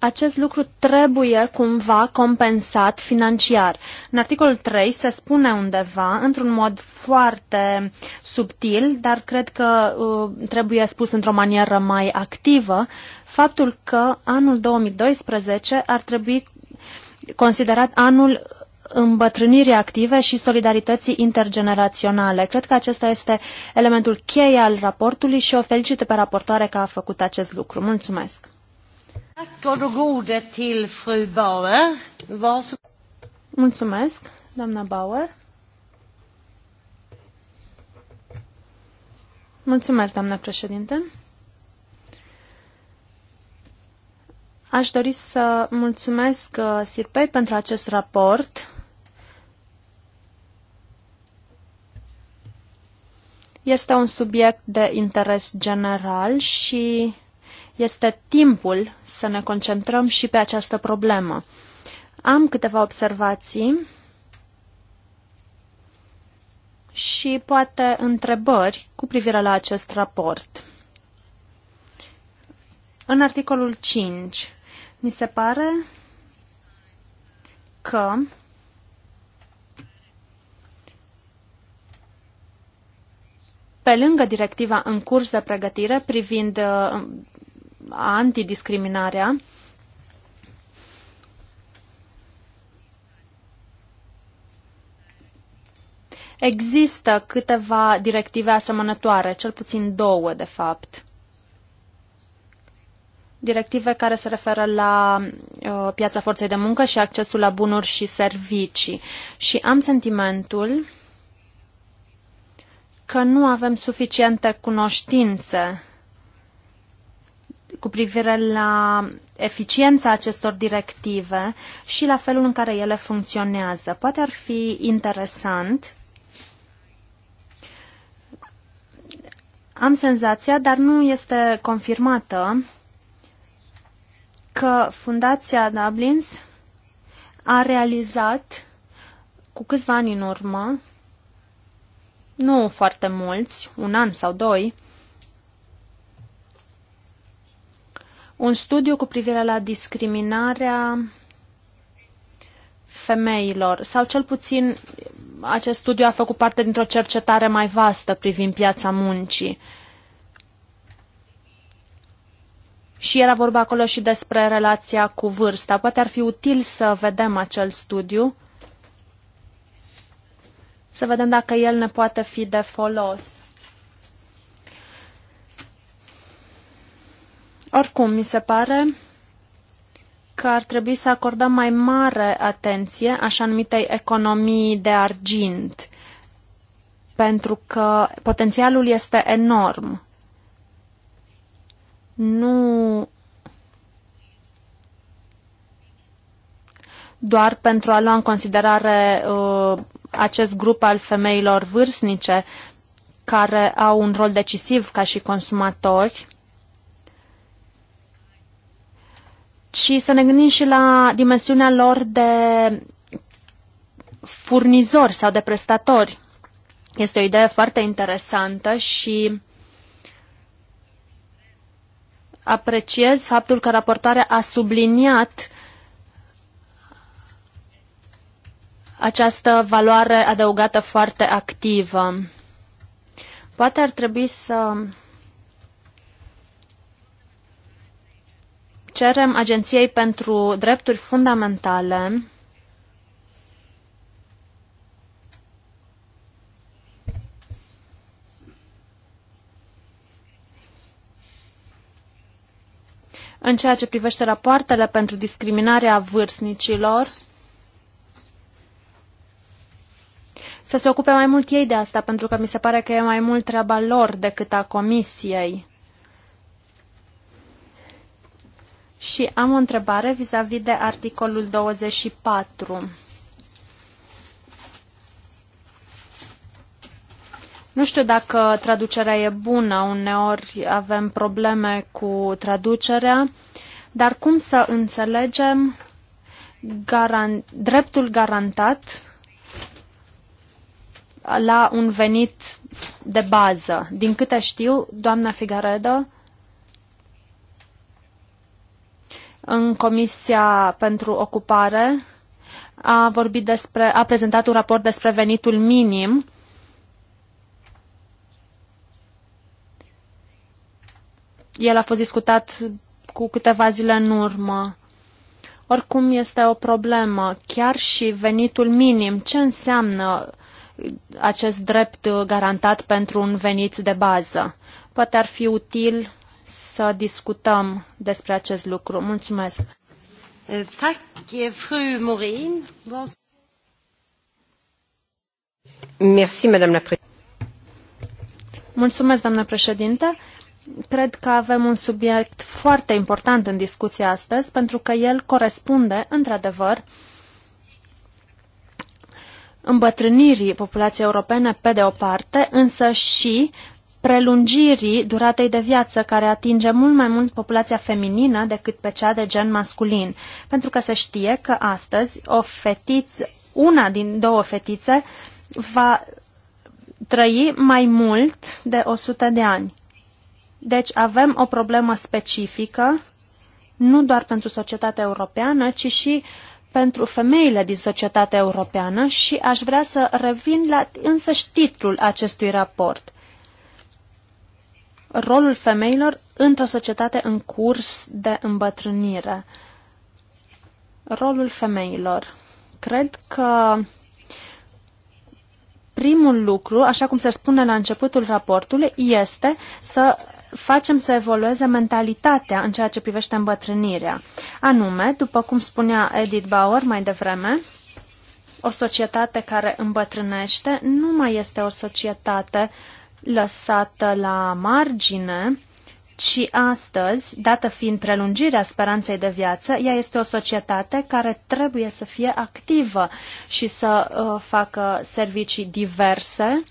acest lucru trebuie cumva compensat financiar. În articolul 3 se spune undeva, într-un mod foarte subtil, dar cred că uh, trebuie spus într-o manieră mai activă, faptul că anul 2012 ar trebui considerat anul îmbătrânirii active și solidarității intergeneraționale. Cred că acesta este elementul cheie al raportului și o felicit pe raportoare că a făcut acest lucru. Mulțumesc! Mulțumesc, doamna Bauer. Mulțumesc, doamna președinte. Aș dori să mulțumesc uh, Sirpei pentru acest raport. Este un subiect de interes general și este timpul să ne concentrăm și pe această problemă. Am câteva observații și poate întrebări cu privire la acest raport. În articolul 5 mi se pare că pe lângă directiva în curs de pregătire privind uh, antidiscriminarea, Există câteva directive asemănătoare, cel puțin două, de fapt directive care se referă la uh, piața forței de muncă și accesul la bunuri și servicii. Și am sentimentul că nu avem suficiente cunoștințe cu privire la eficiența acestor directive și la felul în care ele funcționează. Poate ar fi interesant am senzația, dar nu este confirmată că Fundația Dublins a realizat cu câțiva ani în urmă, nu foarte mulți, un an sau doi, un studiu cu privire la discriminarea femeilor, sau cel puțin acest studiu a făcut parte dintr-o cercetare mai vastă privind piața muncii. Uh, și era vorba acolo și despre relația cu vârsta. Poate ar fi util să vedem acel studiu, să vedem dacă el ne poate fi de folos. Oricum, mi se pare că ar trebui să acordăm mai mare atenție așa numitei economii de argint, pentru că potențialul este enorm nu doar pentru a lua în considerare uh, acest grup al femeilor vârstnice care au un rol decisiv ca și consumatori, ci să ne gândim și la dimensiunea lor de furnizori sau de prestatori. Este o idee foarte interesantă și apreciez faptul că raportarea a subliniat această valoare adăugată foarte activă. Poate ar trebui să cerem Agenției pentru Drepturi Fundamentale în ceea ce privește rapoartele pentru discriminarea vârstnicilor, să se ocupe mai mult ei de asta, pentru că mi se pare că e mai mult treaba lor decât a comisiei. Și am o întrebare vis-a-vis -vis de articolul 24. Nu știu dacă traducerea e bună, uneori avem probleme cu traducerea, dar cum să înțelegem garan- dreptul garantat la un venit de bază? Din câte știu, doamna Figaredo, în Comisia pentru Ocupare a vorbit despre, a prezentat un raport despre venitul minim El a fost discutat cu câteva zile în urmă. Oricum este o problemă. Chiar și venitul minim, ce înseamnă acest drept garantat pentru un venit de bază? Poate ar fi util să discutăm despre acest lucru. Mulțumesc! Tack, fru Morin. Merci, Mulțumesc, doamnă președinte. Cred că avem un subiect foarte important în discuție astăzi, pentru că el corespunde, într-adevăr, îmbătrânirii populației europene pe de o parte, însă și prelungirii duratei de viață care atinge mult mai mult populația feminină decât pe cea de gen masculin. Pentru că se știe că astăzi o fetiță, una din două fetițe va trăi mai mult de 100 de ani. Deci avem o problemă specifică, nu doar pentru societatea europeană, ci și pentru femeile din societatea europeană și aș vrea să revin la însăși titlul acestui raport. Rolul femeilor într-o societate în curs de îmbătrânire. Rolul femeilor. Cred că primul lucru, așa cum se spune la începutul raportului, este să facem să evolueze mentalitatea în ceea ce privește îmbătrânirea. Anume, după cum spunea Edith Bauer mai devreme, o societate care îmbătrânește nu mai este o societate lăsată la margine, ci astăzi, dată fiind prelungirea speranței de viață, ea este o societate care trebuie să fie activă și să uh, facă servicii diverse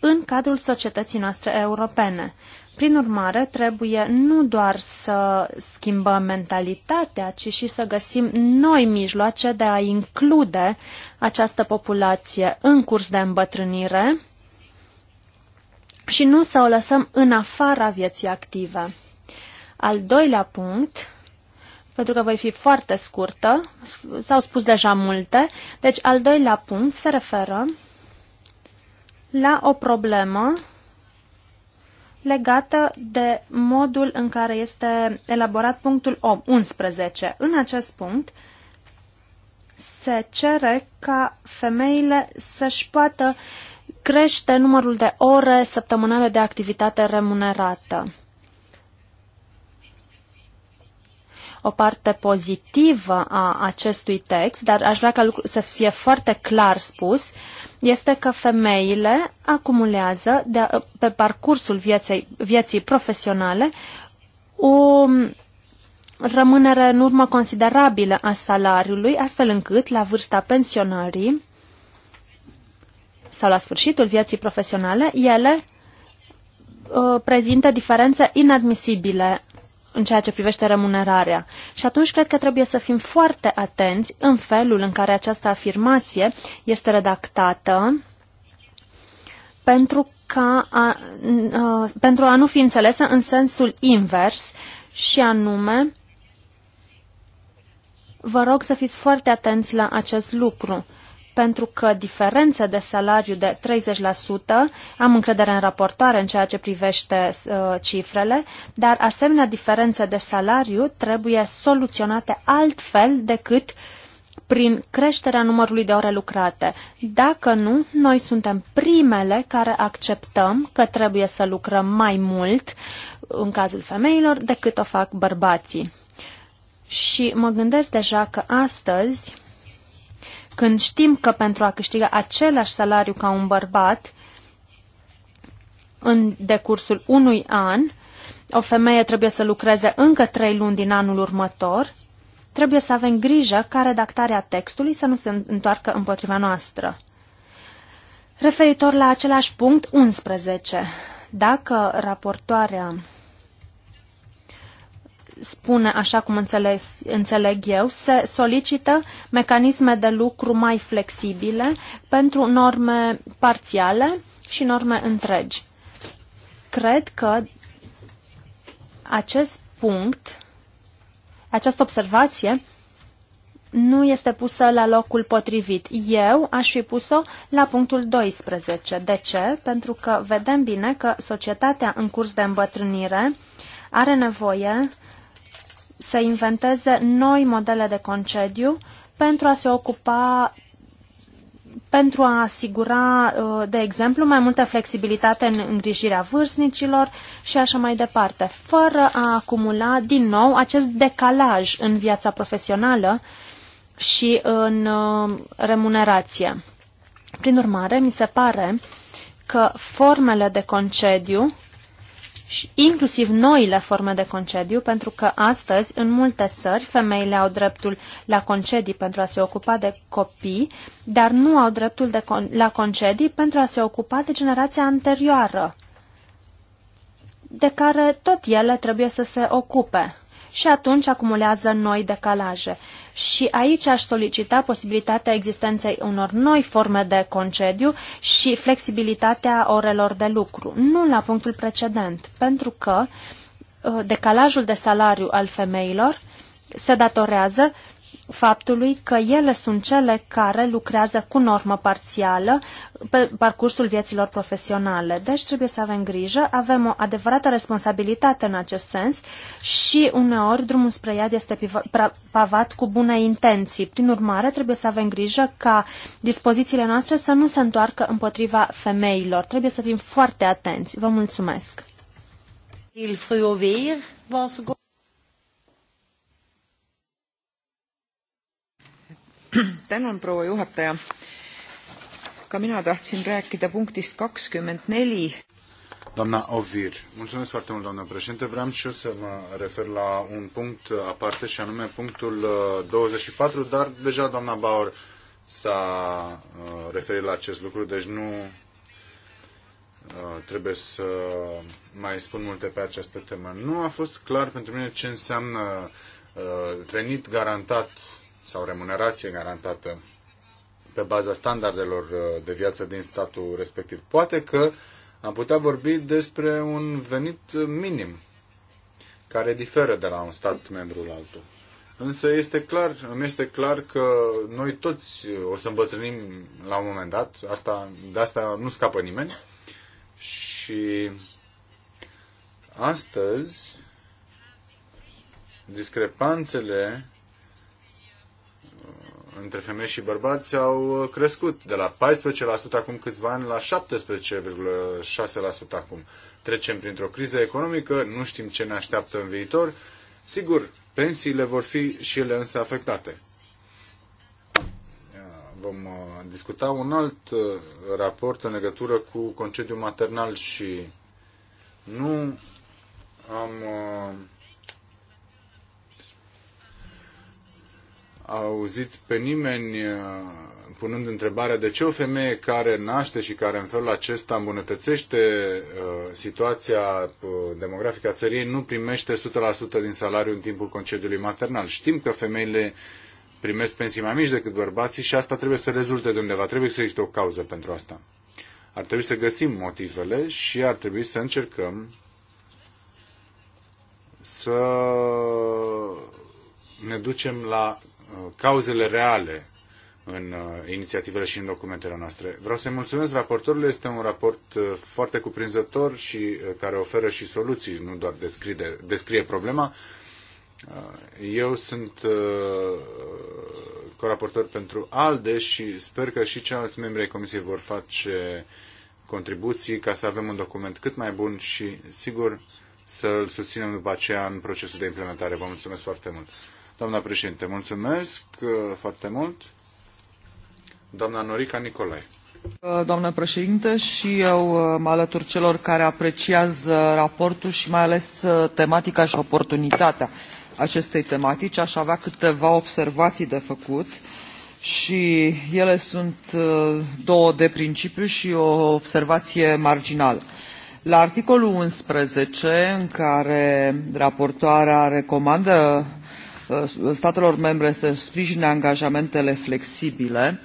în cadrul societății noastre europene. Prin urmare, trebuie nu doar să schimbăm mentalitatea, ci și să găsim noi mijloace de a include această populație în curs de îmbătrânire și nu să o lăsăm în afara vieții active. Al doilea punct, pentru că voi fi foarte scurtă, s-au spus deja multe, deci al doilea punct se referă la o problemă legată de modul în care este elaborat punctul 11. În acest punct se cere ca femeile să-și poată crește numărul de ore săptămânale de activitate remunerată. o parte pozitivă a acestui text, dar aș vrea ca lucru să fie foarte clar spus, este că femeile acumulează de, pe parcursul vieței, vieții profesionale o rămânere în urmă considerabilă a salariului, astfel încât, la vârsta pensionării sau la sfârșitul vieții profesionale, ele uh, prezintă diferențe inadmisibile în ceea ce privește remunerarea. Și atunci cred că trebuie să fim foarte atenți în felul în care această afirmație este redactată pentru, ca a, a, pentru a nu fi înțelesă în sensul invers și anume vă rog să fiți foarte atenți la acest lucru pentru că diferențe de salariu de 30%, am încredere în raportare în ceea ce privește uh, cifrele, dar asemenea diferențe de salariu trebuie soluționate altfel decât prin creșterea numărului de ore lucrate. Dacă nu, noi suntem primele care acceptăm că trebuie să lucrăm mai mult, în cazul femeilor, decât o fac bărbații. Și mă gândesc deja că astăzi când știm că pentru a câștiga același salariu ca un bărbat în decursul unui an, o femeie trebuie să lucreze încă trei luni din anul următor, trebuie să avem grijă ca redactarea textului să nu se întoarcă împotriva noastră. Referitor la același punct 11, dacă raportoarea spune, așa cum înțeles, înțeleg eu, se solicită mecanisme de lucru mai flexibile pentru norme parțiale și norme întregi. Cred că acest punct, această observație, nu este pusă la locul potrivit. Eu aș fi pus-o la punctul 12. De ce? Pentru că vedem bine că societatea în curs de îmbătrânire are nevoie să inventeze noi modele de concediu pentru a se ocupa pentru a asigura, uh, de exemplu, mai multă flexibilitate în îngrijirea vârstnicilor și așa mai departe, fără a acumula din nou acest decalaj în viața profesională și în uh, remunerație. Prin urmare, mi se pare că formele de concediu și inclusiv noile forme de concediu, pentru că astăzi, în multe țări, femeile au dreptul la concedii pentru a se ocupa de copii, dar nu au dreptul de con- la concedii pentru a se ocupa de generația anterioară, de care tot ele trebuie să se ocupe. Și atunci acumulează noi decalaje și aici aș solicita posibilitatea existenței unor noi forme de concediu și flexibilitatea orelor de lucru, nu la punctul precedent, pentru că uh, decalajul de salariu al femeilor se datorează uh, faptului că ele sunt cele care lucrează cu normă parțială pe parcursul vieților profesionale. Deci trebuie să avem grijă, avem o adevărată responsabilitate în acest sens și uneori drumul spre iad este pavat cu bune intenții. Prin urmare, trebuie să avem grijă ca dispozițiile noastre să nu se întoarcă împotriva femeilor. Trebuie să fim foarte atenți. Vă mulțumesc! Il var så [CLEARS THROAT] tänan proua juhataja ka mina tahtsin rääkida punktist kakskümmend neli foarte mult, doamna președinte. Vreau și să mă refer la un punct aparte și anume punctul 24, uh, dar deja doamna Bauer s-a uh, referit la acest lucru, deci nu uh, trebuie să mai spun multe pe această temă. Nu a fost clar pentru mine ce înseamnă venit garantat sau remunerație garantată pe baza standardelor uh, de viață din statul respectiv. Poate că am putea vorbi despre un venit minim care diferă de la un stat membru la altul. Însă este clar, îmi este clar că noi toți o să îmbătrânim la un moment dat, asta, de asta nu scapă nimeni. Și astăzi discrepanțele între femei și bărbați au uh, crescut de la 14% acum câțiva ani la 17,6% acum. Trecem printr-o criză economică, nu știm ce ne așteaptă în viitor. Sigur, pensiile vor fi și ele însă afectate. Vom uh, discuta un alt uh, raport în legătură cu concediul maternal și nu am auzit pe nimeni uh, punând întrebarea de ce o femeie care naște și care în felul acesta îmbunătățește uh, situația uh, demografică a țării nu primește 100% din salariu în timpul concediului maternal. Știm că femeile primesc pensii mai mici decât bărbații și asta trebuie să rezulte de undeva. Trebuie să existe o cauză pentru asta. Ar trebui să găsim motivele și ar trebui să încercăm să ne ducem la Uh, cauzele reale în uh, inițiativele și în documentele noastre. Vreau să-i mulțumesc raportorului, este un raport uh, foarte cuprinzător și care oferă și soluții, nu doar descrie, descrie problema. Eu sunt coraportor pentru ALDE și sper că și ceilalți membri ai Comisiei vor face contribuții ca să avem un document cât mai bun și, sigur, să-l susținem după aceea în procesul de implementare. Vă mulțumesc foarte mult! Doamna președinte, mulțumesc uh, foarte mult. Doamna Norica Nicolae. Uh, Doamnă președinte, și eu uh, mă alătur celor care apreciază raportul și mai ales tematica și oportunitatea acestei tematici. Aș avea câteva observații de făcut și ele sunt două de principiu și o observație marginală. La articolul 11, în care raportoarea recomandă Uh, statelor membre să sprijine angajamentele flexibile.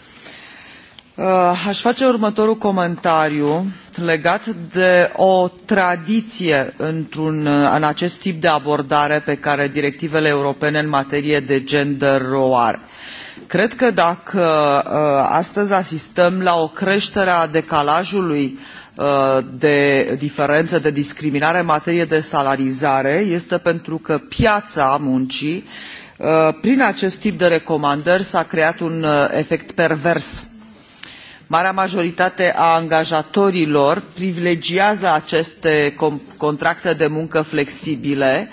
Uh, aș face următorul comentariu legat de o tradiție într-un, uh, în acest tip de abordare pe care directivele europene în materie de gender o are. Cred că dacă astăzi asistăm la o creștere a decalajului de diferență, de discriminare în materie de salarizare, este pentru că piața muncii Uh, prin acest tip de recomandări s a creat un uh, efect pervers marea majoritate a angajatorilor privilegiază aceste contracte de muncă flexibile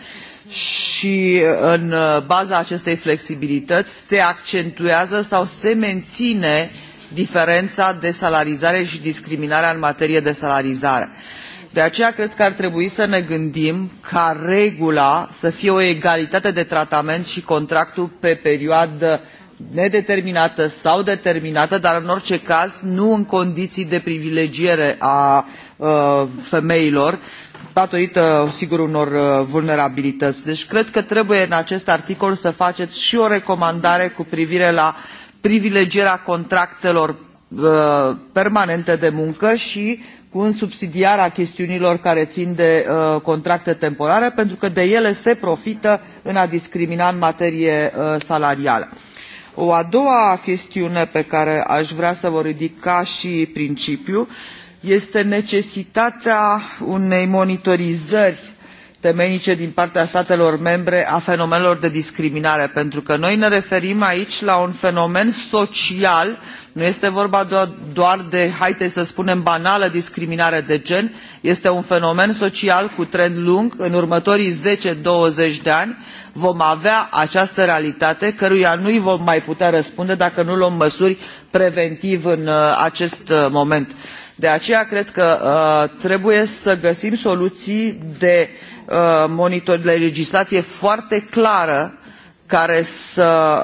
și uh, în baza acestei flexibilități se accentuează sau se menține diferența de salarizare și discriminarea în materie de salarizare. De aceea cred că ar trebui să ne gândim ca regula să fie o egalitate de tratament și contractul pe perioadă nedeterminată sau determinată, dar în orice caz nu în condiții de privilegiere a uh, femeilor, datorită, sigur, unor uh, vulnerabilități. Deci cred că trebuie în acest articol să faceți și o recomandare cu privire la privilegierea contractelor uh, permanente de muncă și în subsidiara chestiunilor care țin de uh, contracte temporare, pentru că de ele se profită în a discrimina în materie uh, salarială. O a doua chestiune pe care aș vrea să vă ridic ca și principiu este necesitatea unei monitorizări temenice din partea statelor membre a fenomenelor de discriminare pentru că noi ne referim aici la un fenomen social nu este vorba doar de haideți să spunem banală discriminare de gen este un fenomen social cu trend lung în următorii zece douăzeci de ani vom avea această realitate căreia nu i vom mai putea răspunde dacă nu luăm măsuri preventiv în uh, acest uh, moment. De aceea cred că uh, trebuie să găsim soluții de, uh, de legislație foarte clară care să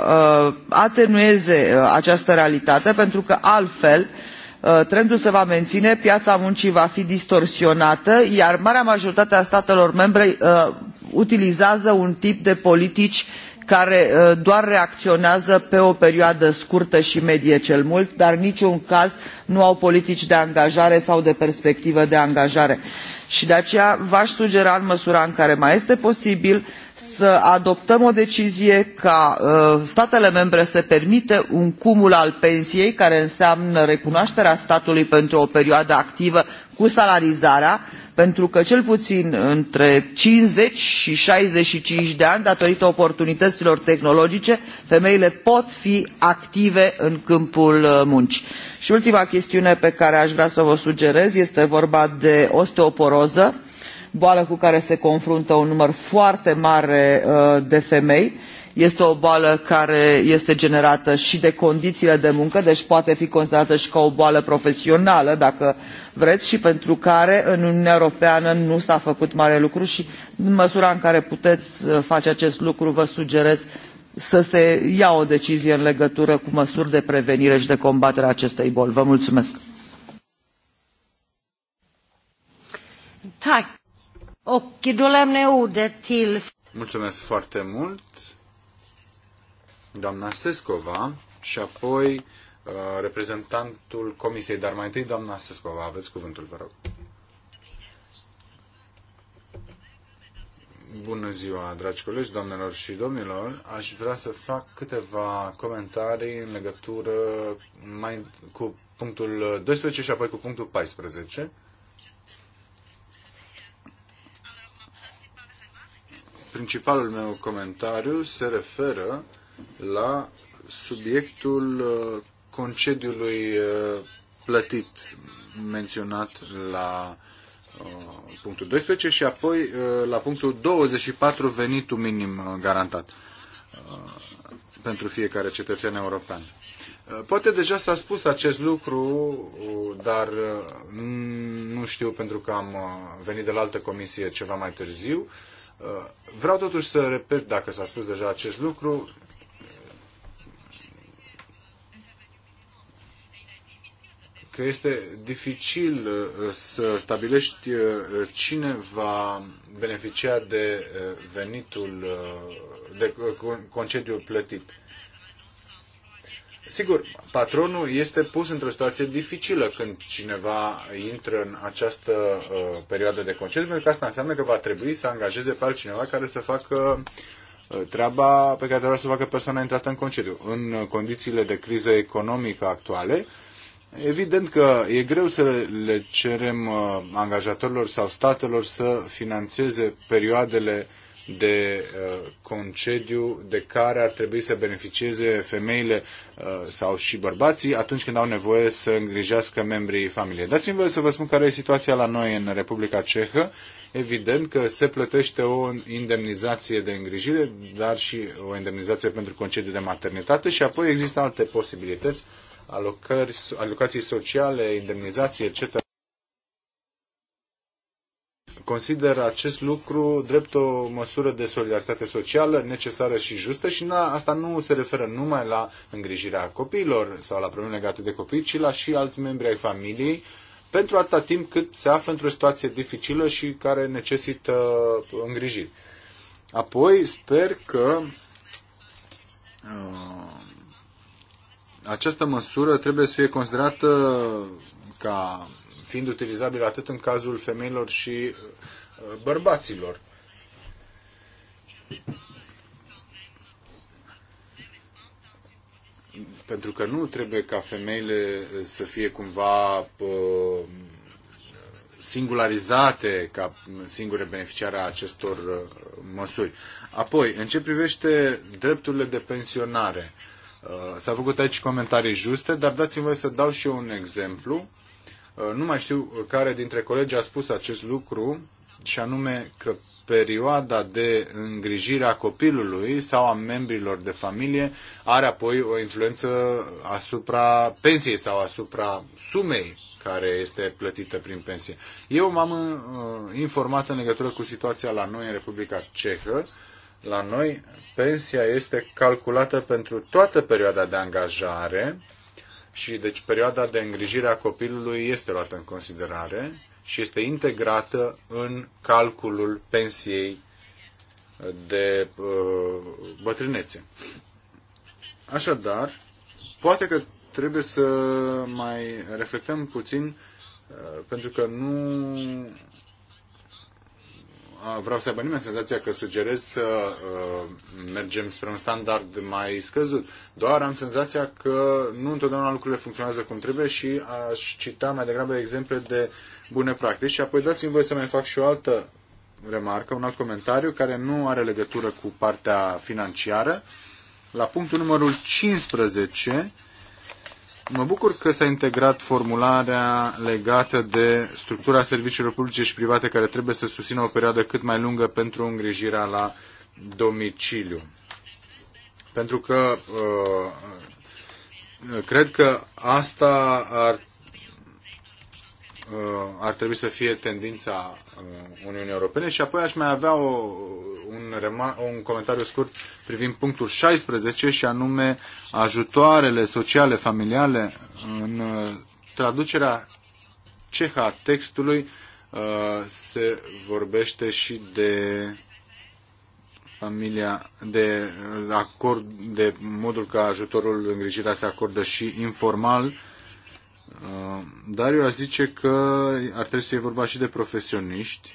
uh, atenueze uh, această realitate, pentru că altfel uh, trendul se va menține, piața muncii va fi distorsionată, iar marea majoritate a statelor membre uh, utilizează un tip de politici uh, care uh, doar reacționează pe o perioadă scurtă și medie cel mult dar în niciun caz nu au politici de angajare sau de perspectivă de angajare și de aceea v aș sugera în măsura în care mai este posibil să adoptăm o decizie ca uh, statele membre să permită un cumul al pensiei care înseamnă recunoașterea statului pentru o perioadă activă cu salarizarea pentru că cel puțin între 50 și 65 de ani, datorită oportunităților tehnologice, femeile pot fi active în câmpul uh, muncii. Și ultima chestiune pe care aș vrea să vă sugerez este vorba de osteoporoză, boală cu care se confruntă un număr foarte mare uh, de femei este o boală care este generată și de condițiile de muncă, deci poate fi considerată și ca o boală profesională, dacă vreți, și pentru care în Uniunea Europeană nu s-a făcut mare lucru și în măsura în care puteți uh, face acest lucru, vă sugerez să se ia o decizie în legătură cu măsuri de prevenire și de combatere a acestei boli. Vă mulțumesc! Tack! Och då lämnar jag ordet till... Mulțumesc foarte mult! doamna Sescova și apoi uh, reprezentantul Comisiei, dar mai întâi doamna Sescova, aveți cuvântul, vă rog. Bună ziua, dragi colegi, doamnelor și domnilor. Aș vrea să fac câteva comentarii în legătură mai cu punctul 12 și apoi cu punctul 14. Principalul meu comentariu se referă la subiectul uh, concediului uh, plătit menționat la uh, punctul 12 și apoi la punctul 24 venitul minim garantat pentru fiecare cetățean european. Poate deja s-a spus acest lucru, dar nu știu pentru că am venit de la altă comisie ceva mai târziu. Vreau totuși să repet, dacă s-a spus deja acest lucru, că este dificil uh, să stabilești uh, cine va beneficia de uh, venitul, de concediu plătit. Sigur, patronul este pus într-o situație dificilă când cineva intră în această uh, perioadă de concediu, pentru că asta înseamnă că va trebui să angajeze pe altcineva care să facă uh, treaba pe care trebuie să facă persoana intrată în concediu. În condițiile de criză economică actuale, uh, Evident că e greu să le cerem uh, angajatorilor sau statelor să financeze perioadele de uh, concediu de care ar trebui să beneficieze femeile uh, sau și bărbații atunci când au nevoie să îngrijească membrii familiei. Dați-mi voie să vă spun care e situația la noi în Republica Cehă. Evident că se plătește o indemnizație de îngrijire, dar și o indemnizație pentru concediu de maternitate și apoi există alte posibilități alocări, alocații sociale, indemnizații, etc. Consider acest lucru drept o măsură de solidaritate socială necesară și justă și na, asta nu se referă numai la îngrijirea copiilor sau la probleme legate de copii, ci la și alți membri ai familiei, pentru atâta timp cât se află într-o situație dificilă și care necesită uh, îngrijiri. Apoi, sper că uh, această măsură trebuie să fie considerată ca fiind utilizabilă atât în cazul femeilor și uh, bărbaților. Pentru că nu trebuie ca femeile uh, să fie cumva uh, singularizate ca singure beneficiare a acestor măsuri. Apoi, în ce privește drepturile de pensionare, Uh, s-au făcut aici comentarii juste, dar dați-mi voi să dau și eu un exemplu. Uh, nu mai știu care dintre colegi a spus acest lucru, și anume că perioada de îngrijire a copilului sau a membrilor de familie are apoi o influență asupra pensiei sau asupra sumei care este plătită prin pensie. Eu m-am uh, informat în legătură cu situația la noi în Republica Cehă la noi, pensia este calculată pentru toată perioada de angajare și deci perioada de îngrijire a copilului este luată în considerare și este integrată în calculul pensiei de uh, bătrânețe. Așadar, poate că trebuie să mai reflectăm puțin, uh, pentru că nu vreau să aibă nimeni senzația că sugerez să uh, mergem spre un standard mai scăzut. Doar am senzația că nu întotdeauna lucrurile funcționează cum trebuie și aș cita mai degrabă exemple de bune practici. Și apoi dați-mi voi să mai fac și o altă remarcă, un alt comentariu care nu are legătură cu partea financiară. La punctul numărul 15 Mă bucur că s-a integrat formularea legată de structura serviciilor publice și private care trebuie să susțină o perioadă cât mai lungă pentru îngrijirea la domiciliu. Pentru că uh, cred că asta ar, uh, ar trebui să fie tendința uh, Uniunii Europene și apoi aș mai avea o un, un comentariu scurt privind punctul 16 și anume ajutoarele sociale familiale în uh, traducerea ceha a textului uh, se vorbește și de familia de uh, acord de modul ca ajutorul îngrijirea se acordă și informal dar eu aș zice că ar trebui să fie vorba și de profesioniști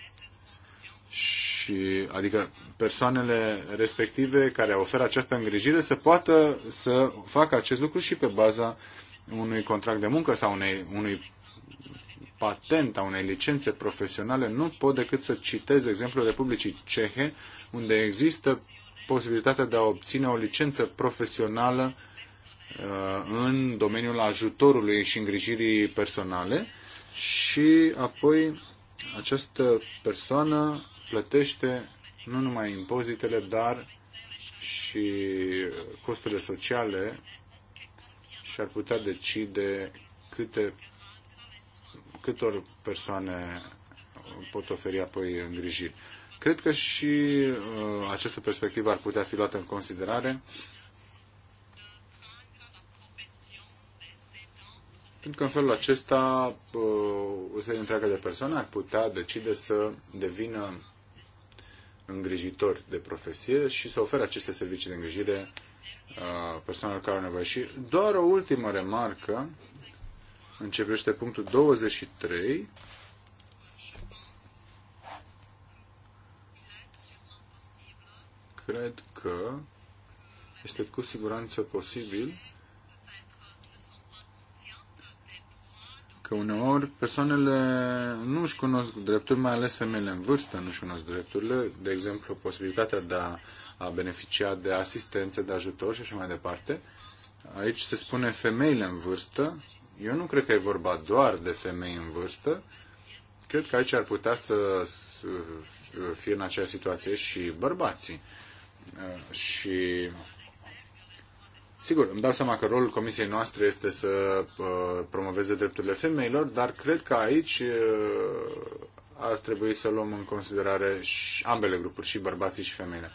și și adică persoanele respective care oferă această îngrijire să poată să facă acest lucru și pe baza unui contract de muncă sau unei, unui patent, a unei licențe profesionale, nu pot decât să citez exemplul Republicii Cehe, unde există posibilitatea de a obține o licență profesională uh, în domeniul ajutorului și îngrijirii personale și apoi această persoană plătește nu numai impozitele, dar și costurile sociale și ar putea decide câte, câtor persoane pot oferi apoi îngrijiri. Cred că și uh, această perspectivă ar putea fi luată în considerare. Pentru că în felul acesta uh, o serie întreagă de persoane ar putea decide să devină îngrijitori de profesie și să ofere aceste servicii de îngrijire uh, persoanelor care au nevoie. Și doar o ultimă remarcă începește punctul 23. Cred că este cu siguranță posibil că uneori persoanele nu își cunosc drepturile, mai ales femeile în vârstă nu își cunosc drepturile, de exemplu, posibilitatea de a, a beneficia de asistență, de ajutor și așa mai departe. Aici se spune femeile în vârstă. Eu nu cred că e vorba doar de femei în vârstă. Cred că aici ar putea să fie în acea situație și bărbații. Uh, și Sigur, îmi dau seama că rolul comisiei noastre este să uh, promoveze drepturile femeilor, dar cred că aici uh, ar trebui să luăm în considerare și ambele grupuri, și bărbații și femeile.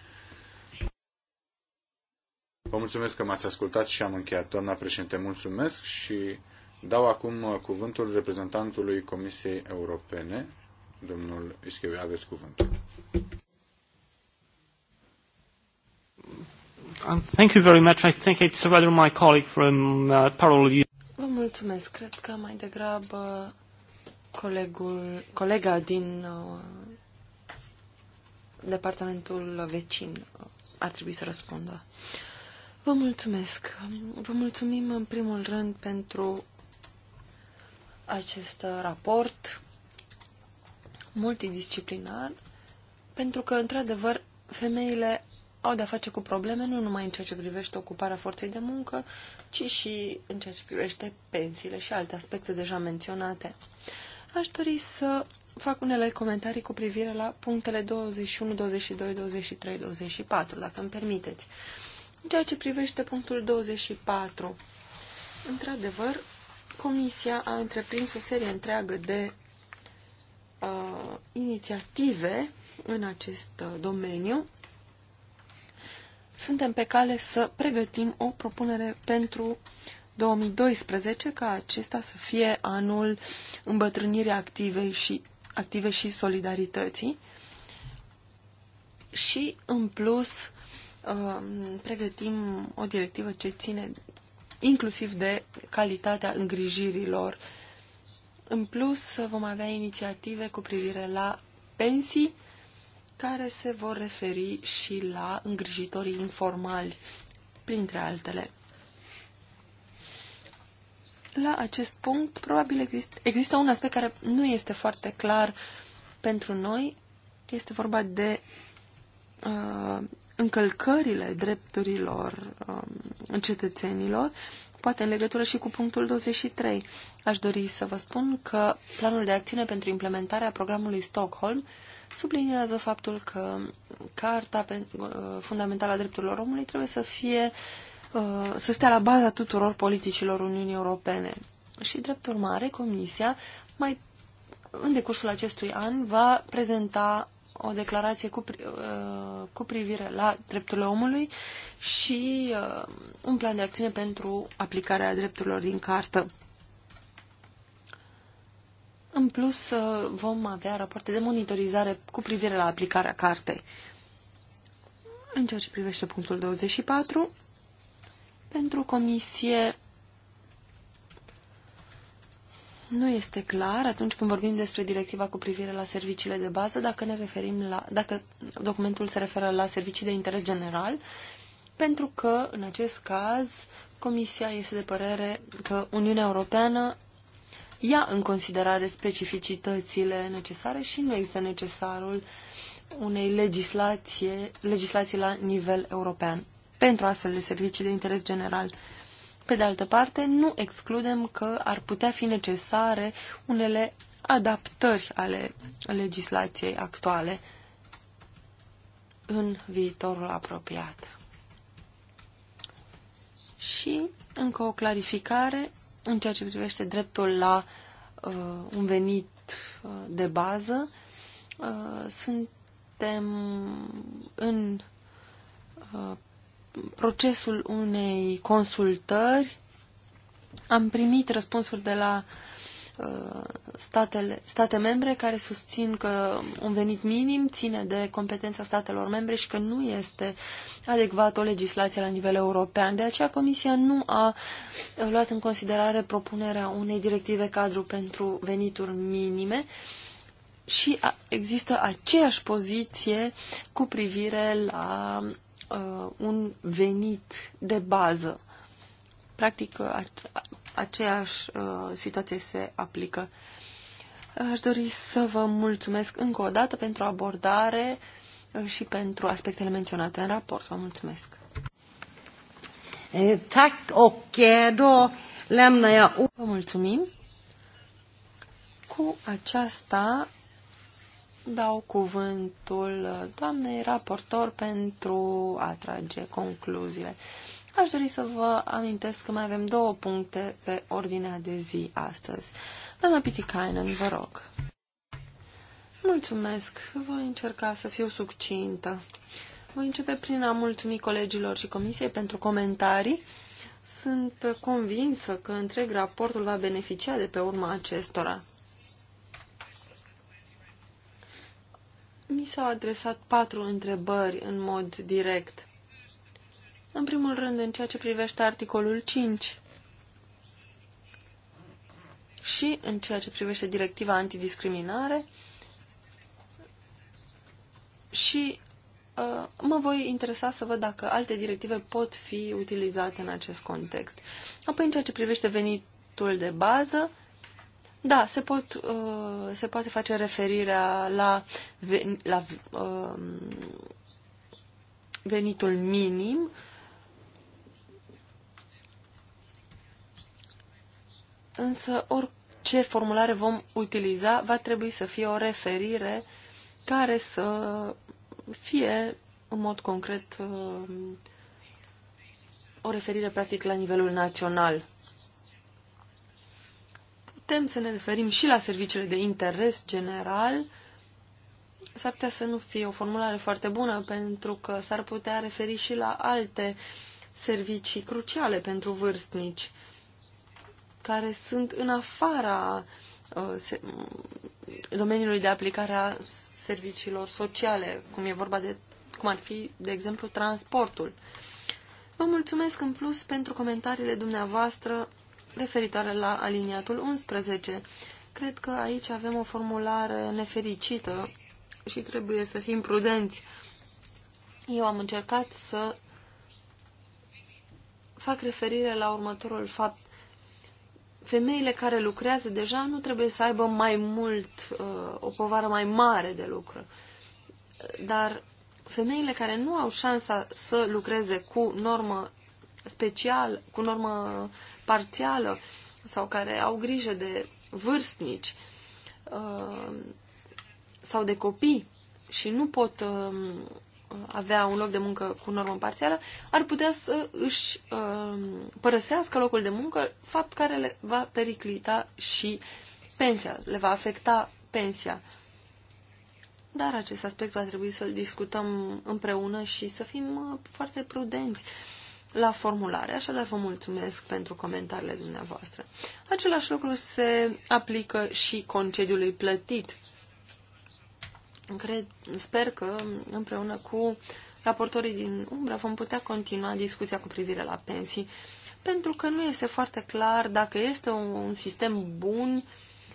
Vă mulțumesc că m-ați ascultat și am încheiat. Doamna președinte, mulțumesc și dau acum uh, cuvântul reprezentantului Comisiei Europene, domnul Ischiu. aveți cuvântul. Um, thank you very much. I think it's rather my colleague from uh, Parallel Vă mulțumesc. Cred că mai degrabă colegul, colega din uh, departamentul vecin uh, ar trebui să răspundă. Vă mulțumesc. Vă mulțumim în primul rând pentru acest raport multidisciplinar, pentru că, într-adevăr, femeile au de-a face cu probleme nu numai în ceea ce privește ocuparea forței de muncă, ci și în ceea ce privește pensiile și alte aspecte deja menționate. Aș dori să fac unele comentarii cu privire la punctele 21, 22, 23, 24, dacă îmi permiteți. În ceea ce privește punctul 24, într-adevăr, Comisia a întreprins o serie întreagă de uh, inițiative în acest uh, domeniu, suntem pe cale să pregătim o propunere pentru 2012 ca acesta să fie anul îmbătrânirii active și, active și solidarității și în plus um, pregătim o directivă ce ține inclusiv de calitatea îngrijirilor. În plus vom avea inițiative cu privire la pensii care se vor referi și la îngrijitorii informali, printre altele. La acest punct, probabil exist există un aspect care nu este foarte clar pentru noi. Este vorba de uh, încălcările drepturilor uh, cetățenilor Poate în legătură și cu punctul 23. Aș dori să vă spun că planul de acțiune pentru implementarea programului Stockholm subliniază faptul că Carta uh, Fundamentală a Drepturilor Omului trebuie să fie uh, să stea la baza tuturor politicilor Uniunii Europene. Și, drept urmare, Comisia mai în decursul acestui an va prezenta o declarație cu, uh, cu privire la drepturile omului și uh, un plan de acțiune pentru aplicarea drepturilor din cartă. În plus, uh, vom avea rapoarte de monitorizare cu privire la aplicarea cartei. În ceea ce privește punctul 24, pentru comisie nu este clar atunci când vorbim despre directiva cu privire la serviciile de bază, dacă ne referim la, dacă documentul se referă la servicii de interes general, pentru că, în acest caz, Comisia este de părere că Uniunea Europeană ia în considerare specificitățile necesare și nu există necesarul unei legislație, legislații la nivel european pentru astfel de servicii de interes general. Pe de altă parte, nu excludem că ar putea fi necesare unele adaptări ale legislației actuale în viitorul apropiat. Și încă o clarificare în ceea ce privește dreptul la uh, un venit uh, de bază. Uh, suntem în uh, procesul unei consultări am primit răspunsuri de la uh, statele, state membre care susțin că un venit minim ține de competența statelor membre și că nu este adecvat o legislație la nivel european. De aceea Comisia nu a luat în considerare propunerea unei directive cadru pentru venituri minime și a, există aceeași poziție cu privire la uh, un venit de bază. Practic, uh, aceeași uh, situație se aplică. Aș dori să vă mulțumesc încă o dată pentru abordare uh, și pentru aspectele menționate în raport. Vă mulțumesc! Tak, ok, do, lämnar jag... Vă mulțumim! Cu aceasta dau cuvântul uh, doamnei raportor pentru a trage concluziile. Aș dori să vă amintesc că mai avem două puncte pe ordinea de zi astăzi. Doamna Pitikainen, vă rog. Mulțumesc. Voi încerca să fiu succintă. Voi începe prin a mulțumi colegilor și comisiei pentru comentarii. Sunt convinsă că întreg raportul va beneficia de pe urma acestora. Mi s-au adresat patru întrebări în mod direct. În primul rând, în ceea ce privește articolul 5 și în ceea ce privește directiva antidiscriminare și uh, mă voi interesa să văd dacă alte directive pot fi utilizate în acest context. Apoi, în ceea ce privește venitul de bază, da, se, pot, uh, se poate face referirea la, la uh, venitul minim. Însă orice formulare vom utiliza va trebui să fie o referire care să fie în mod concret uh, o referire practic la nivelul național putem să ne referim și la serviciile de interes general, s-ar putea să nu fie o formulare foarte bună, pentru că s-ar putea referi și la alte servicii cruciale pentru vârstnici, care sunt în afara uh, mm, domeniului de aplicare a serviciilor sociale, cum e vorba de, cum ar fi, de exemplu, transportul. Vă mulțumesc în plus pentru comentariile dumneavoastră referitoare la aliniatul 11. Cred că aici avem o formulare nefericită și trebuie să fim prudenți. Eu am încercat să fac referire la următorul fapt. Femeile care lucrează deja nu trebuie să aibă mai mult, uh, o povară mai mare de lucru. Dar femeile care nu au șansa să lucreze cu normă special, cu normă parțială sau care au grijă de vârstnici uh, sau de copii și nu pot um, avea un loc de muncă cu normă parțială, ar putea să își um, părăsească locul de muncă, fapt care le va periclita și pensia, le va afecta pensia. Dar acest aspect va trebui să-l discutăm împreună și să fim uh, foarte prudenți. Uh, la formulare, așadar vă mulțumesc pentru comentariile dumneavoastră. Același lucru se aplică și concediului plătit. Cred, sper că împreună cu raportorii din Umbra vom putea continua discuția cu privire la pensii, pentru că nu este foarte clar dacă este un sistem bun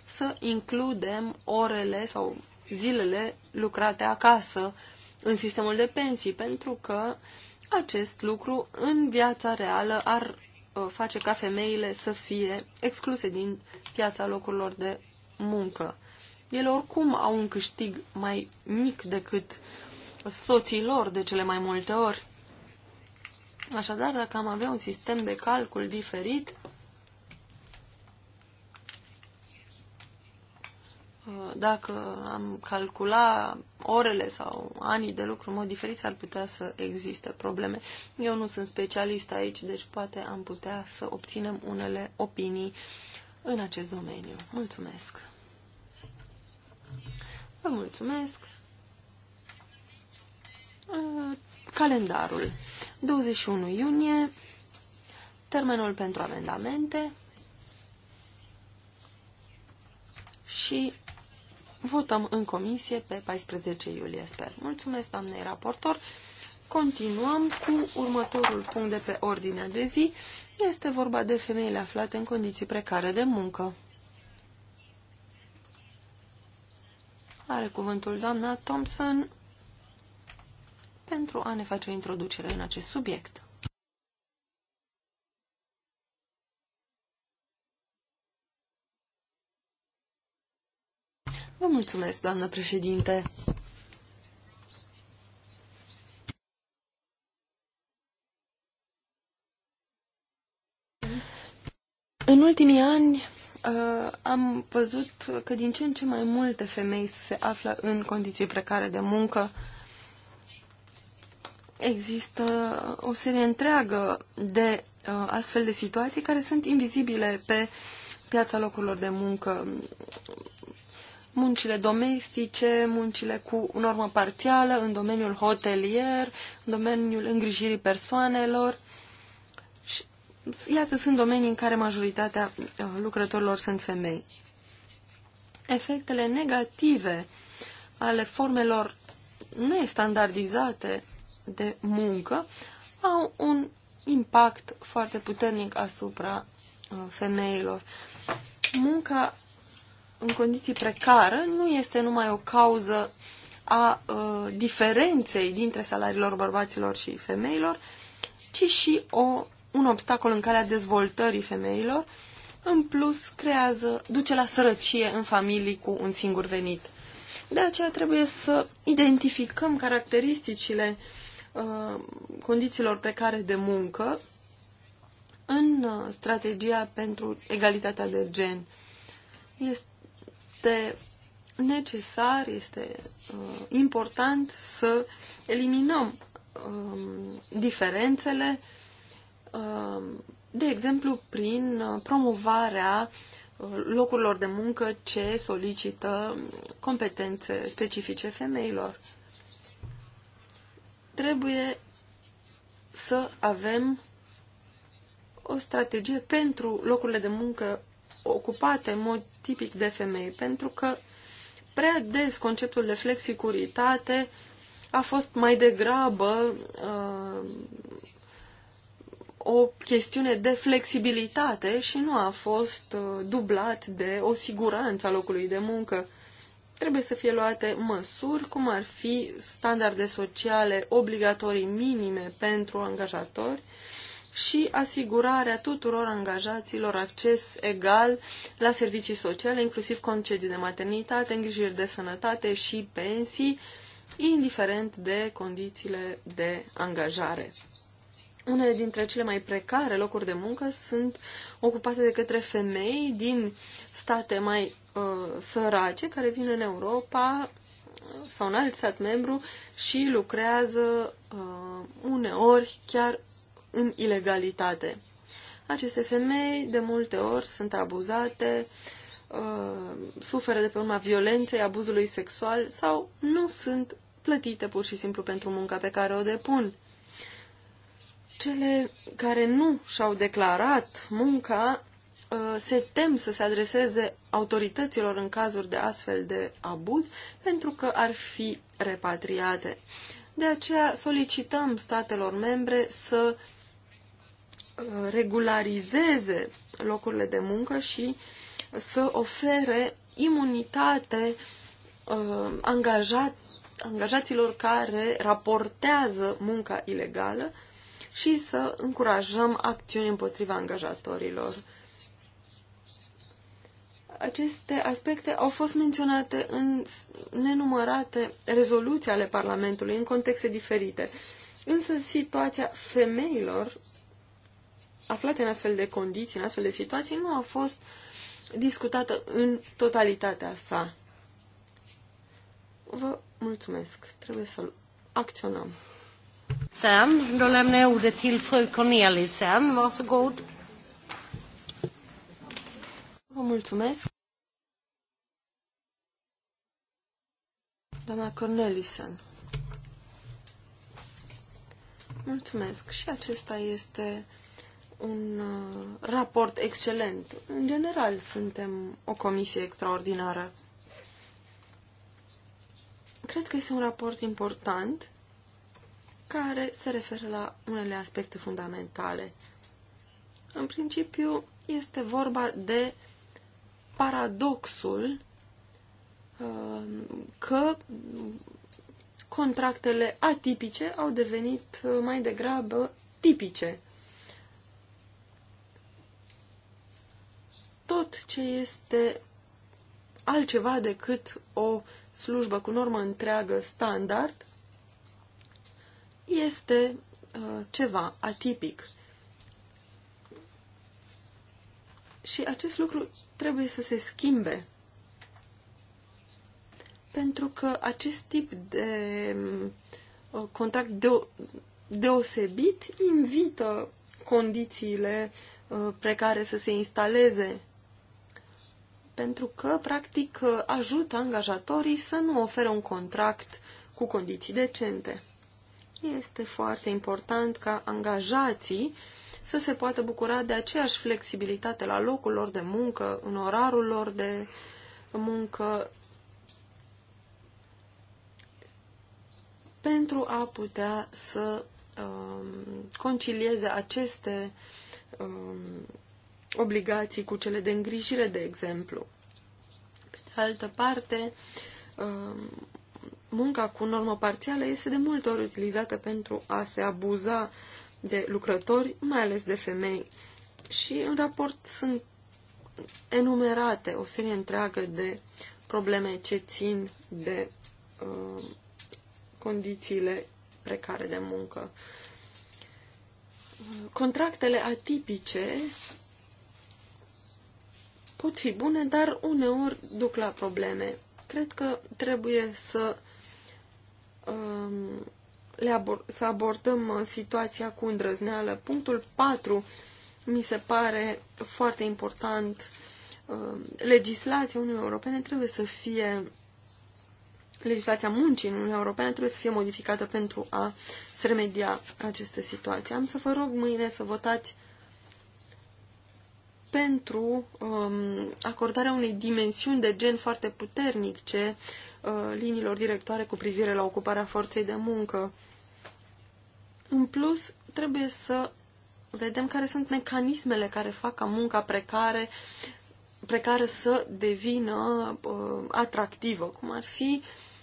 să includem orele sau zilele lucrate acasă în sistemul de pensii, pentru că uh, acest lucru în viața reală ar uh, face ca femeile să fie excluse din piața locurilor de muncă. Ele oricum au un câștig mai mic decât soții lor de cele mai multe ori. Așadar, dacă am avea un sistem de calcul diferit, uh, dacă am calcula orele sau anii de lucru în mod diferit, ar putea să existe probleme. Eu nu sunt specialist aici, deci poate am putea să obținem unele opinii în acest domeniu. Mulțumesc! Vă mulțumesc! Calendarul. 21 iunie, termenul pentru amendamente și Votăm în comisie pe 14 iulie, sper. Mulțumesc, doamnei raportor. Continuăm cu următorul punct de pe ordinea de zi. Este vorba de femeile aflate în condiții precare de muncă. Are cuvântul doamna Thompson pentru a ne face o introducere în acest subiect. mulțumesc, doamnă președinte. În ultimii ani uh, am văzut că din ce în ce mai multe femei se află în condiții precare de muncă. Există o serie întreagă de uh, astfel de situații care sunt invizibile pe piața locurilor de muncă muncile domestice, muncile cu normă parțială în domeniul hotelier, în domeniul îngrijirii persoanelor. Și, iată, sunt domenii în care majoritatea uh, lucrătorilor sunt femei. Efectele negative ale formelor nestandardizate de muncă au un impact foarte puternic asupra uh, femeilor. Munca în condiții precare nu este numai o cauză a uh, diferenței dintre salariilor bărbaților și femeilor, ci și o, un obstacol în calea dezvoltării femeilor, în plus creează, duce la sărăcie în familii cu un singur venit. De aceea trebuie să identificăm caracteristicile uh, condițiilor precare de muncă în ă, strategia pentru egalitatea de gen. Este este necesar, este uh, important să eliminăm uh, diferențele, uh, de exemplu, prin promovarea uh, locurilor de muncă ce solicită competențe specifice femeilor. Trebuie să avem o strategie pentru locurile de muncă ocupate în mod tipic de femei, pentru că prea des conceptul de flexicuritate a fost mai degrabă uh, o chestiune de flexibilitate și nu a fost uh, dublat de o siguranță a locului de muncă. Trebuie să fie luate măsuri, cum ar fi standarde sociale obligatorii minime pentru angajatori, uh, și asigurarea tuturor angajaților acces egal la servicii sociale, inclusiv concedii de maternitate, îngrijiri de sănătate și pensii, indiferent de condițiile de angajare. Unele dintre cele mai precare locuri de muncă sunt ocupate de către femei din state mai uh, sărace care vin în Europa sau în alt stat membru și lucrează uh, uneori chiar în ilegalitate. Aceste femei de multe ori sunt abuzate, uh, suferă de pe urma violenței, abuzului sexual sau nu sunt plătite pur și simplu pentru munca pe care o depun. Cele care nu și-au declarat munca uh, se tem să se adreseze autorităților în cazuri de astfel de abuz pentru că ar fi repatriate. De aceea solicităm statelor membre să regularizeze locurile de muncă și să ofere imunitate uh, angajat, angajaților care raportează munca ilegală și să încurajăm acțiuni împotriva angajatorilor. Aceste aspecte au fost menționate în nenumărate rezoluții ale Parlamentului, în contexte diferite. Însă situația femeilor aflate în astfel de condiții, în astfel de situații, nu a fost discutată în totalitatea sa. Vă mulțumesc. Trebuie să acționăm. Sen, do lämna ordet till fru sen. Varsågod. Vă mulțumesc. Doamna Cornelissen. Mulțumesc. Și acesta este un uh, raport excelent. În general, suntem o comisie extraordinară. Cred că este un raport important care se referă la unele aspecte fundamentale. În principiu, este vorba de paradoxul uh, că contractele atipice au devenit uh, mai degrabă tipice. tot ce este altceva decât o slujbă cu normă întreagă standard este uh, ceva atipic. Și acest lucru trebuie să se schimbe. Pentru că acest tip de uh, contract de deosebit invită condițiile uh, precare să se instaleze pentru că, practic, ajută angajatorii să nu oferă un contract cu condiții decente. Este foarte important ca angajații să se poată bucura de aceeași flexibilitate la locul lor de muncă, în orarul lor de muncă, pentru a putea să um, concilieze aceste um, obligații cu cele de îngrijire, de exemplu. Pe de altă parte, um, munca cu normă parțială este de multe ori utilizată pentru a se abuza de lucrători, mai ales de femei. Și în raport sunt enumerate o serie întreagă de probleme ce țin de um, condițiile precare de muncă. Contractele atipice pot fi bune, dar uneori duc la probleme. Cred că trebuie să, um, le abor să abordăm uh, situația cu îndrăzneală. Punctul 4 mi se pare foarte important. Um, legislația Uniunii Europene trebuie să fie legislația muncii în Uniunea Europeană trebuie să fie modificată pentru a se remedia aceste situații. Am să vă rog mâine să votați pentru um, acordarea unei dimensiuni de gen foarte puternice uh, liniilor directoare cu privire la ocuparea forței de muncă. În plus, trebuie să vedem care sunt mecanismele care fac ca munca precare, precare să devină uh, atractivă, cum ar fi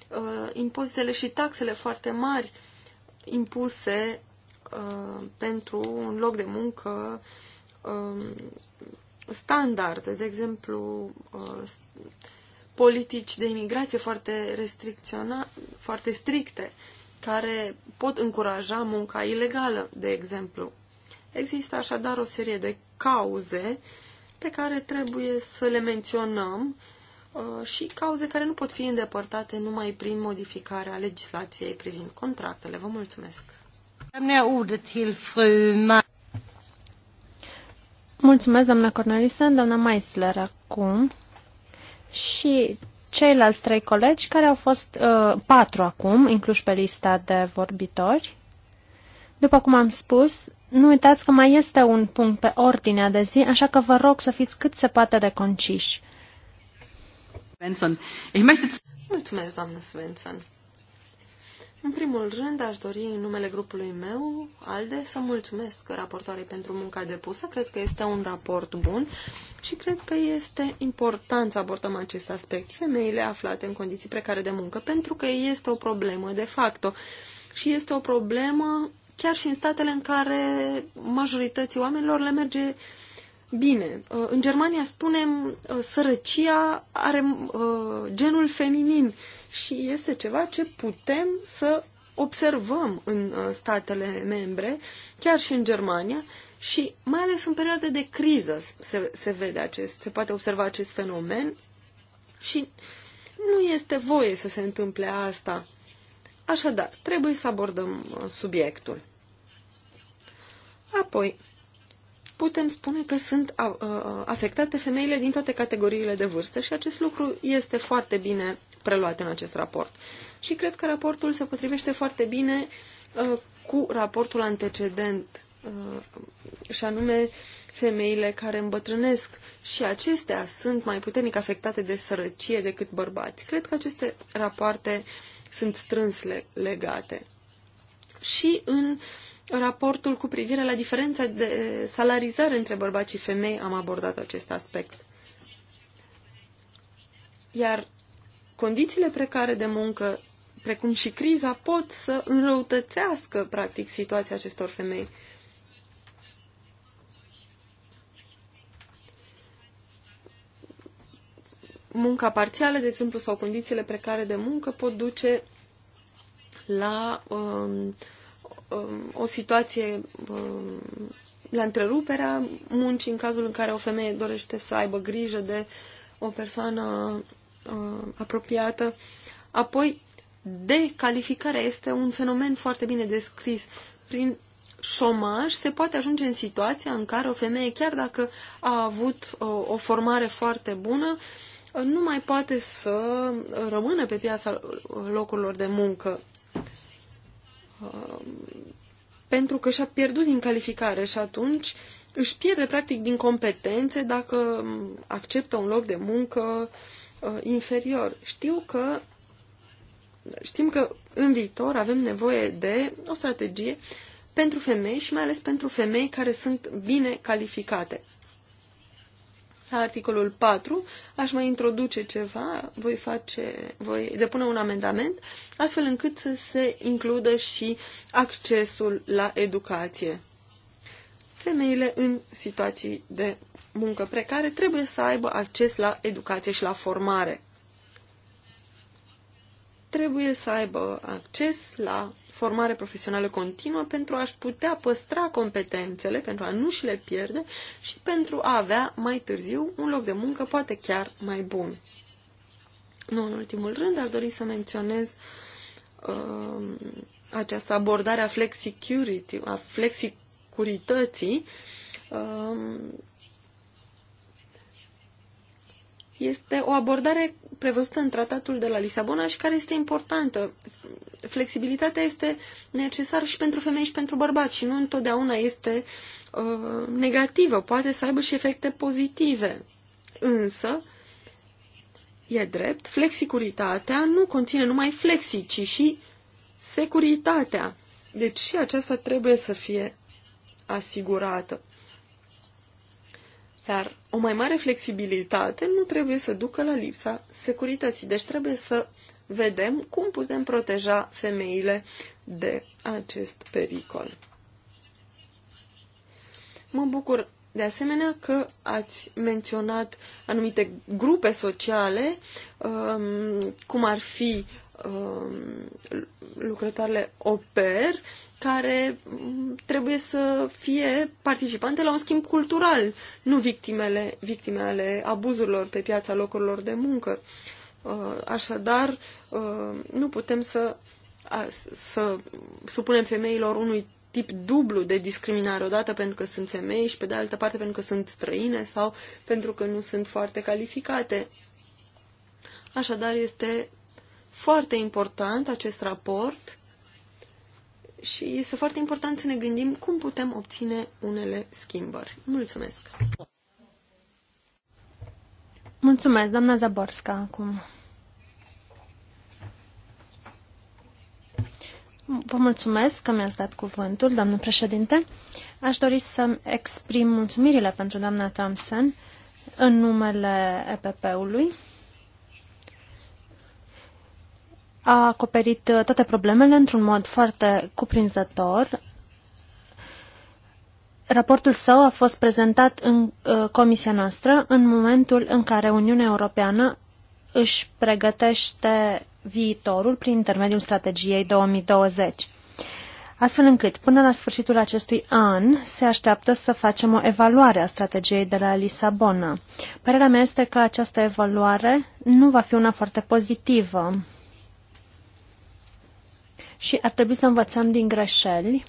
uh, impozitele și taxele foarte mari impuse uh, pentru un loc de muncă um, standarde, de exemplu, uh, politici de imigrație foarte, foarte stricte, care pot încuraja munca ilegală, de exemplu. Există așadar o serie de cauze pe care trebuie să le menționăm uh, și cauze care nu pot fi îndepărtate numai prin modificarea legislației privind contractele. Vă mulțumesc! Mulțumesc, doamna Cornelisă, doamna Meisler acum și ceilalți trei colegi care au fost uh, patru acum, incluși pe lista de vorbitori. După cum am spus, nu uitați că mai este un punct pe ordinea de zi, așa că vă rog să fiți cât se poate de conciși. Mulțumesc, doamnă Svensson. În primul rând, aș dori în numele grupului meu, ALDE, să mulțumesc raportoarei pentru munca depusă. Cred că este un raport bun și cred că este important să abordăm acest aspect. Femeile aflate în condiții precare de muncă, pentru că este o problemă de facto și este o problemă chiar și în statele în care majorității oamenilor le merge bine. Uh, în Germania spunem uh, sărăcia are uh, genul feminin și este ceva ce putem să observăm în uh, statele membre, chiar și în Germania, și mai ales în perioade de criză se, se vede acest, se poate observa acest fenomen și nu este voie să se întâmple asta. Așadar, trebuie să abordăm uh, subiectul. Apoi, putem spune că sunt uh, afectate femeile din toate categoriile de vârstă și acest lucru este foarte bine preluate în acest raport. Și cred că raportul se potrivește foarte bine uh, cu raportul antecedent, uh, și anume femeile care îmbătrânesc și acestea sunt mai puternic afectate de sărăcie decât bărbați. Cred că aceste rapoarte sunt strâns legate. Și în raportul cu privire la diferența de salarizare între bărbați și femei am abordat acest aspect. Iar Condițiile precare de muncă, precum și criza, pot să înrăutățească, practic, situația acestor femei. munca parțială, de exemplu, sau condițiile precare de muncă pot duce la um, um, o situație, um, la întreruperea muncii în cazul în care o femeie dorește să aibă grijă de o persoană uh, apropiată. Apoi, decalificarea este un fenomen foarte bine descris. Prin șomaj se poate ajunge în situația în care o femeie, chiar dacă a avut uh, o formare foarte bună, uh, nu mai poate să rămână pe piața locurilor de muncă uh, pentru că și-a pierdut din calificare și atunci își pierde practic din competențe dacă acceptă un loc de muncă uh, Uh, inferior. Știu că știm că în viitor avem nevoie de o strategie pentru femei și mai ales pentru femei care sunt bine calificate. La articolul 4 aș mai introduce ceva, voi, face, voi depune un amendament, astfel încât să se includă și accesul la educație femeile în situații de muncă precare trebuie să aibă acces la educație și la formare. Trebuie să aibă acces la formare profesională continuă pentru a-și putea păstra competențele, pentru a nu și le pierde și pentru a avea mai târziu un loc de muncă poate chiar mai bun. Nu în ultimul rând, ar dori să menționez uh, această abordare a flexicurity, a flexi securității um, este o abordare prevăzută în tratatul de la Lisabona și care este importantă. Flexibilitatea este necesară și pentru femei și pentru bărbați și nu întotdeauna este uh, negativă, poate să aibă și efecte pozitive. Însă, e drept, flexicuritatea nu conține numai flexii, ci și securitatea. Deci și aceasta trebuie să fie asigurată. Dar o mai mare flexibilitate nu trebuie să ducă la lipsa securității. Deci trebuie să vedem cum putem proteja femeile de acest pericol. Mă bucur de asemenea că ați menționat anumite grupe sociale, um, cum ar fi Um, lucrătoarele oper care um, trebuie să fie participante la un schimb cultural, nu victimele, victime ale abuzurilor pe piața locurilor de muncă. Uh, așadar, uh, nu putem să, să supunem femeilor unui tip dublu de discriminare, odată pentru că sunt femei și pe de altă parte pentru că sunt străine sau pentru că nu sunt foarte calificate. Așadar, este foarte important acest raport și este foarte important să ne gândim cum putem obține unele schimbări. Mulțumesc! Mulțumesc, doamna Zaborska, acum. Vă mulțumesc că mi-ați dat cuvântul, doamnă președinte. Aș dori să exprim mulțumirile pentru doamna Thompson în numele EPP-ului. a acoperit uh, toate problemele într-un mod foarte cuprinzător. Raportul său a fost prezentat în uh, comisia noastră în momentul în care Uniunea Europeană își pregătește viitorul prin intermediul strategiei 2020. Astfel încât, până la sfârșitul acestui an, se așteaptă să facem o evaluare a strategiei de la Lisabona. Părerea mea este că această evaluare nu va fi una foarte pozitivă și ar trebui să învățăm din greșeli,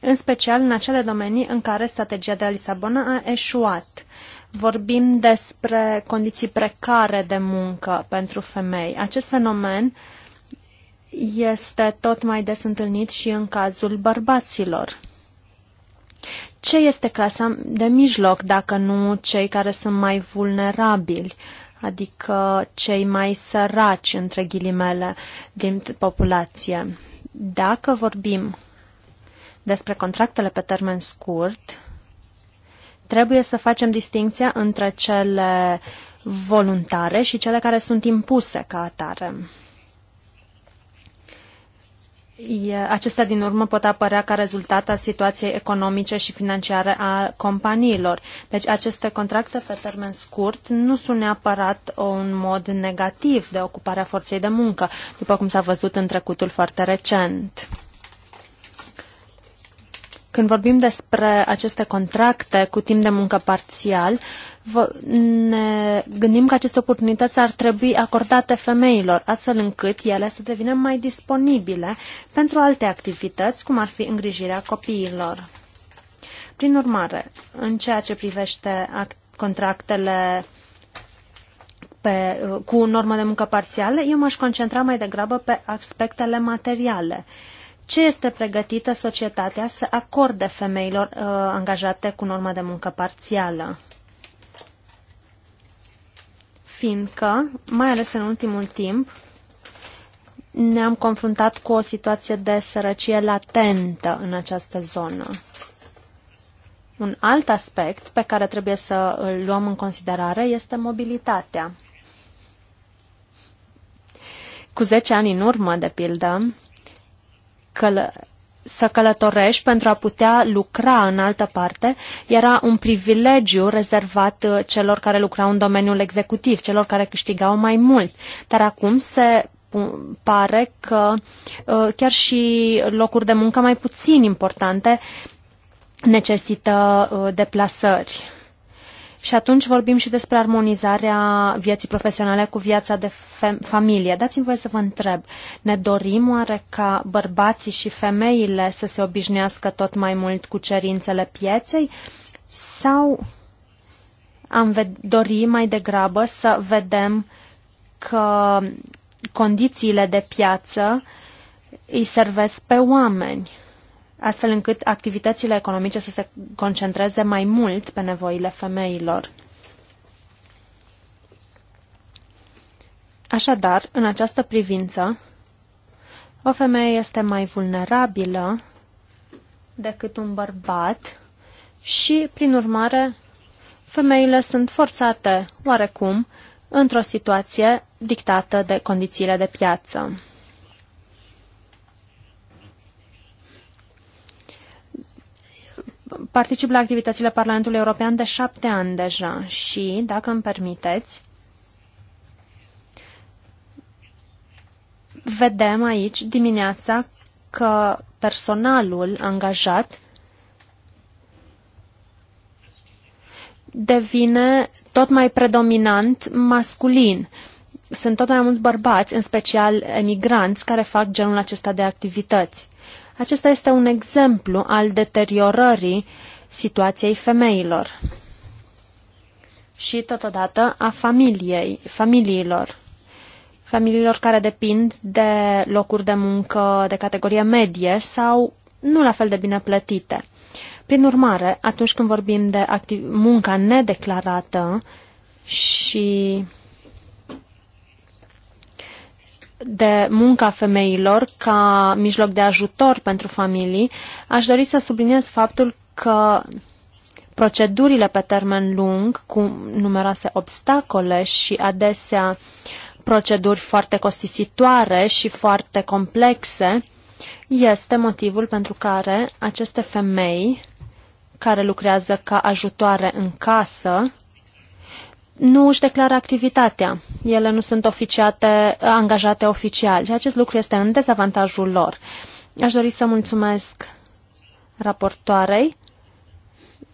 în special în acele domenii în care strategia de la Lisabona a eșuat. Vorbim despre condiții precare de muncă pentru femei. Acest fenomen este tot mai des întâlnit și în cazul bărbaților. Ce este clasa de mijloc dacă nu cei care sunt mai vulnerabili? Uh, adică cei mai săraci, între ghilimele, din populație. Dacă vorbim despre contractele pe termen scurt, trebuie să facem distinția între cele voluntare și cele care sunt impuse ca atare acestea din urmă pot apărea ca rezultat al situației economice și financiare a companiilor. Deci aceste contracte pe termen scurt nu sunt neapărat un mod negativ de ocupare a forței de muncă, după cum s-a văzut în trecutul foarte recent. Când vorbim despre aceste contracte cu timp de muncă parțial, uh, vă, ne gândim că aceste oportunități ar trebui acordate femeilor, astfel încât ele să devină mai disponibile pentru alte activități, cum ar fi îngrijirea copiilor. Prin urmare, în ceea ce privește contractele pe, cu normă de muncă parțială, eu m-aș concentra mai degrabă pe aspectele materiale. Ce este pregătită societatea să acorde femeilor uh, angajate cu normă de muncă parțială? fiindcă, mai ales în ultimul timp, ne-am confruntat cu o situație de sărăcie latentă în această zonă. Un alt aspect pe care trebuie să îl luăm în considerare este mobilitatea. Cu 10 ani în urmă, de pildă, că să călătorești pentru a putea lucra în altă parte era un privilegiu rezervat uh, celor care lucrau în domeniul executiv, celor care câștigau mai mult. Dar acum se pare că uh, chiar și locuri de muncă mai puțin importante necesită uh, deplasări. Și atunci vorbim și despre armonizarea vieții profesionale cu viața de familie. Dați-mi voie să vă întreb, ne dorim oare ca bărbații și femeile să se obișnuiască tot mai mult cu cerințele pieței? Sau am dori mai degrabă să vedem că condițiile de piață îi servesc pe oameni? astfel încât activitățile economice să se concentreze mai mult pe nevoile femeilor. Așadar, în această privință, o femeie este mai vulnerabilă decât un bărbat și, prin urmare, femeile sunt forțate, oarecum, într-o situație dictată de condițiile de piață. particip la activitățile Parlamentului European de șapte ani deja și, dacă îmi permiteți, vedem aici dimineața că personalul angajat devine tot mai predominant masculin. Sunt tot mai mulți bărbați, în special emigranți, care fac genul acesta de activități. Acesta este un exemplu al deteriorării situației femeilor și totodată a familiei, familiilor familiilor care depind de locuri de muncă de categorie medie sau nu la fel de bine plătite. Prin urmare, atunci când vorbim de munca nedeclarată și de munca femeilor ca mijloc de ajutor pentru familii, aș dori să subliniez faptul că procedurile pe termen lung, cu numeroase obstacole și adesea proceduri foarte costisitoare și foarte complexe, este motivul pentru care aceste femei care lucrează ca ajutoare în casă nu își declară activitatea. Ele nu sunt oficiate, angajate oficial și acest lucru este în dezavantajul lor. Aș dori să mulțumesc raportoarei.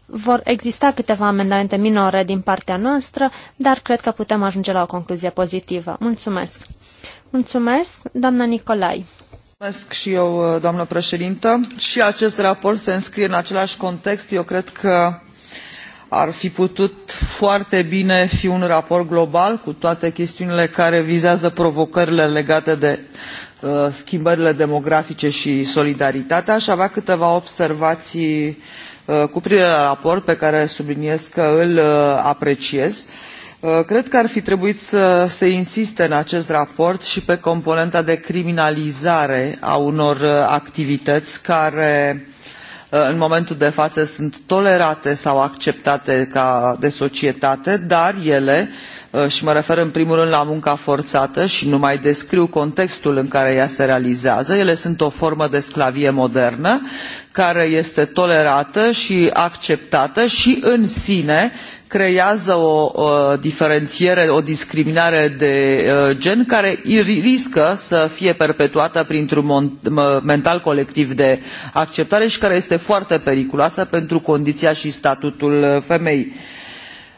Vor exista câteva amendamente minore din partea noastră, dar cred că putem ajunge la o concluzie pozitivă. Mulțumesc! Mulțumesc, doamna Nicolai! Mulțumesc și eu, doamnă președintă. Și acest raport se înscrie în același context. Eu cred că ar fi putut foarte bine fi un raport global cu toate chestiunile care vizează provocările legate de uh, schimbările demografice și solidaritatea. Aș avea câteva observații uh, cu privire la raport pe care subliniez că îl uh, apreciez. Uh, cred că ar fi trebuit să se insiste în acest raport și pe componenta de criminalizare a unor uh, activități care Uh, în momentul de față sunt tolerate sau acceptate ca de societate, dar ele, uh, și mă refer în primul rând la munca forțată și nu mai descriu contextul în care ea se realizează, ele sunt o formă de sclavie modernă care este tolerată și acceptată și în sine creează o diferențiere, o discriminare de uh, gen care riscă să fie perpetuată printr-un mental colectiv de acceptare și care este foarte periculoasă pentru condiția și statutul uh, femeii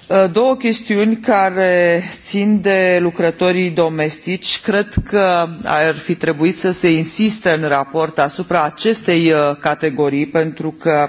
uh, două chestiuni care țin de lucrătorii domestici cred că ar fi trebuit să se insiste în raport asupra acestei categorii pentru că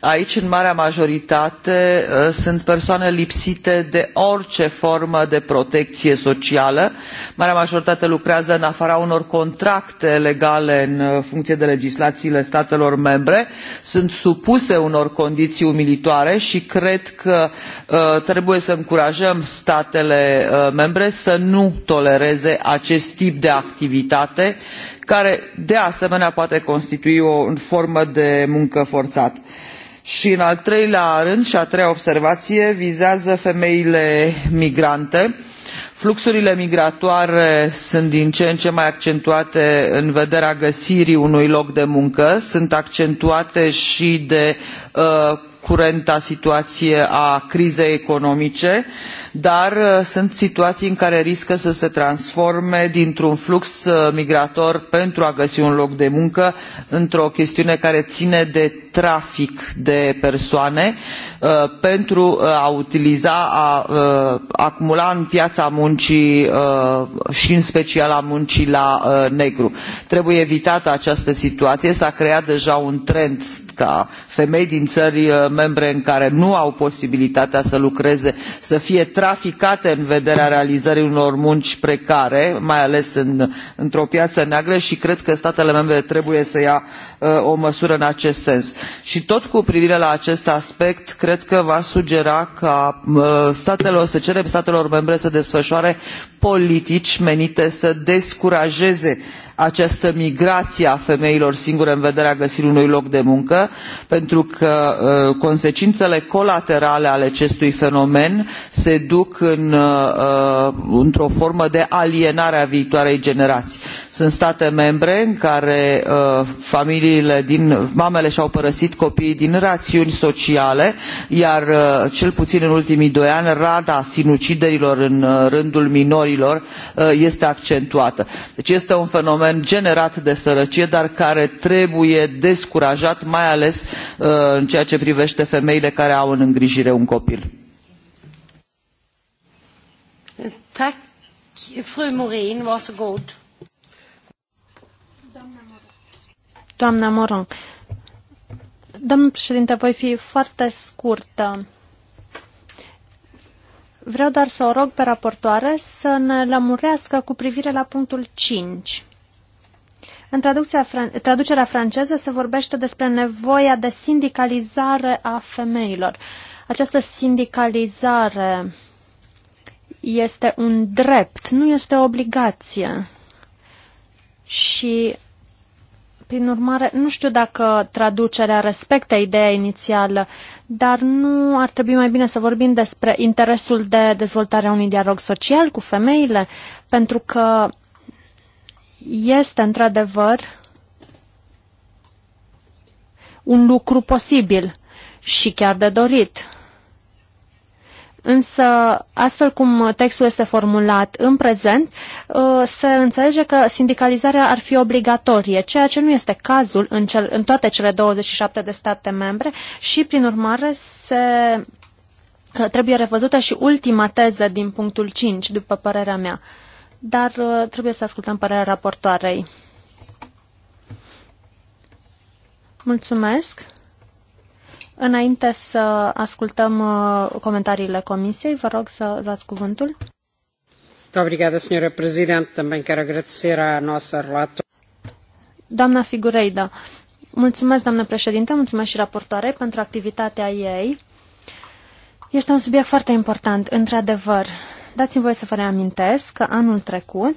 aici în marea majoritate ă, sunt persoane lipsite de orice formă de protecție socială marea majoritate lucrează în afara unor contracte legale în ă, funcție de legislațiile statelor membre sunt supuse unor condiții umilitoare și cred că ă, trebuie să încurajăm statele membre să nu tolereze acest tip de activitate care de asemenea poate constitui o formă de muncă forțată și în al treilea rând și a treia observație vizează femeile migrante fluxurile migratoare sunt din ce în ce mai accentuate în vederea găsirii unui loc de muncă sunt accentuate și de uh, curenta situație a crizei economice dar uh, sunt situații în care riscă să se transforme dintr un flux uh, migrator pentru a găsi un loc de muncă într o chestiune care ține de trafic de persoane uh, pentru a utiliza a acumula în piața muncii și în special a muncii la negru. trebuie evitată această situație s a creat deja un trend ca femei din țări uh, membre în care nu au posibilitatea să lucreze să fie traficate în vederea realizării unor munci precare mai ales în, într o piață neagră și cred că statele membre trebuie să ia Uh, o măsură în acest sens. și tot cu privire la acest aspect cred că v aș sugera ca uh, statelor, să cerem statelor membre să desfășoare politici menite să descurajeze această migrație a femeilor singure în vederea găsirii unui loc de muncă pentru că uh, consecințele colaterale ale acestui fenomen se duc în, uh, uh într o formă de alienare a viitoarei generații. sunt state membre în care uh, familiile familiile din mamele și au părăsit copiii din rațiuni sociale iar uh, cel puțin în ultimii doi ani rata sinuciderilor în uh, rândul minorilor uh, este accentuată. deci este un fenomen generat de sărăcie dar care trebuie descurajat mai ales în ceea ce privește femeile care au în îngrijire un copil. Morin, Doamna Moron, domnul președinte, voi fi foarte scurtă. Vreau doar să o rog pe raportoare să ne lămurească cu privire la punctul 5. În fran traducerea franceză se vorbește despre nevoia de sindicalizare a femeilor. Această sindicalizare este un drept, nu este o obligație. Și prin urmare, nu știu dacă traducerea respectă ideea inițială, dar nu ar trebui mai bine să vorbim despre interesul de dezvoltare a unui dialog social cu femeile, pentru că este într-adevăr un lucru posibil și chiar de dorit. Însă, astfel cum textul este formulat în prezent, uh, se înțelege că sindicalizarea ar fi obligatorie, ceea ce nu este cazul în, cel, în toate cele 27 de state membre și, prin urmare, se uh, trebuie revăzută și ultima teză din punctul 5, după părerea mea. Dar uh, trebuie să ascultăm părerea raportoarei. Mulțumesc. Înainte să ascultăm uh, comentariile comisiei, vă rog să luați cuvântul. Obrigada, senhora Presidente. Também quero agradecer à nossa relatora. Doamna Figureida, mulțumesc, doamnă președinte, mulțumesc și raportoare pentru activitatea ei. Este un subiect foarte important, într-adevăr. Dați-mi voie să vă reamintesc că anul trecut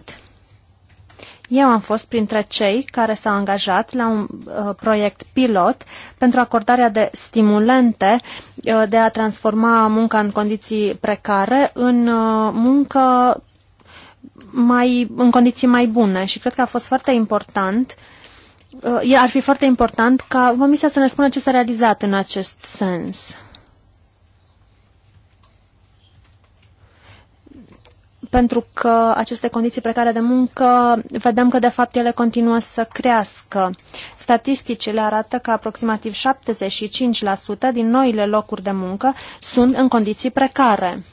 eu am fost printre cei care s-au angajat la un uh, proiect pilot pentru acordarea de stimulente uh, de a transforma munca în condiții precare în uh, muncă mai, în condiții mai bune și cred că a fost foarte important uh, ar fi foarte important ca Comisia să ne spună ce s-a realizat în acest sens. pentru că aceste condiții precare de muncă, vedem că de fapt ele continuă să crească. Statisticile arată că aproximativ 75% din noile locuri de muncă sunt în condiții precare.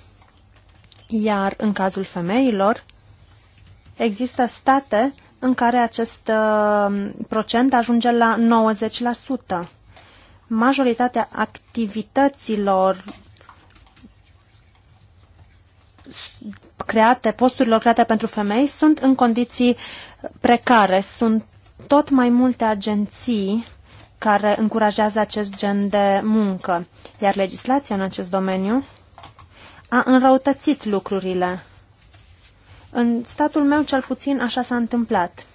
Iar în cazul femeilor, există state în care acest uh, procent ajunge la 90%. Majoritatea activităților create, posturilor create pentru femei sunt în condiții precare. Sunt tot mai multe agenții care încurajează acest gen de muncă, iar legislația în acest domeniu a înrăutățit lucrurile. În statul meu, cel puțin, așa s-a întâmplat.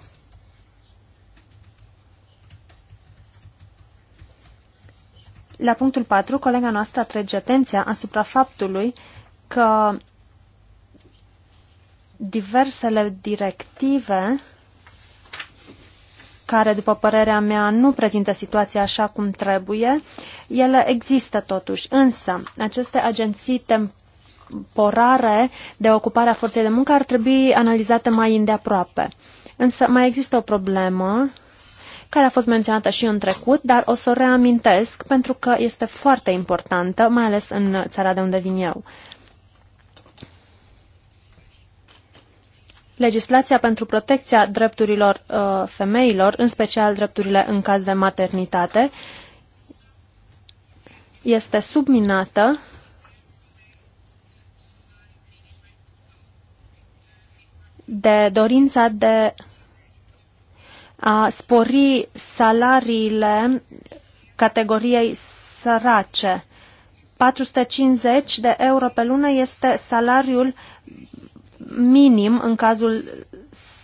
La punctul 4, colega noastră atrage atenția asupra faptului că diversele directive care, după părerea mea, nu prezintă situația așa cum trebuie. Ele există totuși, însă aceste agenții temporare de ocupare a forței de muncă ar trebui analizate mai îndeaproape. Însă mai există o problemă care a fost menționată și în trecut, dar o să o reamintesc pentru că este foarte importantă, mai ales în țara de unde vin eu. legislația pentru protecția drepturilor uh, femeilor, în special drepturile în caz de maternitate, este subminată de dorința de a spori salariile categoriei sărace. 450 de euro pe lună este salariul minim în cazul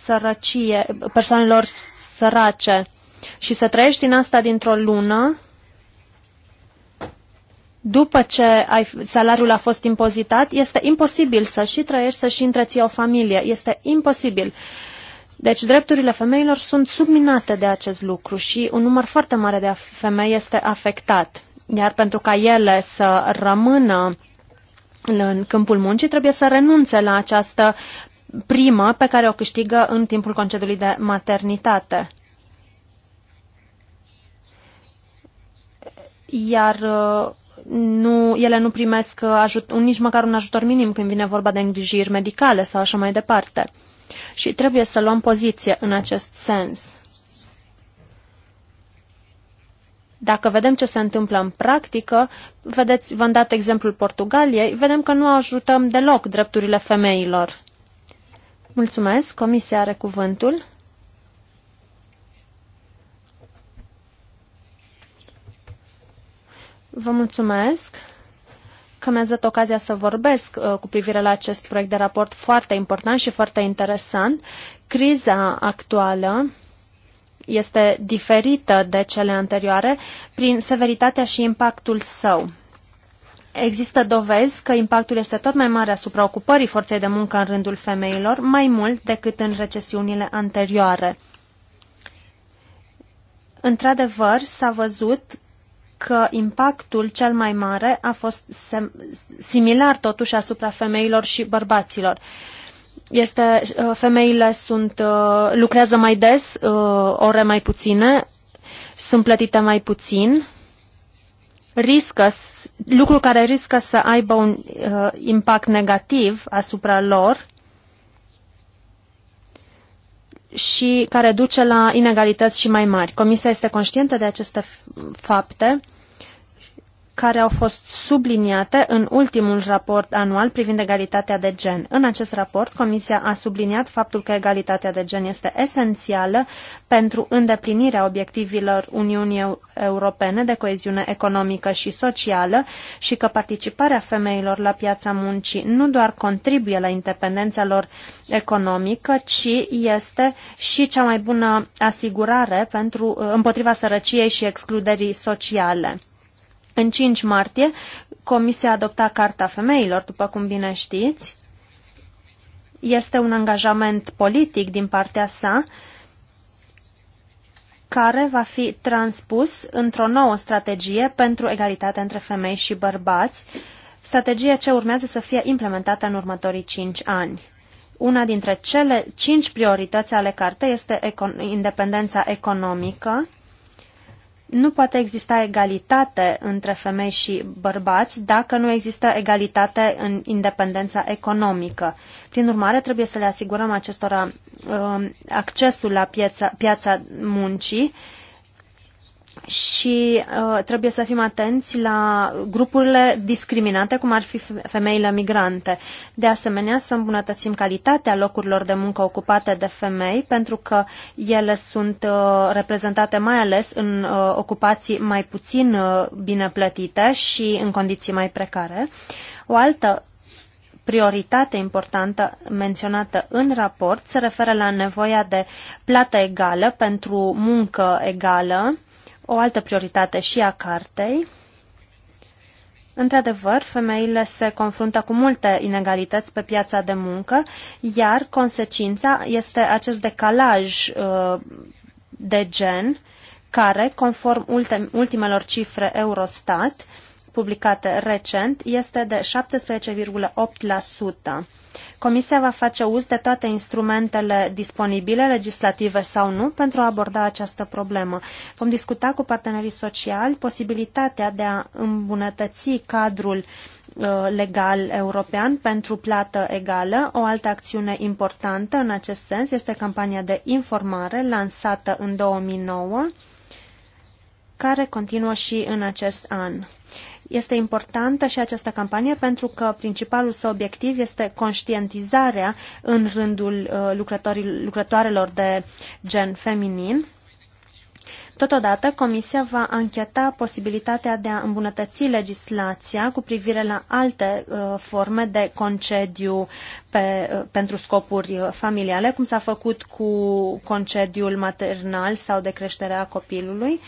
sărăcie, persoanelor sărace. Și să trăiești din asta dintr-o lună, după ce ai, salariul a fost impozitat, este imposibil să și trăiești, să și întreții o familie. Este imposibil. Deci drepturile femeilor sunt subminate de acest lucru și un număr foarte mare de femei este afectat. Iar pentru ca ele să rămână în câmpul muncii trebuie să renunțe la această primă pe care o câștigă în timpul concediului de maternitate. Iar uh, nu, ele nu primesc uh, ajut, nici măcar un ajutor minim când vine vorba de îngrijiri medicale sau așa mai departe. Și trebuie să luăm poziție în acest sens. Dacă vedem ce se întâmplă în practică, vedeți, v-am dat exemplul Portugaliei, vedem că nu ajutăm deloc drepturile femeilor. Mulțumesc, Comisia are cuvântul. Vă mulțumesc că mi-ați dat ocazia să vorbesc uh, cu privire la acest proiect de raport foarte important și foarte interesant. Criza actuală este diferită de cele anterioare prin severitatea și impactul său. Există dovezi că impactul este tot mai mare asupra ocupării forței de muncă în rândul femeilor, mai mult decât în recesiunile anterioare. Într-adevăr, s-a văzut că impactul cel mai mare a fost similar totuși asupra femeilor și bărbaților. Uh, este, uh, femeile sunt, uh, lucrează mai des, uh, ore mai puține, sunt plătite mai puțin, riscă, lucru care riscă să aibă un impact negativ asupra lor și care duce la inegalități și mai mari. Comisia este conștientă de aceste fapte care au fost subliniate în ultimul raport anual privind egalitatea de gen. În acest raport, Comisia a subliniat faptul că egalitatea de gen este esențială pentru îndeplinirea obiectivelor Uniunii Europene de coeziune economică și socială și că participarea femeilor la piața muncii nu doar contribuie la independența lor economică, ci este și cea mai bună asigurare pentru, împotriva sărăciei și excluderii sociale. În 5 martie, Comisia adopta Carta Femeilor, după cum bine știți. Este un angajament politic din partea sa care va fi transpus într-o nouă strategie pentru egalitate între femei și bărbați, strategie ce urmează să fie implementată în următorii 5 ani. Una dintre cele cinci priorități ale cartei este econ- independența economică, nu poate exista egalitate între femei și bărbați dacă nu există egalitate în independența economică. Prin urmare, trebuie să le asigurăm acestora um, accesul la piața, piața muncii și uh, trebuie să fim atenți la grupurile discriminate, cum ar fi femeile migrante. De asemenea, să îmbunătățim calitatea locurilor de muncă ocupate de femei, pentru că ele sunt uh, reprezentate mai ales în uh, ocupații mai puțin uh, bine plătite și în condiții mai precare. O altă prioritate importantă menționată în raport se referă la nevoia de plată egală pentru muncă egală o altă prioritate și a cartei. Într-adevăr, femeile se confruntă cu multe inegalități pe piața de muncă, iar consecința este acest decalaj uh, de gen, care, conform ultimelor cifre Eurostat, publicate recent este de 17,8%. Comisia va face uz de toate instrumentele disponibile, legislative sau nu, pentru a aborda această problemă. Vom discuta cu partenerii sociali posibilitatea de a îmbunătăți cadrul uh, legal european pentru plată egală. O altă acțiune importantă în acest sens este campania de informare lansată în 2009 care continuă și în acest an. Este importantă și această campanie pentru că principalul său obiectiv este conștientizarea în rândul uh, lucrătoarelor de gen feminin Totodată, Comisia va încheta posibilitatea de a îmbunătăți legislația cu privire la alte uh, forme de concediu pe, uh, pentru scopuri uh, familiale, cum s-a făcut cu concediul maternal sau de creștere a copilului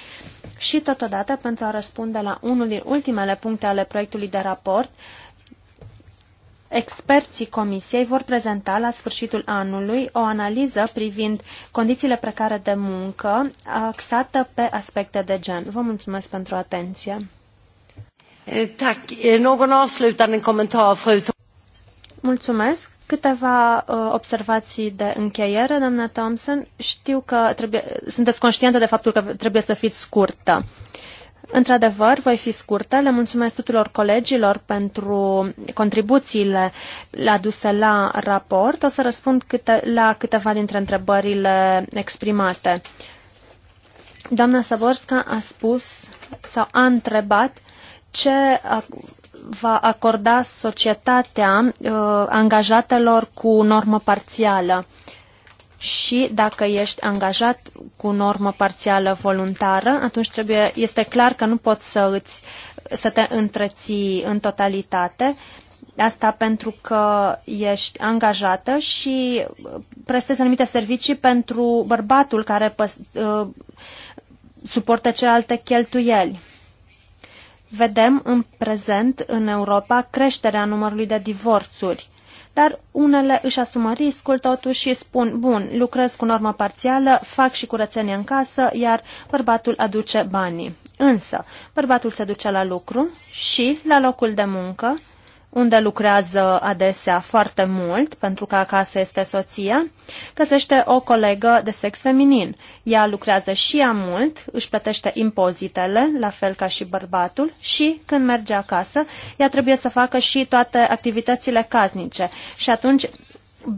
și totodată pentru a răspunde la unul din ultimele puncte ale proiectului de raport, uh, Experții Comisiei vor prezenta la sfârșitul anului o analiză privind condițiile precare de muncă axată pe aspecte de gen. Vă mulțumesc pentru atenție. Eh, tack. Eh, någon avslutande kommentar, fru Mulțumesc. Câteva uh, observații de încheiere, doamna Thompson. Știu că trebuie, sunteți conștientă de faptul că trebuie să fiți scurtă. Uh, Într-adevăr, voi fi scurtă. Le mulțumesc tuturor colegilor pentru contribuțiile aduse la raport. O să răspund câte, la câteva dintre întrebările exprimate. Doamna Saborska a spus sau a întrebat ce va acorda societatea uh, angajatelor cu normă parțială și dacă ești angajat cu normă parțială voluntară, atunci trebuie, este clar că nu poți să, îți, să te întreții în totalitate. Asta pentru că ești angajată și prestezi anumite servicii pentru bărbatul care pă, uh, suportă celelalte cheltuieli. Vedem în prezent în Europa creșterea numărului de divorțuri dar unele își asumă riscul totuși și spun, bun, lucrez cu normă parțială, fac și curățenie în casă, iar bărbatul aduce banii. Însă, bărbatul se duce la lucru și la locul de muncă, unde lucrează adesea foarte mult, pentru că acasă este soția, găsește o colegă de sex feminin. Ea lucrează și ea mult, își plătește impozitele, la fel ca și bărbatul, și când merge acasă, ea trebuie să facă și toate activitățile casnice. Și atunci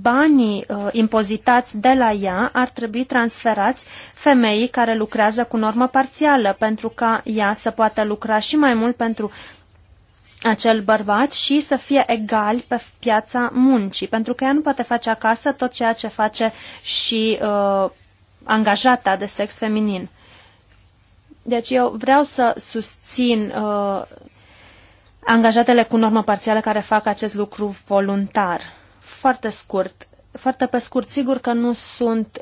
banii uh, impozitați de la ea ar trebui transferați femeii care lucrează cu normă parțială, pentru ca ea să poată lucra și mai mult pentru acel bărbat și să fie egali pe piața muncii, pentru că ea nu poate face acasă tot ceea ce face și uh, angajata de sex feminin. Deci eu vreau să susțin uh, angajatele cu normă parțială care fac acest lucru voluntar. Foarte scurt, foarte pe scurt, sigur că nu sunt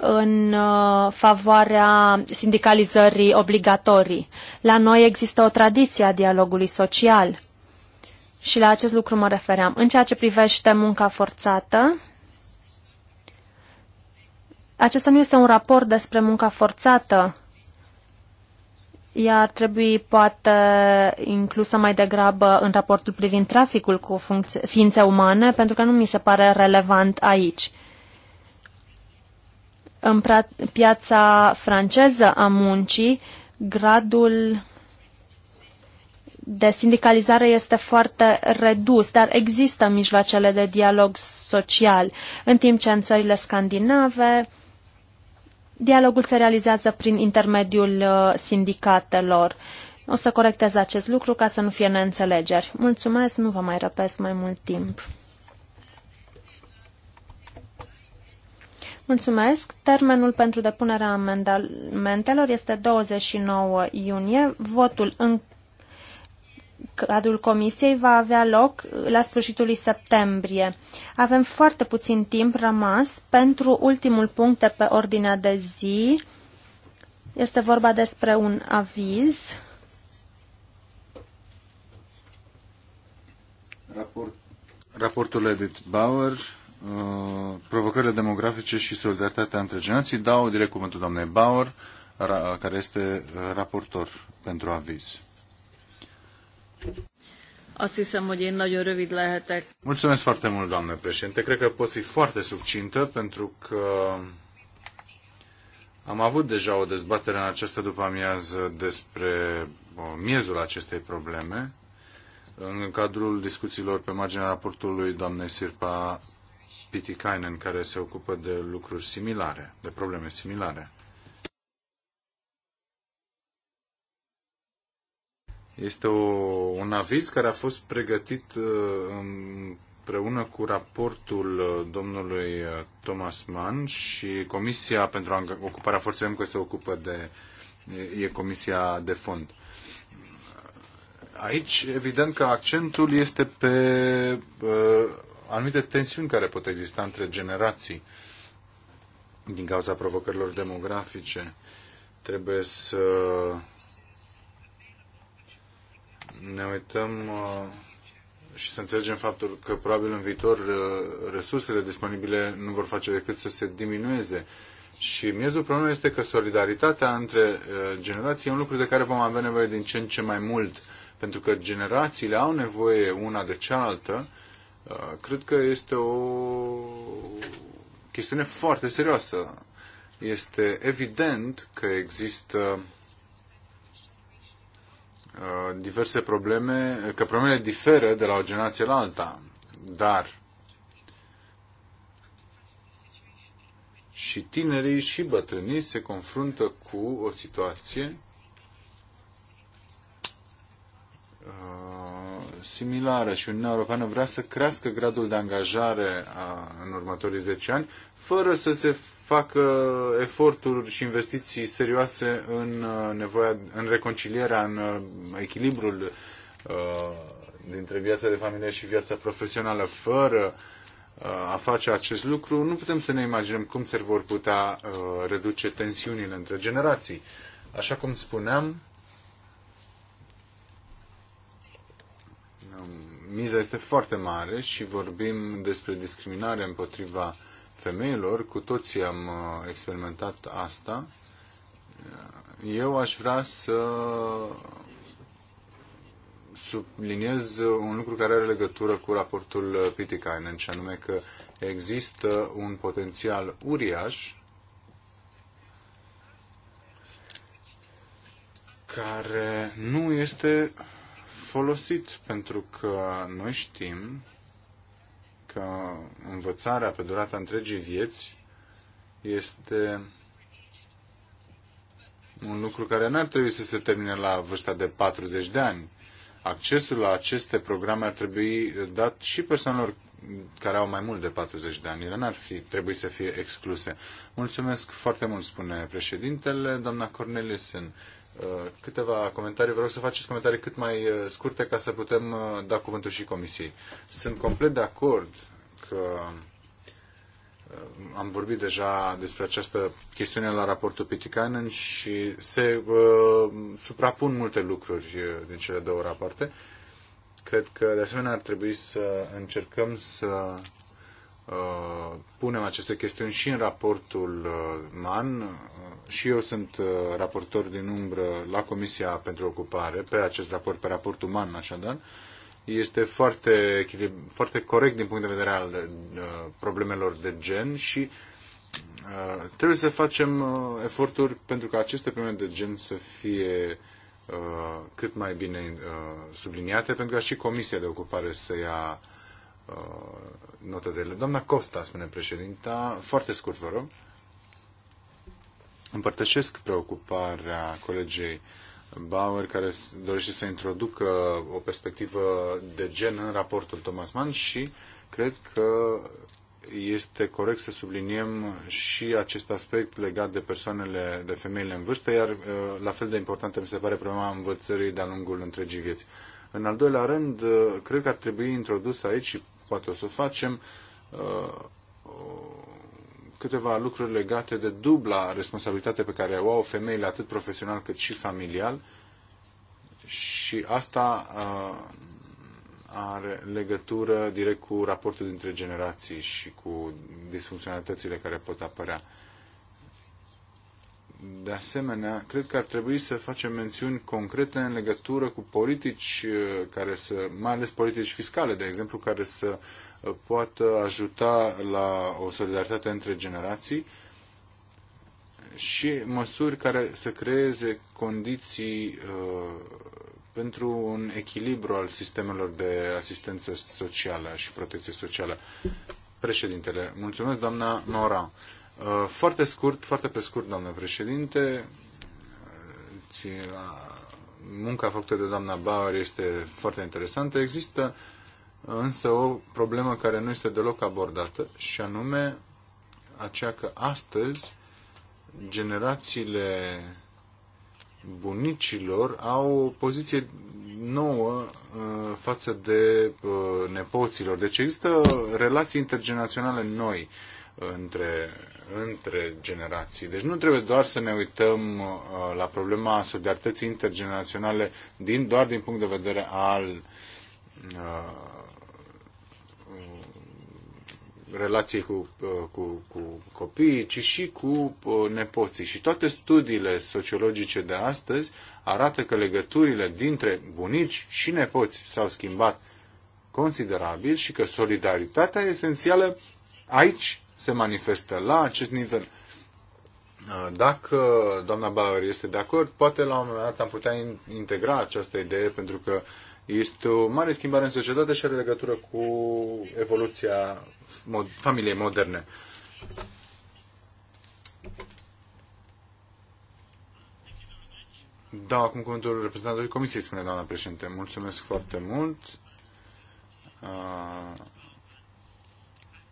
în uh, favoarea sindicalizării obligatorii. La noi există o tradiție a dialogului social și la acest lucru mă refeream. În ceea ce privește munca forțată, acesta nu este un raport despre munca forțată, ea ar trebui poate inclusă mai degrabă în raportul privind traficul cu ființe umane, pentru că nu mi se pare relevant aici în piața franceză a muncii, gradul de sindicalizare este foarte redus, dar există mijloacele de dialog social, în timp ce în țările scandinave dialogul se realizează prin intermediul uh, sindicatelor. O să corectez acest lucru ca să nu fie neînțelegeri. Mulțumesc, nu vă mai răpesc mai mult timp. Mulțumesc. Termenul pentru depunerea amendamentelor este 29 iunie. Votul în cadrul comisiei va avea loc la sfârșitul lui septembrie. Avem foarte puțin timp rămas pentru ultimul punct de pe ordinea de zi. Este vorba despre un aviz. Raport, raportul Edith Bauer Uh, provocările demografice și solidaritatea între generații. Dau direct cuvântul doamnei Bauer, care este raportor pentru aviz. Azt hiszem, hogy én nagyon rövid lehetek. Mulțumesc foarte mult, doamnă președinte. Cred că pot fi foarte subcintă pentru că am avut deja o dezbatere în această după amiază despre uh, miezul acestei probleme în cadrul discuțiilor pe marginea raportului doamnei Sirpa Pitikainen care se ocupă de lucruri similare, de probleme similare. Este o, un aviz care a fost pregătit uh, împreună cu raportul uh, domnului uh, Thomas Mann și Comisia pentru Ocuparea Forței Muncă se ocupă de, e Comisia de Fond. Aici, evident că accentul este pe uh, anumite tensiuni care pot exista între generații din cauza provocărilor demografice. Trebuie să ne uităm uh, și să înțelegem faptul că probabil în viitor uh, resursele disponibile nu vor face decât să se diminueze. Și miezul problemei este că solidaritatea între uh, generații e un lucru de care vom avea nevoie din ce în ce mai mult, pentru că generațiile au nevoie una de cealaltă Uh, cred că este o chestiune foarte serioasă. Este evident că există uh, diverse probleme, că problemele diferă de la o generație la alta, dar și tinerii și bătrânii se confruntă cu o situație uh, similară și Uniunea Europeană vrea să crească gradul de angajare a, în următorii 10 ani, fără să se facă eforturi și investiții serioase în uh, nevoia, în reconcilierea, în uh, echilibrul uh, dintre viața de familie și viața profesională. Fără uh, a face acest lucru, nu putem să ne imaginăm cum se vor putea uh, reduce tensiunile între generații. Așa cum spuneam, miza este foarte mare și vorbim despre discriminare împotriva femeilor. Cu toții am uh, experimentat asta. Eu aș vrea să subliniez un lucru care are legătură cu raportul Pitikainen, și anume că există un potențial uriaș care nu este folosit, pentru că noi știm că învățarea pe durata întregii vieți este un lucru care n-ar trebui să se termine la vârsta de 40 de ani. Accesul la aceste programe ar trebui dat și persoanelor care au mai mult de 40 de ani. Ele n-ar fi, trebui să fie excluse. Mulțumesc foarte mult, spune președintele. Doamna Cornelisen Uh, câteva comentarii. Vreau să faceți comentarii cât mai uh, scurte ca să putem uh, da cuvântul și comisiei. Sunt complet de acord că am vorbit deja despre această chestiune la raportul Pitikainen și se uh, suprapun multe lucruri din cele două rapoarte. Cred că, de asemenea, ar trebui să încercăm să Uh, punem aceste chestiuni și în raportul uh, MAN. Uh, și eu sunt raportor din umbră la Comisia pentru Ocupare pe acest raport, pe raportul MAN, așadar. Este foarte, foarte corect din punct de vedere al problemelor de gen și trebuie să facem eforturi pentru ca aceste probleme de gen să fie cât mai bine subliniate, pentru ca și Comisia de Ocupare să ia notă de ele. Doamna Costa, spune președinta, foarte scurt, vă rog. Împărtășesc preocuparea colegei Bauer, care dorește să introducă o perspectivă de gen în raportul Thomas Mann și cred că este corect să subliniem și acest aspect legat de persoanele, de femeile în vârstă, iar uh, la fel de importantă mi se pare problema învățării de-a lungul întregii vieți. În al doilea rând, uh, cred că ar trebui introdus aici și poate o să facem, uh, câteva lucruri legate de dubla responsabilitate pe care o au femeile atât profesional cât și familial și asta uh, are legătură direct cu raportul dintre generații și cu disfuncționalitățile care pot apărea. De asemenea, cred că ar trebui să facem mențiuni concrete în legătură cu politici uh, care să, mai ales politici fiscale, de exemplu, care să uh, poată ajuta la o solidaritate între generații și măsuri care să creeze condiții uh, pentru un echilibru al sistemelor de asistență socială și protecție socială. Președintele, mulțumesc, doamna Nora. Uh, foarte scurt, foarte pe scurt, doamnă președinte, munca făcută de doamna Bauer este foarte interesantă. Există uh, însă o problemă care nu este deloc abordată și anume aceea că astăzi generațiile bunicilor au o poziție nouă uh, față de nepoților. Deci există relații intergeneraționale noi între, între generații. Deci nu trebuie doar să ne uităm uh, la problema solidarității intergeneraționale din, doar din punct de vedere al uh, relației cu, uh, cu, cu copiii, ci și cu nepoții. Și toate studiile sociologice de astăzi arată că legăturile dintre bunici și nepoți s-au schimbat considerabil și că solidaritatea esențială aici se manifestă la acest nivel. Uh, dacă doamna Bauer este de acord, poate la un moment dat am putea integra această idee pentru că este o mare schimbare în societate și are legătură cu evoluția familiei moderne. Da, acum cuvântul reprezentantului Comisiei, spune doamna președinte. Mulțumesc foarte mult. Uh,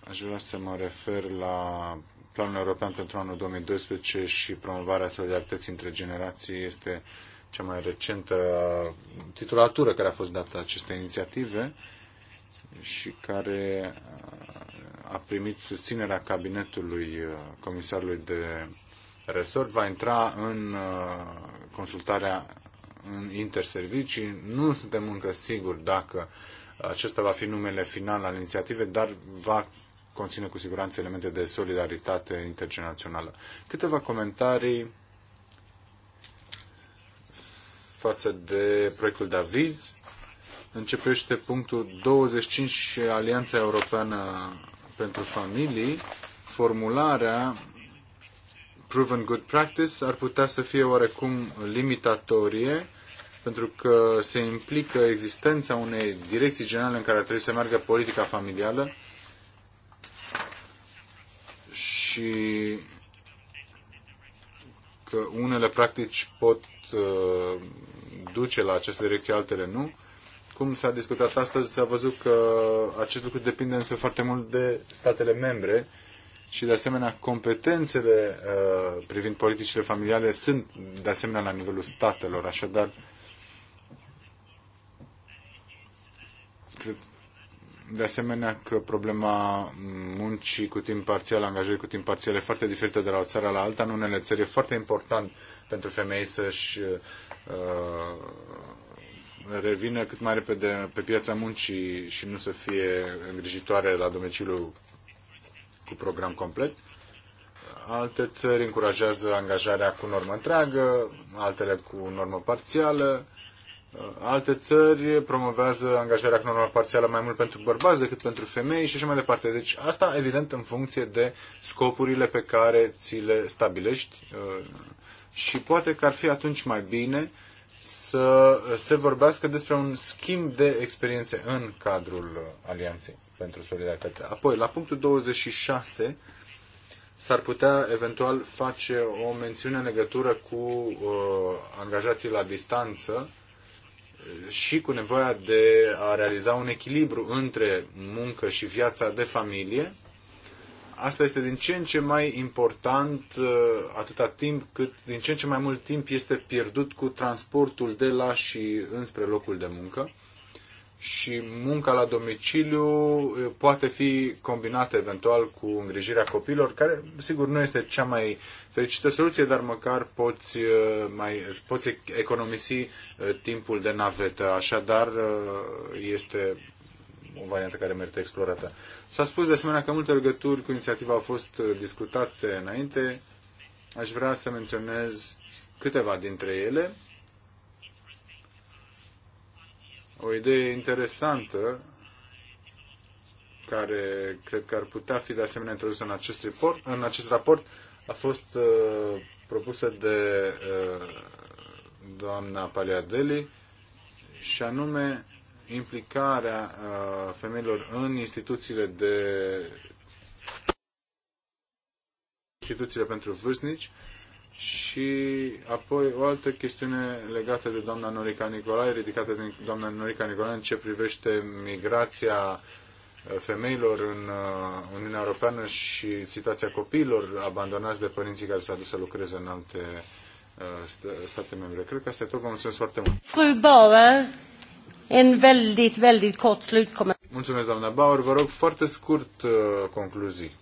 Aș vrea să mă refer la Planul European pentru anul 2012 și promovarea solidarității între generații este cea mai recentă titulatură care a fost dată acestei inițiative și care a primit susținerea cabinetului uh, comisarului de resort, va intra în uh, consultarea în interservicii. Nu suntem încă siguri dacă acesta va fi numele final al inițiativei, dar va conține cu siguranță elemente de solidaritate intergenerațională. Câteva comentarii față de proiectul de aviz. Începește punctul 25 Alianța Europeană pentru Familii. Formularea proven good practice ar putea să fie oarecum limitatorie pentru că se implică existența unei direcții generale în care ar trebui să meargă politica familială și că unele practici pot uh, duce la această direcție, altele nu. Cum s-a discutat astăzi, s-a văzut că acest lucru depinde însă foarte mult de statele membre și de asemenea competențele uh, privind politicile familiale sunt de asemenea la nivelul statelor, așadar cred de asemenea că problema muncii cu timp parțial, angajării cu timp parțial e foarte diferită de la o țară la alta. În unele țări e foarte important pentru femei să-și uh, revină cât mai repede pe piața muncii și nu să fie îngrijitoare la domiciliu cu program complet. Alte țări încurajează angajarea cu normă întreagă, altele cu normă parțială Alte țări promovează angajarea cu normă parțială mai mult pentru bărbați decât pentru femei și așa mai departe. Deci asta, evident, în funcție de scopurile pe care ți le stabilești uh, și poate că ar fi atunci mai bine să se vorbească despre un schimb de experiențe în cadrul Alianței pentru Solidaritate. Apoi, la punctul 26, s-ar putea eventual face o mențiune în legătură cu uh, angajații la distanță și cu nevoia de a realiza un echilibru între muncă și viața de familie, asta este din ce în ce mai important uh, atâta timp cât din ce în ce mai mult timp este pierdut cu transportul de la și înspre locul de muncă și munca la domiciliu uh, poate fi combinată eventual cu îngrijirea copiilor, care sigur nu este cea mai fericită soluție, dar măcar poți, uh, mai, poți economisi uh, timpul de navetă. Așadar, uh, este o variantă care merită explorată. S-a spus de asemenea că multe legături cu inițiativa au fost discutate înainte. Aș vrea să menționez câteva dintre ele. O idee interesantă care cred că ar putea fi de asemenea introdusă în acest, report, în acest raport a fost uh, propusă de uh, doamna Paliadeli și anume implicarea uh, femeilor în instituțiile de instituțiile pentru vârstnici și apoi o altă chestiune legată de doamna Norica Nicolae, ridicată de doamna Norica Nicolae în ce privește migrația femeilor în uh, Uniunea Europeană și situația copiilor abandonați de părinții care s-au dus să lucreze în alte uh, state membre. Cred că asta e tot. Vă mulțumesc foarte mult. Fru Bauer, en väldigt, väldigt kort slutkommentar. Mulțumesc, doamna Bauer. Vă rog foarte scurt uh, concluzii,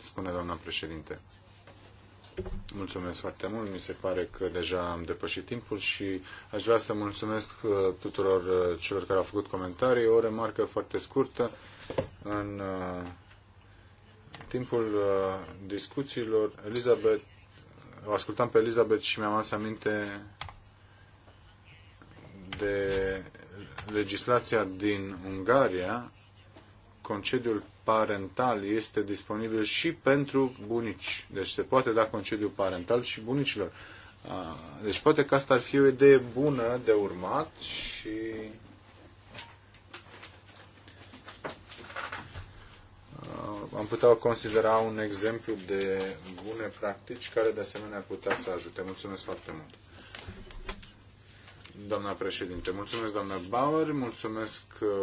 spune doamna președinte. Mulțumesc foarte mult. Mi se pare că deja am depășit timpul și aș vrea să mulțumesc tuturor celor care au făcut comentarii. O remarcă foarte scurtă. În uh, timpul uh, discuțiilor, Elizabeth, o ascultam pe Elizabeth și mi-am adus aminte de legislația din Ungaria, concediul parental este disponibil și pentru bunici. Deci se poate da concediu parental și bunicilor. Uh, deci poate că asta ar fi o idee bună de urmat și am putea considera un exemplu de bune practici care de asemenea ar putea să ajute. Mulțumesc foarte mult. Doamna președinte, mulțumesc doamna Bauer, mulțumesc uh,